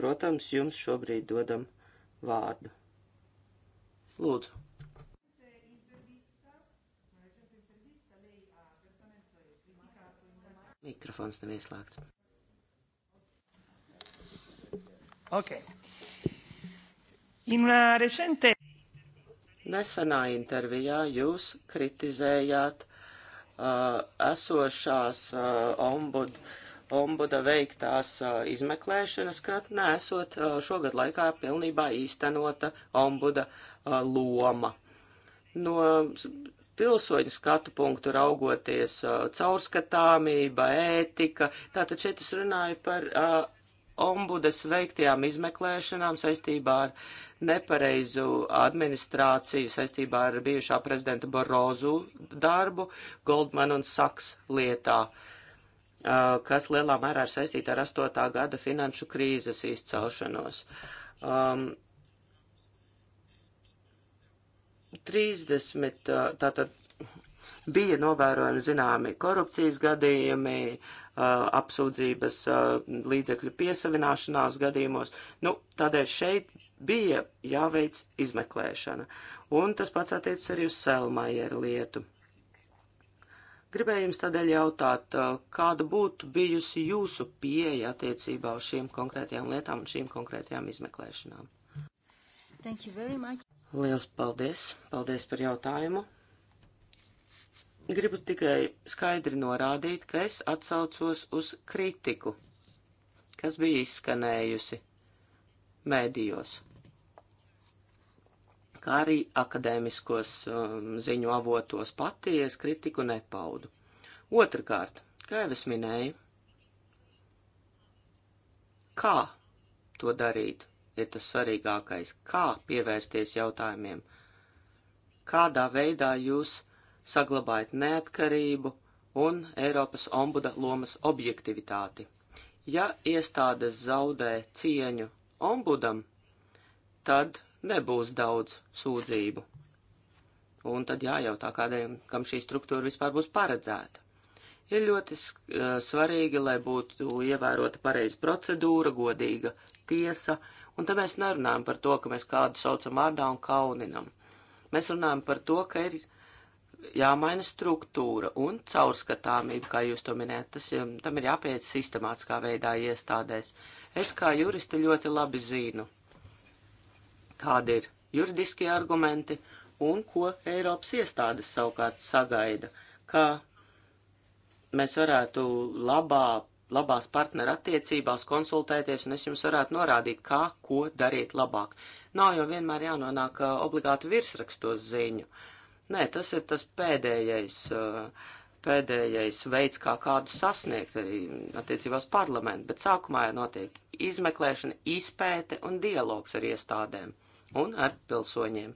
protams, jums šobrīd dodam vārdu. Lūdzu. Mikrofons nav ieslēgts. Ok. In una recente... Nesenā intervijā jūs kritizējāt uh, esošās uh, ombud, ombuda veiktās uh, izmeklēšanas, ka nesot uh, šogad laikā pilnībā īstenota ombuda uh, loma. No pilsoņu skatu punktu raugoties caurskatāmība, ētika. Tātad šeit es runāju par uh, ombudas veiktajām izmeklēšanām saistībā ar nepareizu administrāciju, saistībā ar bijušā prezidenta Barozu darbu Goldman un Saks lietā, uh, kas lielā mērā ir saistīta ar 8. gada finanšu krīzes izcelšanos. Um, 30, tātad bija novērojami zināmi korupcijas gadījumi, apsūdzības līdzekļu piesavināšanās gadījumos. Nu, tādēļ šeit bija jāveic izmeklēšana. Un tas pats attiecas arī uz Selmajeru lietu. Gribēju jums tādēļ jautāt, kāda būtu bijusi jūsu pieeja attiecībā uz šīm konkrētajām lietām un šīm konkrētajām izmeklēšanām? Liels paldies! Paldies par jautājumu! Gribu tikai skaidri norādīt, ka es atsaucos uz kritiku, kas bija izskanējusi mēdījos, kā arī akadēmiskos um, ziņu avotos pati es kritiku nepaudu. Otrakārt, kā jau es minēju, kā to darīt? ir tas svarīgākais. Kā pievērsties jautājumiem? Kādā veidā jūs saglabājat neatkarību un Eiropas ombuda lomas objektivitāti? Ja iestādes zaudē cieņu ombudam, tad nebūs daudz sūdzību. Un tad jājautā, kādiem, kam šī struktūra vispār būs paredzēta. Ir ļoti eh, svarīgi, lai būtu ievērota pareiza procedūra, godīga tiesa, uh, Un te mēs nerunājam par to, ka mēs kādu saucam vārdā un kauninam. Mēs runājam par to, ka ir jāmaina struktūra un caurskatāmība, kā jūs to minējat. Tas, um, tam ir jāpieiet sistemātiskā veidā iestādēs. Es kā juristi ļoti labi zinu, kādi ir juridiskie argumenti un ko Eiropas iestādes savukārt sagaida, kā mēs varētu labā labās partneru attiecībās, konsultēties, un es jums varētu norādīt, kā, ko darīt labāk. Nav jau vienmēr jānonāk obligāti virsrakstos ziņu. Nē, tas ir tas pēdējais, pēdējais veids, kā kādu sasniegt arī attiecībās parlamentu, bet sākumā jau notiek izmeklēšana, izpēte un dialogs ar iestādēm un ar pilsoņiem.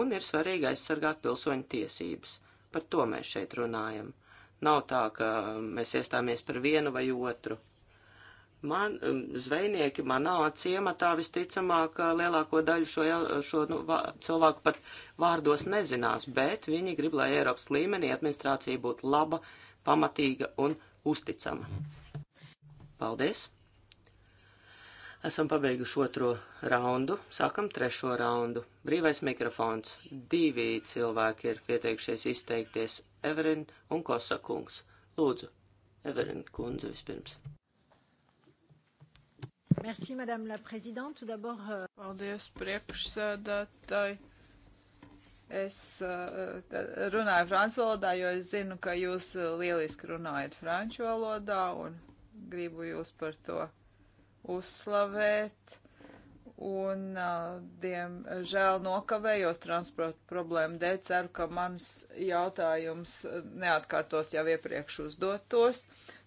Un ir svarīgi aizsargāt pilsoņu tiesības. Par to mēs šeit runājam. Nav tā, ka mēs iestāmies par vienu vai otru. Man, um, zvejnieki manā ciematā visticamāk uh, lielāko daļu šo, šo nu, vā, cilvēku pat vārdos nezinās, bet viņi grib, lai Eiropas līmenī administrācija būtu laba, pamatīga un uzticama. Paldies! Esam pabeiguši otro raundu, sākam trešo raundu. Brīvais mikrofons. Divi cilvēki ir pieteikšies izteikties - Everin un Kosakungs. Lūdzu, Everin kundze vispirms. Merci, Madame la Présidente. Tout d'abord, euh... paldies priekšsēdētāji. Es uh, runāju franču valodā, jo es zinu, ka jūs uh, lieliski runājat franču valodā un gribu jūs par to uzslavēt. Un, diemžēl, nokavējos transporta problēmu dēļ, ceru, ka mans jautājums neatkārtos jau iepriekš uzdotos.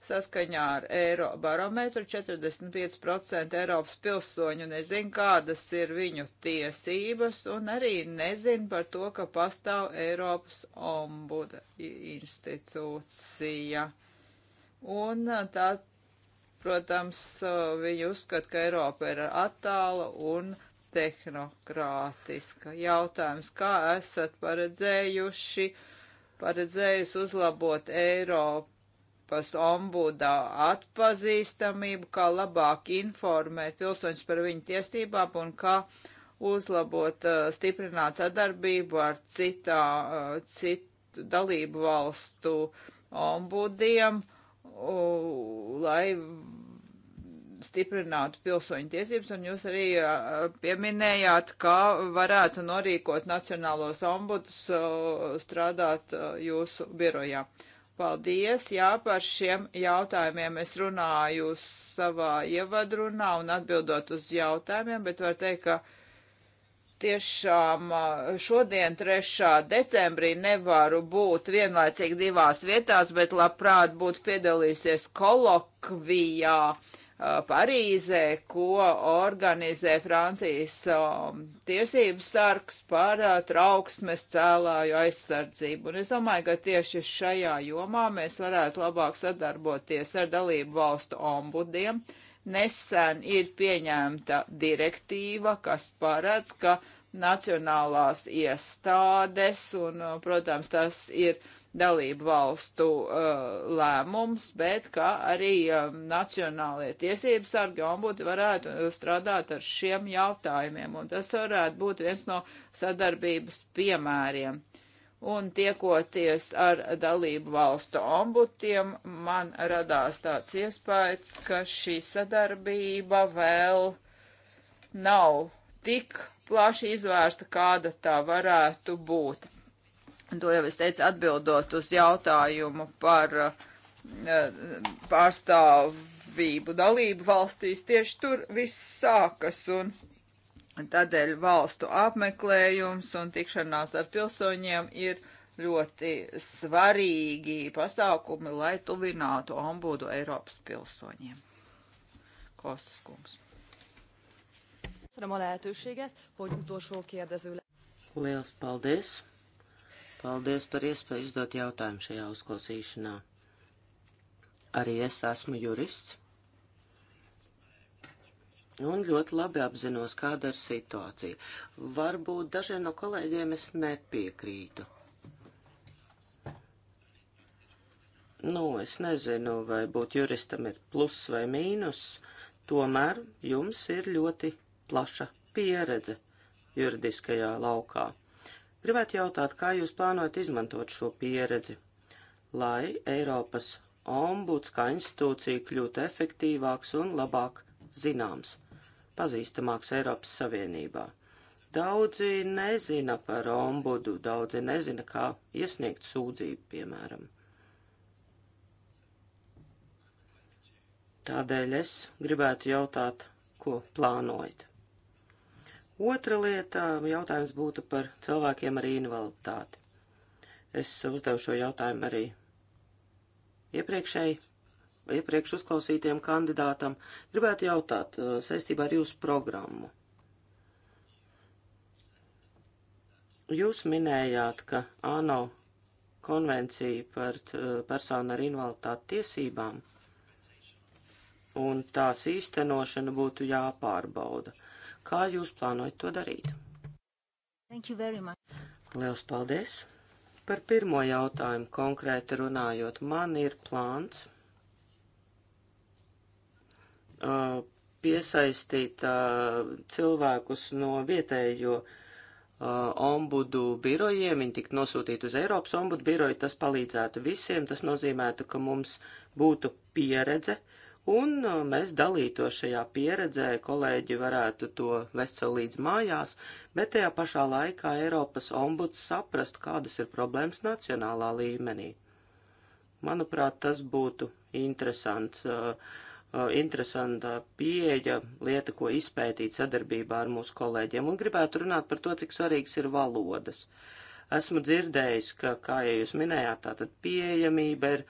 Saskaņā ar eiro barometru 45% Eiropas pilsoņu nezin, kādas ir viņu tiesības, un arī nezin par to, ka pastāv Eiropas ombuda institūcija. Un tā Protams, viņi uzskata, ka Eiropa ir attāla un tehnokrātiska. Jautājums, kā esat paredzējuši, paredzējis uzlabot Eiropas ombudā atpazīstamību, kā labāk informēt pilsoņus par viņu tiesībām un kā uzlabot, stiprināt sadarbību ar citā, citu dalību valstu ombudiem lai stiprinātu pilsoņu tiesības, un jūs arī pieminējāt, ka varētu norīkot nacionālos ombudus strādāt jūsu birojā. Paldies, jā, par šiem jautājumiem es runāju savā ievadrunā un atbildot uz jautājumiem, bet var teikt, ka tiešām šodien 3. decembrī nevaru būt vienlaicīgi divās vietās, bet labprāt būtu piedalīsies kolokvijā Parīzē, ko organizē Francijas tiesības sargs par trauksmes cēlāju aizsardzību. Un es domāju, ka tieši šajā jomā mēs varētu labāk sadarboties ar dalību valstu ombudiem nesen ir pieņemta direktīva, kas paredz, ka nacionālās iestādes, un, uh, protams, tas ir dalību valstu uh, lēmums, bet kā arī um, nacionālie tiesības sargi ombuds varētu uh, strādāt ar šiem jautājumiem, un tas varētu būt viens no sadarbības piemēriem. Un tiekoties ar dalību valstu ombudiem, man radās tāds iespējas, ka šī sadarbība vēl nav tik plaši izvērsta, kāda tā varētu būt. Un to jau es teicu atbildot uz jautājumu par eh, pārstāvību dalību valstīs. Tieši tur viss sākas un tādēļ valstu apmeklējums un tikšanās ar pilsoņiem ir ļoti svarīgi pasākumi, lai tuvinātu ombudu Eiropas pilsoņiem. Kostas kungs. Köszönöm a lehetőséget, hogy utolsó kérdező Liels paldies! Paldies par iespēju uzdot jautājumu šajā uzklausīšanā. Arī es esmu jurists un ļoti labi apzinos, kāda ir situācija. Varbūt dažiem no kolēģiem es nepiekrītu. Nu, es nezinu, vai būt juristam ir plus vai mīnus, tomēr jums ir ļoti plaša pieredze juridiskajā laukā. Gribētu jautāt, kā jūs plānojat izmantot šo pieredzi, lai Eiropas ombuds kā institūcija kļūtu efektīvāks un labāk zināms, pazīstamāks Eiropas Savienībā. Daudzi nezina par ombudu, daudzi nezina, kā iesniegt sūdzību, piemēram. Tādēļ es gribētu jautāt, ko plānojat. Otra lieta - jautājums būtu par cilvēkiem ar invaliditāti. Es uzdevu šo jautājumu arī iepriekšēji, iepriekš uzklausītiem kandidātam. Gribētu jautāt uh, saistībā ar jūsu programmu. Jūs minējāt, ka ANO konvencija par uh, personu ar invaliditāti tiesībām un tās īstenošana būtu jāpārbauda. Kā jūs plānojat to darīt? Liels paldies! Par pirmo jautājumu konkrēti runājot, man ir plāns uh, piesaistīt uh, cilvēkus no vietējo uh, ombudu birojiem, viņi tiktu nosūtīti uz Eiropas ombudu biroju, tas palīdzētu visiem, tas nozīmētu, ka mums būtu pieredze uh, un uh, mēs dalītos šajā pieredzē, kolēģi varētu to vest sev līdz mājās, bet tajā pašā laikā Eiropas ombuds saprast, kādas ir problēmas nacionālā līmenī. Manuprāt, tas būtu interesants. Uh, uh interesanta pieeja, lieta, ko izpētīt sadarbībā ar mūsu kolēģiem, un gribētu runāt par to, cik svarīgs ir valodas. Esmu dzirdējis, ka, kā jau jūs minējāt, tātad pieejamība ir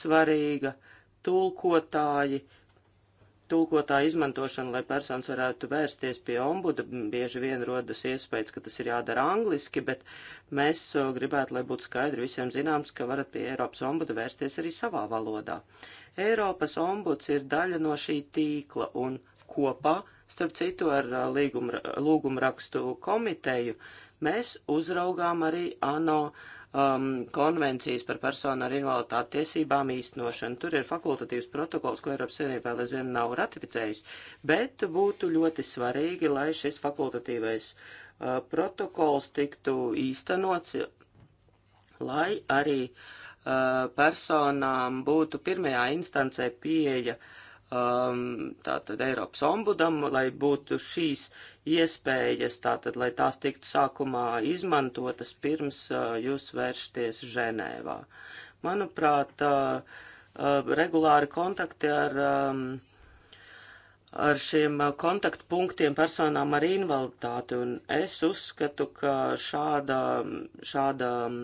svarīga, tulkotāji, tulkotāja izmantošana, lai personas varētu vērsties pie ombuda, bieži vien rodas iespējas, ka tas ir jādara angliski, bet mēs gribētu, lai būtu skaidri visiem zināms, ka varat pie Eiropas ombuda vērsties arī savā valodā. Eiropas ombuds ir daļa no šī tīkla un kopā, starp citu ar līgumrakstu komiteju, mēs uzraugām arī ANO uh, um, konvencijas par personu ar invaliditāti tiesībām īstenošanu. Tur ir fakultatīvs protokols, ko Eiropas Savienība vēl aizvien nav ratificējusi, bet būtu ļoti svarīgi, lai šis fakultatīvais uh, protokols tiktu īstenots, lai arī uh, personām būtu pirmajā instancē pieeja uh, um, tātad Eiropas ombudam, lai būtu šīs iespējas, tātad, lai tās tiktu sākumā izmantotas pirms uh, jūs vēršties Ženēvā. Manuprāt, uh, uh, regulāri kontakti ar. Um, ar šiem uh, kontaktpunktiem personām ar invaliditāti, un es uzskatu, ka šāda, šāda um,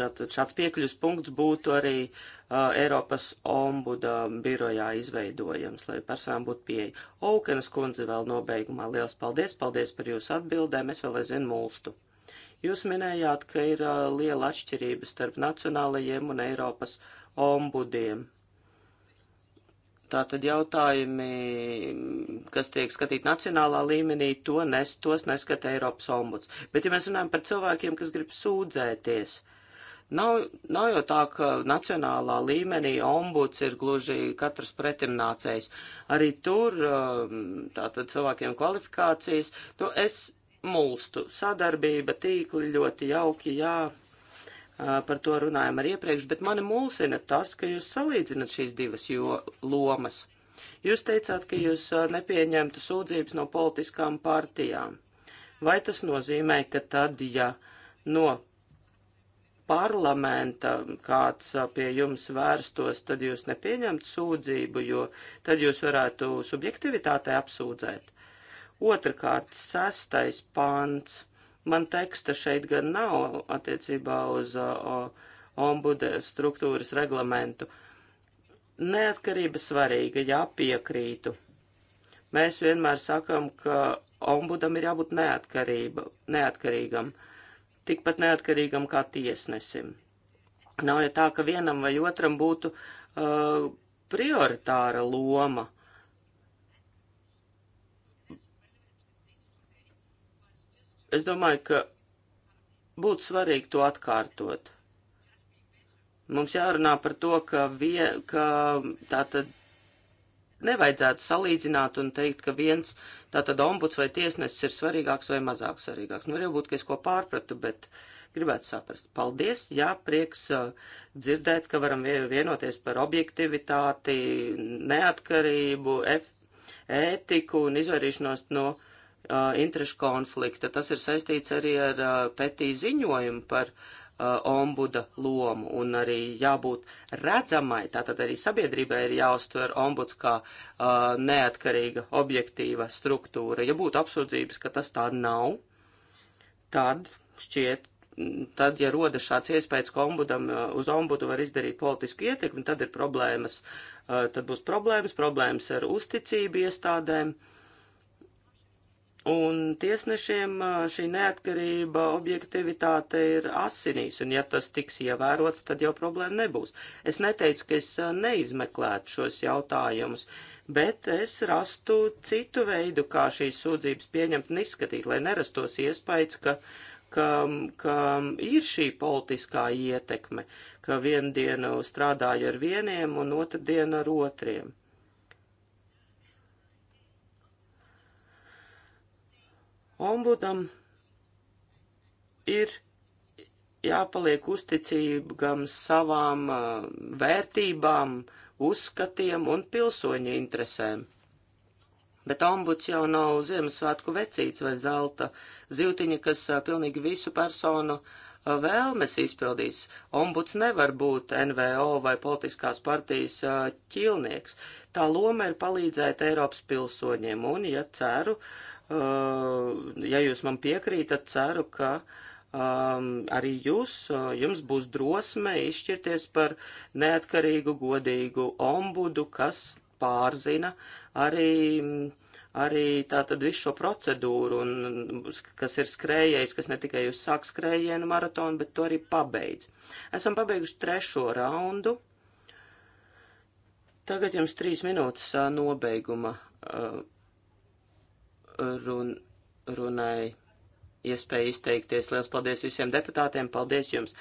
Tātad šāds piekļuvs punkts būtu arī uh, Eiropas ombuda birojā izveidojams, lai personām būtu pieeja. Aukenas kundze vēl nobeigumā liels paldies, paldies par jūsu atbildēm, es vēl aizvien mulstu. Jūs minējāt, ka ir uh, liela atšķirība starp nacionālajiem un Eiropas ombudiem. Tātad jautājumi, kas tiek skatīti nacionālā līmenī, to nes, tos neskata Eiropas ombuds. Bet ja mēs runājam par cilvēkiem, kas grib sūdzēties, uh, Nav, nav jau tā, ka nacionālā līmenī ombuds ir gluži katrs pretimnācējs. Arī tur um, tātad cilvēkiem kvalifikācijas. Nu, es mulstu. Sadarbība, tīkli ļoti jauki, jā. Uh, par to runājam arī iepriekš, bet mani mulsina tas, ka jūs salīdzinat šīs divas jo, lomas. Jūs teicāt, ka jūs uh, nepieņemtu sūdzības no politiskām partijām. Vai tas nozīmē, ka tad, ja no parlamenta kāds uh, pie jums vērstos, tad jūs nepieņemtu sūdzību, jo tad jūs varētu subjektivitātei apsūdzēt. Otrakārt, sastais pants. Man teksta šeit gan nav attiecībā uz uh, ombuda struktūras reglamentu. Neatkarība svarīga, jā, piekrītu. Mēs vienmēr sakam, ka ombudam ir jābūt neatkarība, neatkarīgam. Uh, tikpat neatkarīgam kā tiesnesim. Nav jau tā, ka vienam vai otram būtu uh, prioritāra loma. Es domāju, ka būtu svarīgi to atkārtot. Mums jārunā par to, ka, vie, ka tātad nevajadzētu salīdzināt un teikt, ka viens tātad ombuds vai tiesnesis ir svarīgāks vai mazāk svarīgāks. Nu, var jau būt, ka es ko pārpratu, bet gribētu saprast. Paldies, jā, prieks uh, dzirdēt, ka varam vienoties par objektivitāti, neatkarību, ētiku un izvairīšanos no uh, interešu konflikta. Tas ir saistīts arī ar uh, petī ziņojumu par uh, Uh, ombuda lomu un arī jābūt redzamai. Tātad arī sabiedrībai ir jāuztver ombuds kā uh, neatkarīga, objektīva struktūra. Ja būtu apsūdzības, ka tas tā nav, tad šķiet, mm, tad, ja rodas šāds iespējas, ka ombudam, uh, uz ombudu var izdarīt politisku ietekmi, tad ir problēmas, uh, tad būs problēmas, problēmas ar uzticību iestādēm. Uh, Un tiesnešiem šī neatkarība, objektivitāte ir asinīs, un ja tas tiks ievērots, tad jau problēma nebūs. Es neteicu, ka es neizmeklētu šos jautājumus, bet es rastu citu veidu, kā šīs sūdzības pieņemt un izskatīt, lai nerastos iespējas, ka, ka, ka ir šī politiskā ietekme, ka vienu dienu strādāju ar vieniem un otru dienu ar otriem. Ombudam ir jāpaliek uzticīgam savām uh, vērtībām, uzskatiem un pilsoņa interesēm. Bet ombuds jau nav Ziemassvētku vecīts vai zelta zīltiņa, kas uh, pilnīgi visu personu uh, vēlmes izpildīs. Ombuds nevar būt NVO vai politiskās partijas uh, ķilnieks. Tā loma ir palīdzēt Eiropas pilsoņiem, un, ja ceru, uh, ja jūs man piekrītat, ceru, ka um, arī jūs, jums būs drosme izšķirties par neatkarīgu, godīgu ombudu, kas pārzina arī arī tātad visu šo procedūru, un, kas ir skrējējis, kas ne tikai uzsāk skrējienu maratonu, bet to arī pabeidz. Esam pabeiguši trešo raundu. Tagad jums trīs minūtes nobeiguma run, runai iespēju izteikties. Lielas paldies visiem deputātiem, paldies jums!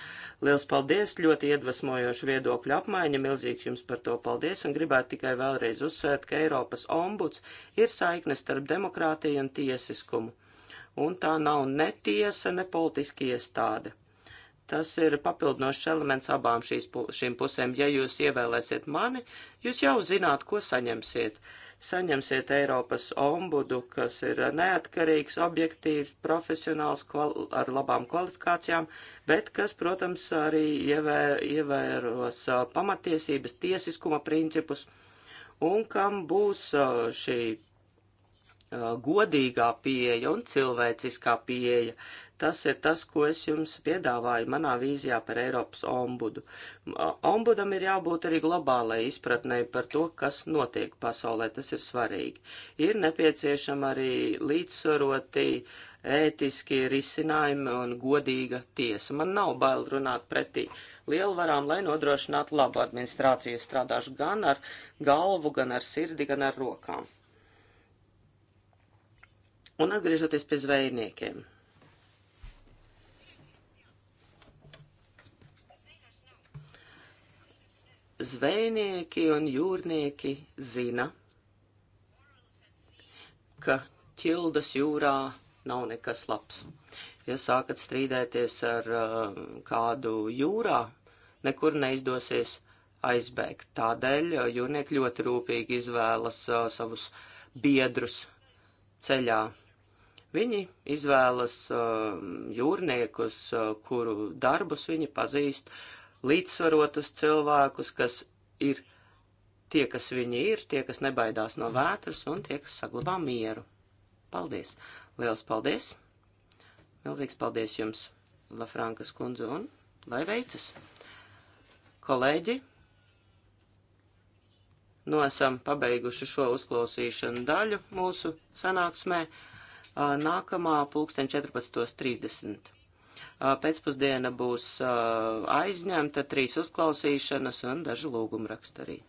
Lielas paldies, ļoti iedvesmojoši viedokļu apmaiņa, milzīgs jums par to paldies un gribētu tikai vēlreiz uzsvērt, ka Eiropas ombuds ir saiknes starp demokrātiju un tiesiskumu. Un tā nav ne tiesa, ne politiski iestāde. Tas ir papildinošs elements abām šīs, šīm pusēm. Ja jūs ievēlēsiet mani, jūs jau zināt, ko saņemsiet saņemsiet Eiropas ombudu, kas ir neatkarīgs, objektīvs, profesionāls, ar labām kvalifikācijām, bet kas, protams, arī ievēr, ievēros pamatiesības, tiesiskuma principus, un kam būs šī Uh, godīgā pieeja un cilvēciskā pieeja. Tas ir tas, ko es jums piedāvāju manā vīzijā par Eiropas ombudu. Uh, ombudam ir jābūt arī globālai izpratnei par to, kas notiek pasaulē. Tas ir svarīgi. Ir nepieciešama arī līdzsvaroti ētiski risinājumi un godīga tiesa. Man nav bail runāt pretī lielvarām, lai nodrošinātu labu administrāciju. Strādāšu gan ar galvu, gan ar sirdi, gan ar rokām. Un atgriežoties pie zvejniekiem. Zvejnieki un jūrnieki zina, ka ķildas jūrā nav nekas labs. Ja sākat strīdēties ar uh, kādu jūrā, nekur neizdosies aizbēgt. Tādēļ uh, jūrnieki ļoti rūpīgi izvēlas uh, savus biedrus ceļā. Viņi izvēlas uh, jūrniekus, uh, kuru darbus viņi pazīst, līdzsvarotus cilvēkus, kas ir tie, kas viņi ir, tie, kas nebaidās no vētras un tie, kas saglabā mieru. Paldies! Liels paldies! Milzīgs paldies jums, Lafrankas kundze, un lai veicas! Kolēģi, nosam nu pabeiguši šo uzklausīšanu daļu mūsu sanāksmē. Uh, nākamā pulksten 14.30. Uh, pēcpusdiena būs uh, aizņemta, trīs uzklausīšanas un daži lūgumraksti arī.